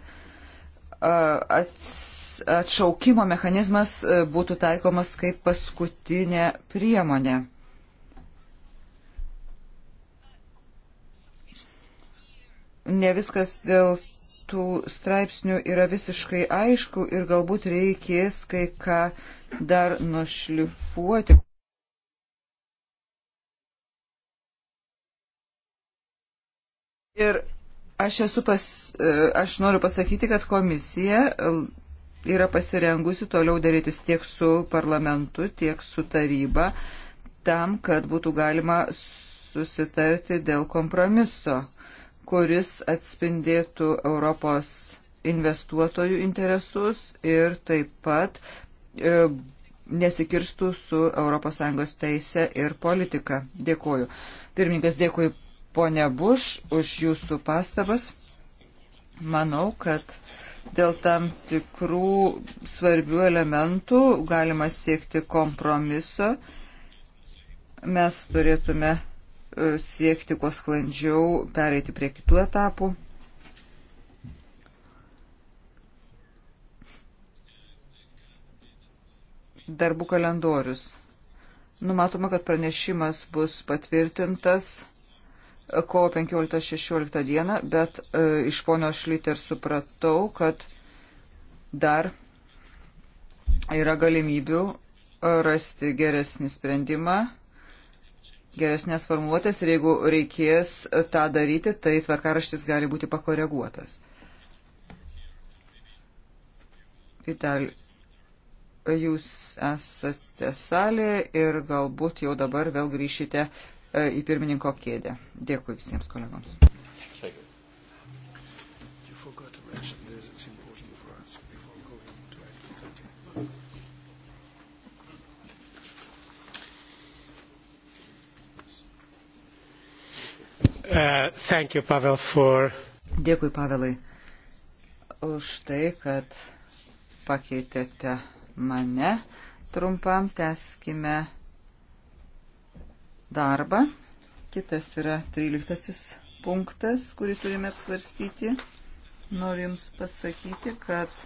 Atšaukimo mechanizmas e, būtų taikomas kaip paskutinė priemonė. ne viskas dėl tų straipsnių yra visiškai aišku ir galbūt reikės kai ką dar nušlifuoti. Ir aš, pas, e, aš noriu pasakyti, kad komisija e, yra pasirengusi toliau darytis tiek su parlamentu, tiek su taryba, tam, kad būtų galima susitarti dėl kompromiso kuris atspindėtų Europos investuotojų interesus ir taip pat e, nesikirstų su ES teise ir politika. Dėkuoju. Pirmininkas, dėkui ponia Buš už jūsų pastabas. Manau, kad dėl tam tikrų svarbių elementų galima siekti kompromiso. Mes turėtume siekti kuo sklandžiau pereiti prie kitų etapų. Darbų kalendorius. Numatoma, kad pranešimas bus patvirtintas kovo 15-16 dieną, bet e, iš pono Šliter supratau, kad dar yra galimybių rasti geresnį sprendimą geresnės formuluotės ir jeigu reikės tą daryti, tai tvarkaraštis gali būti pakoreguotas. Vital, jūs esate salėje ir galbūt jau dabar vėl grįšite e, į pirmininko kėdę. Dėkui visiems kolegoms. Uh, you, Pavel, for... Dėkui, Pavelai, už tai, kad pakeitėte mane. Trumpam teskime darbą. Kitas yra 13 punktas, kurį turime apsvarstyti. Noriu Jums pasakyti, kad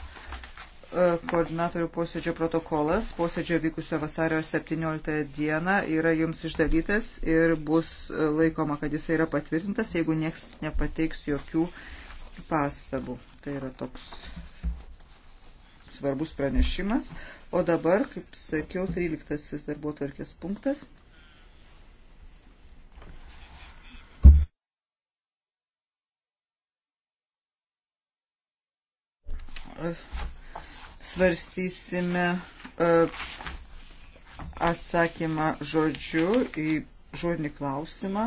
E, koordinatorių posėdžio protokolas posėdžio vykusio vasario 17 dieną yra jums išdalytas ir bus e, laikoma, kad jis yra patvirtintas, jeigu nieks nepateiks jokių pastabų. Tai yra toks svarbus pranešimas. O dabar, kaip sakiau, 13 darbo tvarkės punktas. Uh svarstysime e, atsakymą žodžiu į žodinį klausimą.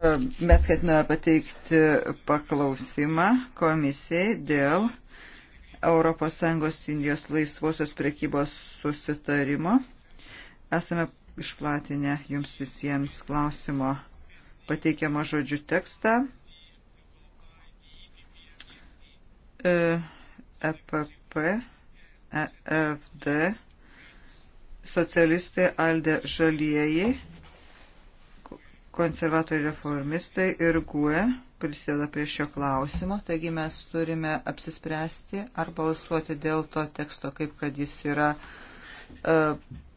E, mes ketiname pateikti paklausimą komisijai dėl ES Indijos laisvosios prekybos susitarimo. Esame išplatinę jums visiems klausimo pateikiamą žodžių tekstą. EPP, e EFD, socialistai Alde Žalieji, konservatoriai reformistai ir GUE prisideda prie šio klausimo, taigi mes turime apsispręsti ar balsuoti dėl to teksto, kaip kad jis yra e,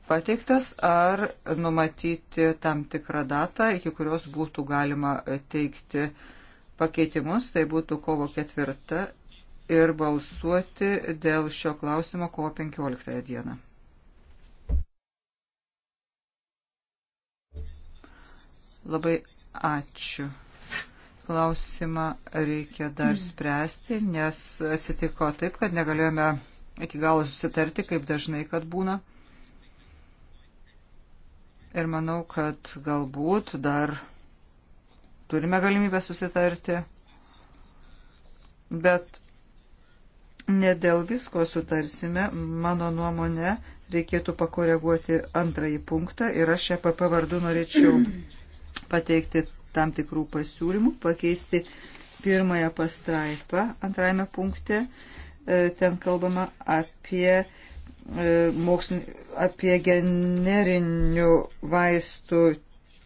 pateiktas, ar numatyti tam tikrą datą, iki kurios būtų galima teikti pakeitimus, tai būtų kovo ketvirta ir balsuoti dėl šio klausimo kovo 15 dieną. Labai ačiū. Klausimą reikia dar spręsti, nes atsitiko taip, kad negalėjome iki galo susitarti, kaip dažnai kad būna. Ir manau, kad galbūt dar turime galimybę susitarti. Bet ne dėl visko sutarsime, mano nuomonė, reikėtų pakoreguoti antrąjį punktą ir aš EPP vardu norėčiau pateikti tam tikrų pasiūlymų, pakeisti pirmąją pastraipą antrajame punkte. E, ten kalbama apie, e, mokslinį, apie generinių vaistų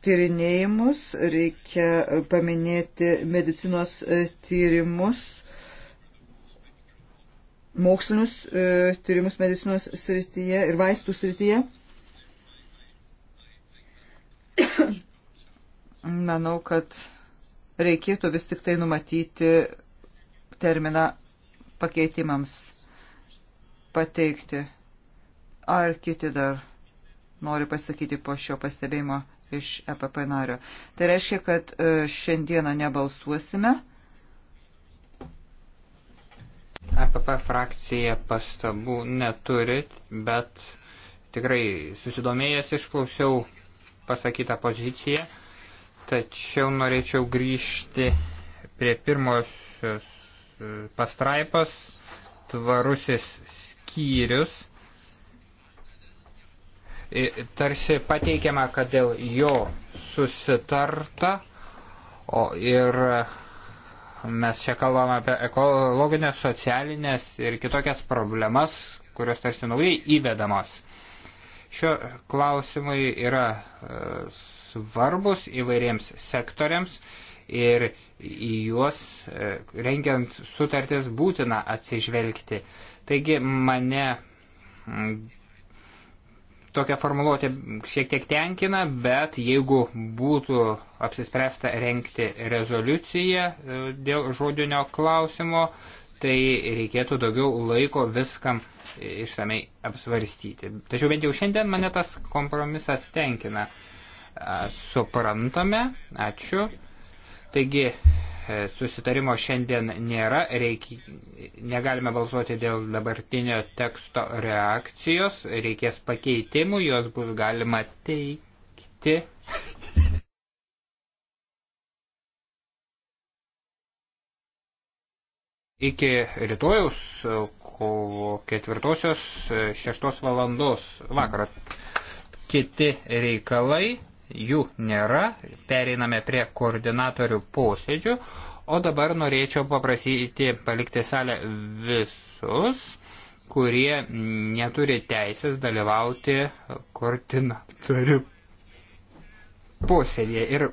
tyrinėjimus, reikia paminėti medicinos e, tyrimus mokslinius e, tyrimus medicinos srityje ir vaistų srityje. Manau, kad reikėtų vis tik tai numatyti terminą pakeitimams pateikti. Ar kiti dar nori pasakyti po šio pastebėjimo iš EPP nario. Tai reiškia, kad e, šiandieną nebalsuosime. EPP frakcija pastabų neturi, bet tikrai susidomėjęs išklausiau pasakytą poziciją, tačiau norėčiau grįžti prie pirmosios e, pastraipos tvarusis skyrius. E, tarsi pateikiama, kad dėl jo susitarta o ir Mes čia kalbame apie ekologinės, socialinės ir kitokias problemas, kurios tarsi naujai įvedamos. Šio klausimai yra e, svarbus įvairiems sektoriams ir į juos e, rengiant sutartis būtina atsižvelgti. Taigi mane tokia formuluotė šiek tiek tenkina, bet jeigu būtų apsispręsta renkti rezoliuciją e, dėl žodinio klausimo, tai reikėtų daugiau laiko viskam išsamei apsvarstyti. Tačiau bent jau šiandien mane tas kompromisas tenkina. Suprantame, ačiū. Taigi E, susitarimo šiandien nėra, reik, negalime balsuoti dėl dabartinio teksto reakcijos, reikės pakeitimų, juos bus galima teikti. Iki rytojaus kovo ketvirtosios šeštos valandos vakar kiti reikalai jų nėra, pereiname prie koordinatorių posėdžių, o dabar norėčiau paprasyti palikti salę visus, kurie neturi teisės dalyvauti koordinatorių posėdėje. Ir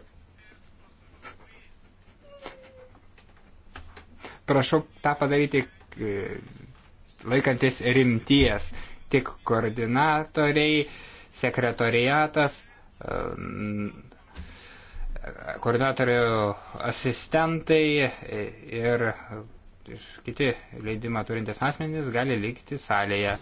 prašau tą padaryti e, laikantis rimties, tik koordinatoriai, sekretoriatas, koordinatorių asistentai ir kiti leidimą turintys asmenys gali likti salėje.